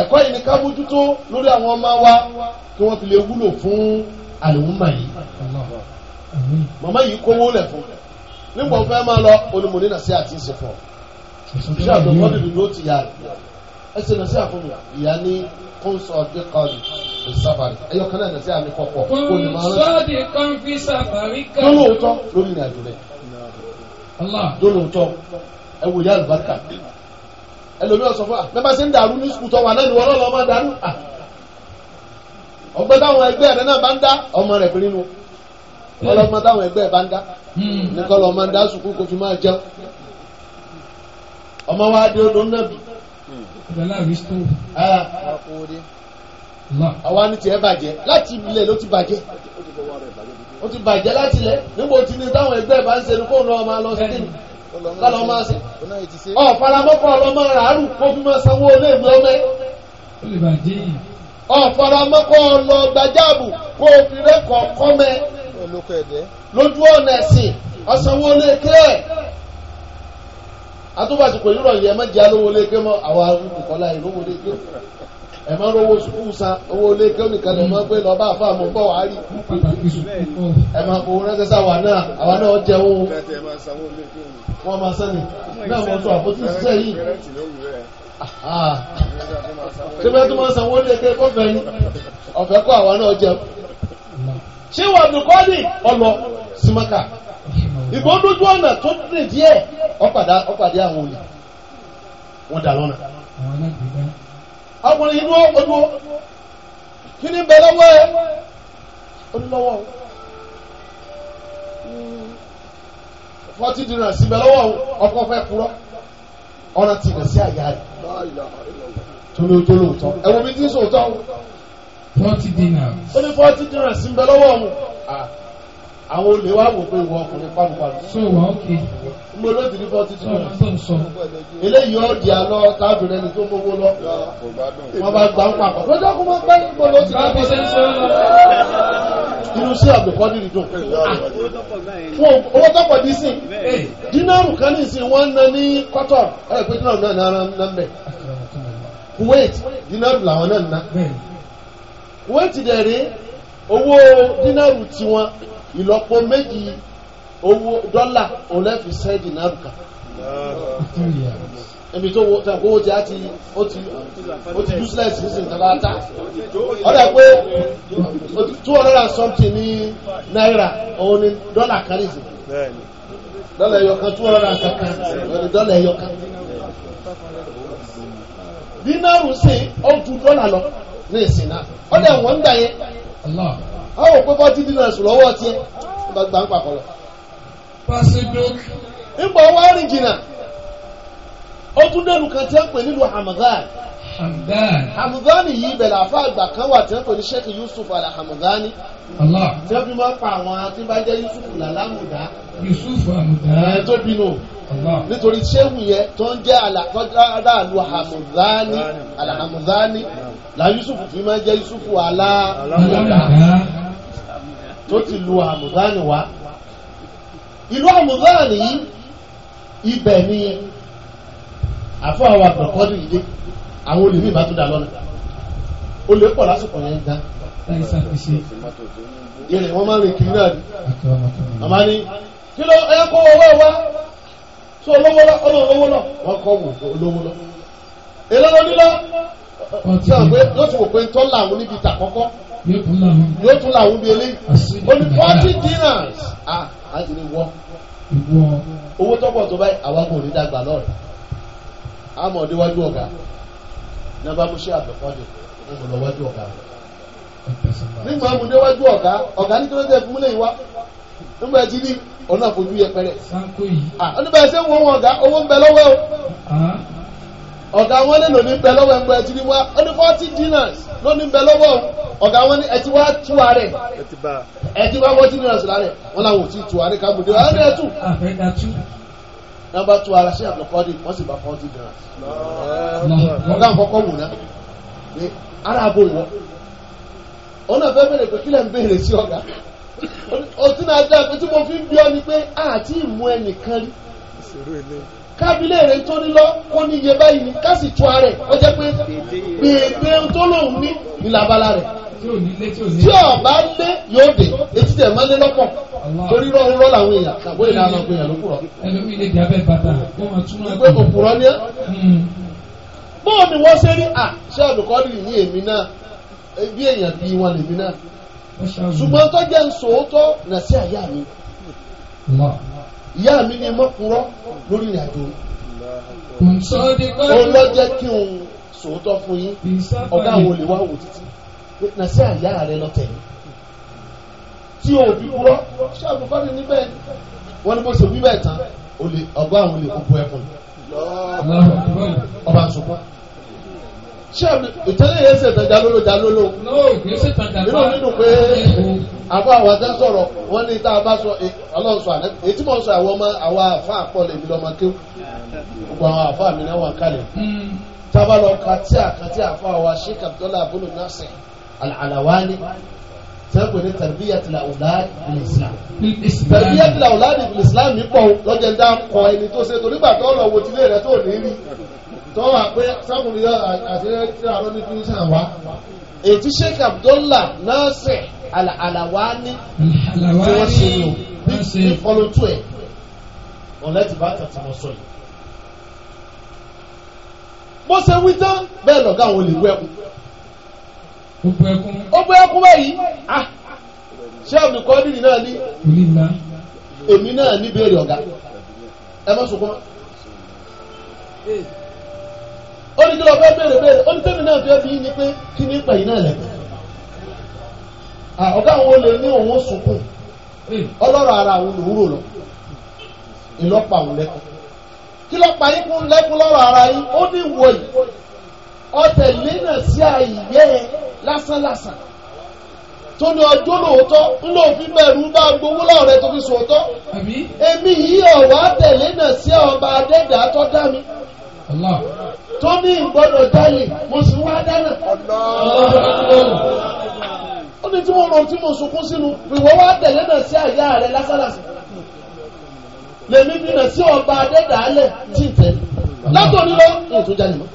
ẹ̀kọ́ yìí ni ká mójútó lórí àwọn ọmọ wa kí wọ́n fi lè wúlò fún àlùmọ́ yìí màmá yìí kówó lẹ̀ fún un nígbà wọn fẹ́ máa lọ onímọ̀ nínà sí àti ìsìnkú ṣé àtọ̀kọ́ nínú ló ti yára ẹ ṣe nàṣẹ́ àfọ̀mù ìyá ní kóńsọ̀ ọdún kan fi sáfàrí ẹyọ kan náà nàṣẹ́ àmì pọ̀pọ̀ kó lè máa rán. kóńsọ̀ ọdún kan fi sáfàrí kan. lólóòótọ́ lórí ìrìn àjò rẹ̀ lólóòótọ́ ẹ wò yá àlùbáríkà ẹlòmí ọ̀sán fún wa bẹ́ẹ̀ ṣe ń dàrú ní sùkùtù ọwà náà ni wọ́n lọ́ọ́ máa dàrú. Ah. ọgbẹ́ táwọn ẹgbẹ́ rẹ náà bá ń dá ọmọ rẹ̀ pín nínú ọlọ́mọ táwọn ẹgbẹ́ bá ń dá hmm. nìkan lọ́ọ́ máa ń dá sùkùn kò fi máa jẹun ọmọ wa dé odò náà bì ìgbàláàrí stove. Ah, àwa ni tiẹ̀ bàjẹ́ láti ilẹ̀ ló ti bàjẹ́ ó ti bàjẹ́ láti ilẹ̀ nígbà tí ní táwọn ẹgbẹ́ bá ń ṣe ní fóònù náà máa lọ sí kíni lọ́lọ́ máa ṣe. ọ̀ faramọ́kọ́ ọlọ́mọ ràárù kó fi máa sanwó olóògbé ọmọ ẹ̀. ó lè bàjẹ́ yìí. ọ̀ faramọ́kọ́ ọlọ́ gbajáàbù kó fi rẹ́kọ̀ọ́ kọ́mẹ́ lójú ọ̀nà ẹ̀sìn ọ̀sánwó olóògbé atúbàsìkò ìrọ̀ yìí ẹ má jẹ́ alówó léke mọ́ àwọn arúgbó kọ́lá ìlówó léke ẹ má rówó sukú san owó léke nìkan ẹ má gbé lọ bá àfa àmọ́ bọ́ wàá rí ẹ má owó ránṣẹ́ sáwà náà àwa náà jẹ ohun wọn máa sẹ́ni náà mo sọ àpótí ṣiṣẹ́ yìí ṣé bẹ́ẹ̀ tó máa sanwó léke kọ́fẹ́ ni ọ̀fẹ́ kọ́ àwa náà jẹun ṣé wàá dùkọ́ ní ọlọ símákà ìbọn dójú ọ̀nà tó tẹ̀ díẹ̀ ọ̀pàdé àwọn olè wọ́n dà lọ́nà. àwọn inú ọdún kí ni bẹ lọ́wọ́ ẹ onílọ́wọ́ fọ́tí dìrọ̀ sí bẹ lọ́wọ́ ọkọ̀ fẹ́ kúrọ́ ọ̀nà tìrọ̀ sí àyà rẹ̀ tolótolóòtọ́ ẹ̀wọ̀n mi ti sòótọ́ fọ́tí dìrọ̀ sí bẹ lọ́wọ́ ọ̀hún. Ah àwọn olè wá wò pé ìwọ ọkùnrin pàlùpàlù. sọ wà ókè. mo ló ti ní forty two minutes. sọ sọ. eléyìí ó di àlọ tábìlì ẹni tó mówó lọ. wọ́n bá gbà ń papọ̀. lọ́jọ́ kó máa pẹ́ mo ló ti ní forty two minutes. inú sí àbùkọ́ nínú ìdùn. fún owó tọ́pọ̀ ní sìn. dínàrù kan ní ìsìn wọ́n ń ná ní kọ́tọ̀ ọ̀rẹ́ pé dínàrù náà náà ń bẹ̀. kuwait dínàrù làwọn náà ń ná. kuwait dẹ̀ rí owó dínàrù tiwọn ìlọ́po méjì owó dọ́là òun sẹ́ẹ̀dì náà rùkà ibi tó tàbí owó tí a ti ó ti useless reason tàbí ata ọ̀dà pé two hundred and something ní náírà ni dọ́là kárí sí dọ́là two hundred and kankan òun dọ́là ẹyọ kan dínárù ju dọ́là lọ ní ìsìn náà ọ̀dà wọ́n ń a ò pé forty million sùn lọ́wọ́ tiẹ̀ nígbà gbà ń pàkọ́ lọ. ipò wa rìn jìnnà ó tún dẹnu kan tí wọ́n pè nílùú Hamadan Hamdani yìí bẹ̀rẹ̀ àfa àgbà kan wà tí wọ́n pè ní Sheikh Yusuf al-Hamdani tí wọ́n fi máa pa àwọn tí bá jẹ́ Yusuf làlámùdá Yusuf àmùdá tó bínú nítorí Sheikh yẹn tó ń jẹ́ aláàlú Hamdani al la Yusuf fi máa jẹ́ Yusuf aláàmùdá tó ti lu àmùdánì wá ìlú àmùdánì yìí ibẹ̀ ni àfọ àwọn àgbàkọ́ ní ìdí àwọn olè ní ìbátúndà lọ́nà olè pọ̀ lásìkò yẹn gan ìrìn wọn máa ń rìn kiri náà ni àmà ni kí ló ẹ kó owó wa tó olówó lọ ọlọ olówó lọ wọn kọ wò olówó lọ èlò lọ nílọ tí àwọn yóò ti wò pé tọ́lá àwọn níbi ìtàkọ́kọ́ yóò tún làwọn bí eléyìí ó ní forty dinars ah àti ní wọ́ owó tọ́pọ̀ tó báyìí àwa kò ní dàgbà lọ́rẹ̀ àmọ́ déwájú ọ̀gá nàbà mo ṣe àbẹ̀kọ́dé mo lọ wájú ọ̀gá nígbà mo déwájú ọ̀gá ọ̀gá ní kí ló dé fún mi lè wá nígbà tí ní ọ̀nà àfojú yẹpẹrẹ. ọ̀nà bẹ̀rẹ̀ sẹ́wọ̀n ọ̀gá owó ń bẹ lọ́wọ́ o. Ah. ọ̀gá wọn ní lòní bẹ lọ́wọ́ ẹgbẹ́ ẹtì ní wá ó ní forty dinars lóní bẹ lọ́wọ́ ọ̀gá wọn ní ẹtì wá tú ẹtì wá tí tu ààrẹ káàbù dé ọ̀rẹ́ ẹtù. nàbà tu ara ṣé àbùkọ́dì wọ́n sì bá forty dinars. ọ̀gá àkọ́kọ́ ná ara àbò náà fẹ́ bẹ̀rẹ̀ pé ń sí ọ̀gá òtún pé tí mo kábílẹ̀ rẹ̀ tó nílọ ó ní iye báyìí ní ká sì tú ara ó rẹ̀ tí ọba lé yóò dé etí tẹ̀ mọ́lé lọ́pọ̀ torí rọ́rọ́ làwọn èèyàn tàbí èèyàn àwọn èèyàn ló ẹlòmíì lè dábẹ́ bàtà kó máa túnú ẹ̀kọ́. ìgbé òpùrọ̀ ni ẹ́. Hmm. bóò ni wọ́n ṣe rí à ṣé ọ̀dùnkọ́ lè ní èmi náà bí èèyàn bí wọn lèmi náà ìyá mi ni mọ́kúrọ́ lórí ìrìn àjò òun lọ jẹ́ kí n sòótọ́ fún yín ọ̀gá àwọn olè wá wò títí na sí àyà rẹ lọ́tẹ̀ yìí tí o bí kúrọ́ ṣé àbúkọ́ ni níbẹ̀ wọ́n ní bó ṣe wí bẹ́ẹ̀ tán ọ̀gá àwọn olè kó bu ẹkùn ọba àsopọ̀ ìtẹ́lẹ̀ yẹn ṣe ìtajà lólo jà lólo. nínú nínú pé àbá àwọn ajá sọ̀rọ̀ wọ́n ní tá a bá sọ ọlọ́run sọ àná ètí mọ̀ sọ àwọn ọmọ àwọn àfa àpọ̀ lèmi lọ́mọ kéwù gbogbo àwọn àfa mi náà wà kálẹ̀. Hmm. tábà lọ kàtí àkàtí àfa àwọn Sheikh Abdullahi abúlé Nasir Al-Alawani sẹ́kùn ní tẹ̀rbíyàtìlà ọ̀làdì ìbìlì Islam. tẹ̀rbíyàtìlà ọ̀làdì ìbìlì Islam mi pọ̀ lọ́jọ́ dá ń kọ ẹni tó ṣe torí gbàtọ́ ọ̀rọ̀ wo tilé rẹ̀ tó tọ́wà pé sákùnrin àṣírí tí a rọ́ ní fúnisàn wá ètí sheikh abdullah nasir alawani tí wọ́n ṣe ní o bí fọlọ́ tó ẹ̀ ọ̀lẹ́tì bá tàbí wọ́n sọ yìí. bó ṣe wí tán bẹ́ẹ̀ lọ́gá àwọn olè wẹ́kù. ó gbé ẹkún báyìí ah! ṣé abdulkadir náà ní èmi náà ní bẹ́ẹ̀ ọ̀gá ẹ má sọ fún wa ó ní kí lọ fẹ́ béèrè béèrè ó ní tẹ́mi náà fẹ́ bí ní pé kí ní pẹ̀yìn náà lẹ́gbẹ̀ẹ́ ọ̀gá àwọn olè ní òun ó hmm. ọlọ́rọ̀ ara àwọn olùwúrò lọ ìlọ́pàá àwọn lẹ́kọ̀ọ́ kí lọ́pàá yín kún lẹ́kún lọ́rọ̀ ara yín ó ní wọ̀nyí ọtẹ̀lé náà sí àyè lásánlásán tó ní ọjọ́ lóòótọ́ ńlò fi bẹ̀rù bá gbowó lọ́rẹ́ tó fi sòótọ́ èmi yìí ọ̀wá tẹ̀lé náà sí ọba adẹ́dàá tó mi. Allah, ní ìgbọ́dọ̀ tẹ́lẹ̀ mo sì wá dáná ó ní tí mo rò tí mo sunkún sínú ìwọ wá tẹ̀lé náà sí àyà rẹ lásàlàsì lèmi bí náà sí ọba adẹ́dàálẹ̀ tí ì tẹ̀lé látọ̀rí lọ ní ìtún jáde lọ.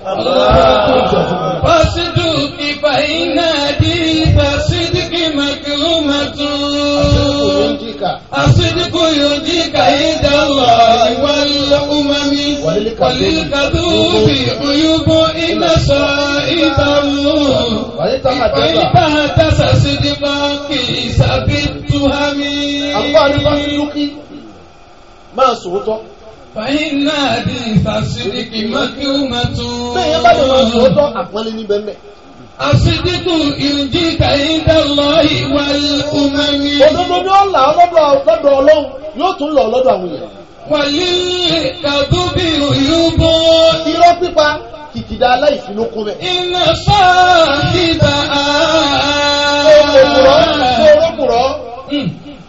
Fọ́sídù ìfà iná dí ìfà sídìkì màkìlúmàtú. Àsídìkù yóò jí kàyé dàlọ́ ìwà lọ́kùnmá mi. Wàlíkàdú bí oyúbó iná sọ ìbámu. Ìfà tàṣà sídìkà kì í sàbí túhámi. Àgbà ní bá fi lókì máa sòótọ́ fàyínà àdì ìfàsídìkì mọ́kíwùmọ́tò. bẹ́ẹ̀ bá lè máa sọ̀rọ̀ tọ́ àpọ́nlé níbẹ̀ mẹ́. àsídìkù ìjì kàyídà lọ ìwà ìkùnmẹ́ni. òdodo ni ó là á lọ́dọ̀ ọlọ́run yóò tún lọ lọ́dọ̀ àwọn èèyàn. wàlí kàdúbì ìrúbọ. irọ́ pípa kìkìdá aláìfinúkú rẹ̀. iná sáà kìdá ààrẹ. ó kò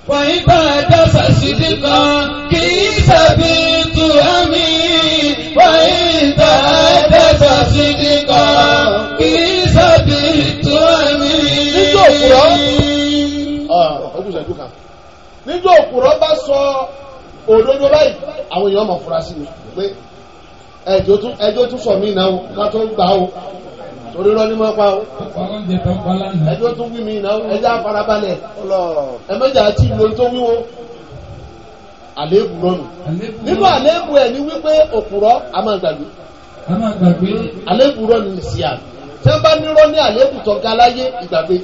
wàyí bá a dá fàṣídì kan kì í sàbí tu àmì wàyí bá a dá fàṣídì kan kì í sàbí tu àmì. níjọ́ òkúrọ́ ah, ọkùnrin ṣẹ́jú kan níjọ́ òkúrọ́ bá sọ òdodo báyìí àwọn èèyàn mọ̀ fura sí mi pé ẹjọ́ tún sọ mí náà wọ́n tún gbà ó torí rọ ní mọ́ pa o. ẹjọ́ tún wí mi iná ẹjọ́ àfarabalẹ̀ ẹ̀mẹ́jà àti ìlú tó wíwo àléébù lọ́nu nínú àléébù ẹ̀ ní wípé òkúrọ́ a máa gbàgbé àléébù lọ́nu ní síyà tí wọ́n bá nírọ́ ní àléébù tó ga láyé ìgbàgbé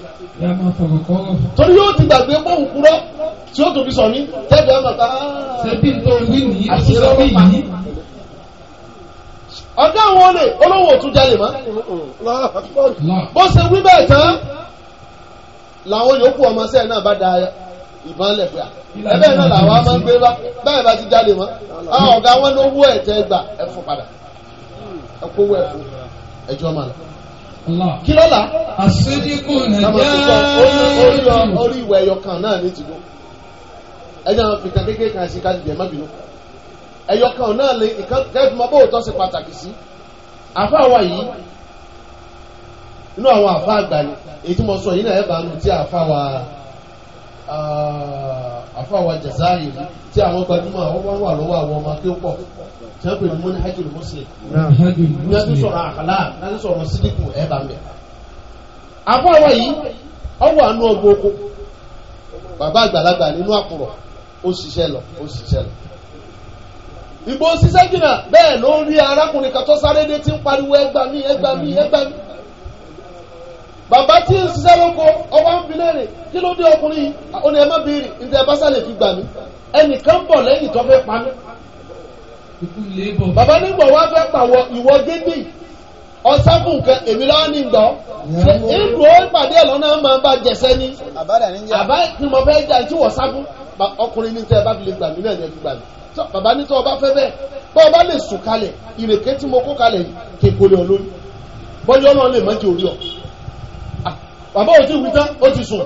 torí yóò ti gbàgbé bóun kúrọ́ tí ó tóbi sọ ní tẹ́lẹ̀ ọmọ bá. ṣebí tó wí nìyí ọ̀dọ́ àwọn olè olówó òtún jalè mọ́ bó ṣe wí bẹ́ẹ̀ tán làwọn yòókù ọmọ sẹ́ẹ̀ náà bá da ìbọn lẹ̀ gbà ẹbẹ́ náà làwọn máa ń gbé wá bẹ́ẹ̀ bá ti jalè mọ́ àwọn ọ̀gá wọn ló wú ẹ̀tẹ́ gbà ẹ padà ẹ wú ẹ fún máa lọ. kí lọ́la. orí ìwà ẹ̀yọ̀ náà ní tìgbó ẹ̀jẹ̀ àwọn fìkà kékeré kan ṣe ká ti jẹ̀ má bínú ẹ̀yọkan náà lè nǹkan kẹ́ẹ̀fì mọ́ bóòtọ́ ṣe pàtàkì sí àfa àwa yìí inú àwọn àfa àgbà ni èyí tí mo sọ yìí náà ẹ̀ bá nù tí àfa wa àfa wa jazari tí àwọn gbajúmọ̀ àwọn wá wà lọ́wọ́ àwọn ọmọ akéwọ́ pọ̀ tí wọ́n pè ní manhajul muslim ní wọ́n ti sọ̀rọ̀ àkàlà náà ti sọ̀rọ̀ sídìkù ẹ̀ bá mẹ́. àfa àwa yìí ọwọ́ àánú ọgbọ́n oko bàbá àgbàlagbà nínú àkùrọ̀ ó ṣiṣẹ́ lọ ó ṣiṣẹ́ lọ. ìgbò ṣiṣẹ́ jìnnà bẹ́ẹ̀ ló ń rí arákùnrin kan tó sáré dé tí ń pariwo ẹgbà mí ẹgbà mí bàbá tí ń ṣiṣẹ́ lóko ọba ń fi léèrè kí ló dé ọkùnrin ó ní ẹ má ǹjẹ́ ẹ bá sálẹ̀ fi gbà mí ẹnìkan bọ̀ lẹ́yìn tó fẹ́ pa mí. bàbá nígbà wá fẹ́ pàwọ ìwọ ọ̀sẹ́kùn kan èmi lọ́wọ́ ní ìlú ẹ̀ lọ́nà máa bá jẹ̀sẹ́ ní àbá ni mo fẹ́ jà ọkùnrin ní tẹ́ bàbá ní ọba fẹ́ bẹ́ẹ̀ bá ọba lè sùn kalẹ̀ ìrèké tí mo kó kalẹ̀ kéko ọ lórí bọ́jú ọlọ́run lè mọ́jì orí ọ bàbá ò wí tán ó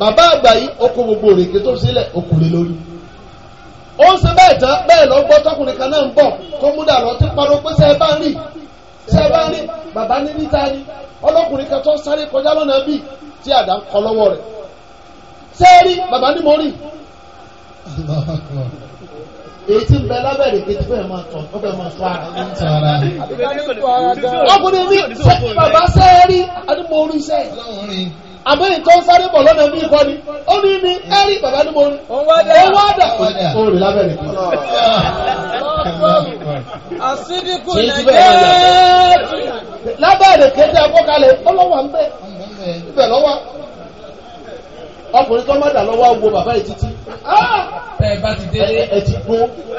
bàbá àgbà yìí gbogbo ìrèké tó sílẹ̀ lórí ó ń bẹ́ẹ̀ tán lọ gbọ́ tọkùnrin kan náà ń bọ̀ mú tí parọ́ pé bá ń rì bá ni ọlọ́kùnrin sáré kọjá lọ́nà bíi tí àdá ń kọ lọ́wọ́ rẹ̀ èyí tí ń bẹ lábẹ́rẹ̀ kí tí bẹ́ẹ̀ máa tọ̀ ó bẹ́ẹ̀ máa tọ́ ara ní ti ara rẹ̀. ọkùnrin mi bàbá sẹ́ẹ̀rí adúgbò orí iṣẹ́ àmọ́ nǹkan sáré bọ̀ lọ́nà bí ikọ́ ni ó ní ní ẹ́rí bàbá adúgbò orí òun wá dà ó rè lábẹ́rẹ̀ kí. àsìdìkù nàìjíríà. lábẹ́rẹ̀ kéde akọ́kalẹ̀ ó lọ́wọ́ à ń bẹ̀ ibẹ̀ lọ́wọ́. ọkùnrin tó mọ̀dà lọ́wọ́ wo bàbá títí. ẹ bá ti ẹ ti gbó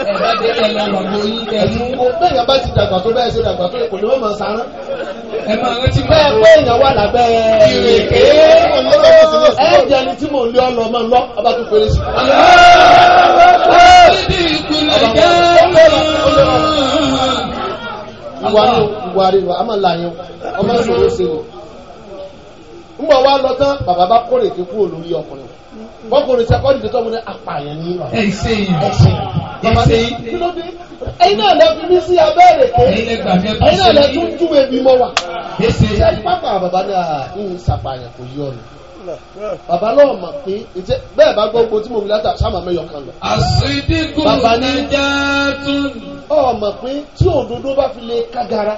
ẹ bá ẹ lórí ẹ bẹ́ẹ̀ yẹn bá ti dàgbà tó bẹ́ẹ̀ ṣe dàgbà tó ẹ máa rántí bẹ́ẹ̀ wà lábẹ́ ìrèké ẹ tí mò ń lé ọ lọ́mọ lọ ọba tó fèrè sí. ìwà ni ìwà rẹ̀ wà á máa là yín ọmọ ìṣòro ṣe wò. ńgbà wa lọ tán bàbá bá kórè ké kúrò lórí ọkùnrin wọn kórè sí akọ́ni tó tọ́mú ní apààyàn ní ìlọ. ẹsẹ̀ yìí ẹsẹ̀ yìí kí ló dé ẹ̀yin náà lọ fi mí sí abẹ́rẹ́ pé ẹ̀yin náà lọ tún júwe bí mo wà. ẹsẹ̀ yìí pápá bàbá náà ń sàpààyàn kò yí ọ̀nà bàbá náà mọ̀ pé ìjẹ́ bẹ́ẹ̀ bá gbọ́ gbogbo tí mo wí látà sáàmà mẹ́yọ kan lọ. àṣìdínkù nàìjà tún. ọ̀ mọ̀ pé tí òdodo bá fi lè kágara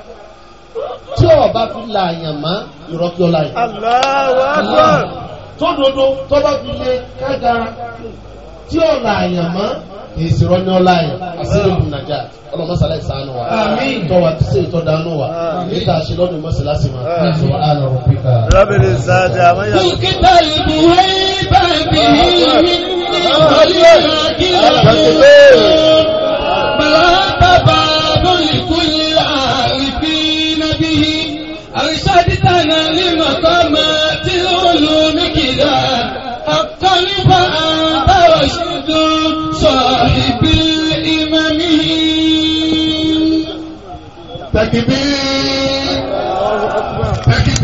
tí ọba fi la àyàn mọ́ ìrọ́pí ọlá yìí. tó dodo tọ́ba fi lé kága tí ọ̀la àyàn mọ́ ìsirọ́ ní ọlá yìí àṣírí ìlú nàjà ọlọ́mọsálá ìsànù wa tọ́wà tí sèé tọ́ dánú wa níta àṣẹ lọ́dún mọ́sálásí wa ṣùgbọ́n àná rọ̀ pípa. rábìlì sáájà amáyà. dókítà ìbúwé bàbí mi ní ọlọ́ọ̀kí ọ̀hún bàbá bàbá lórí kúlẹ̀. أرشدتنا لمقامات العلوم كذا حقا فأنت رشد صاحب الإمام تكبير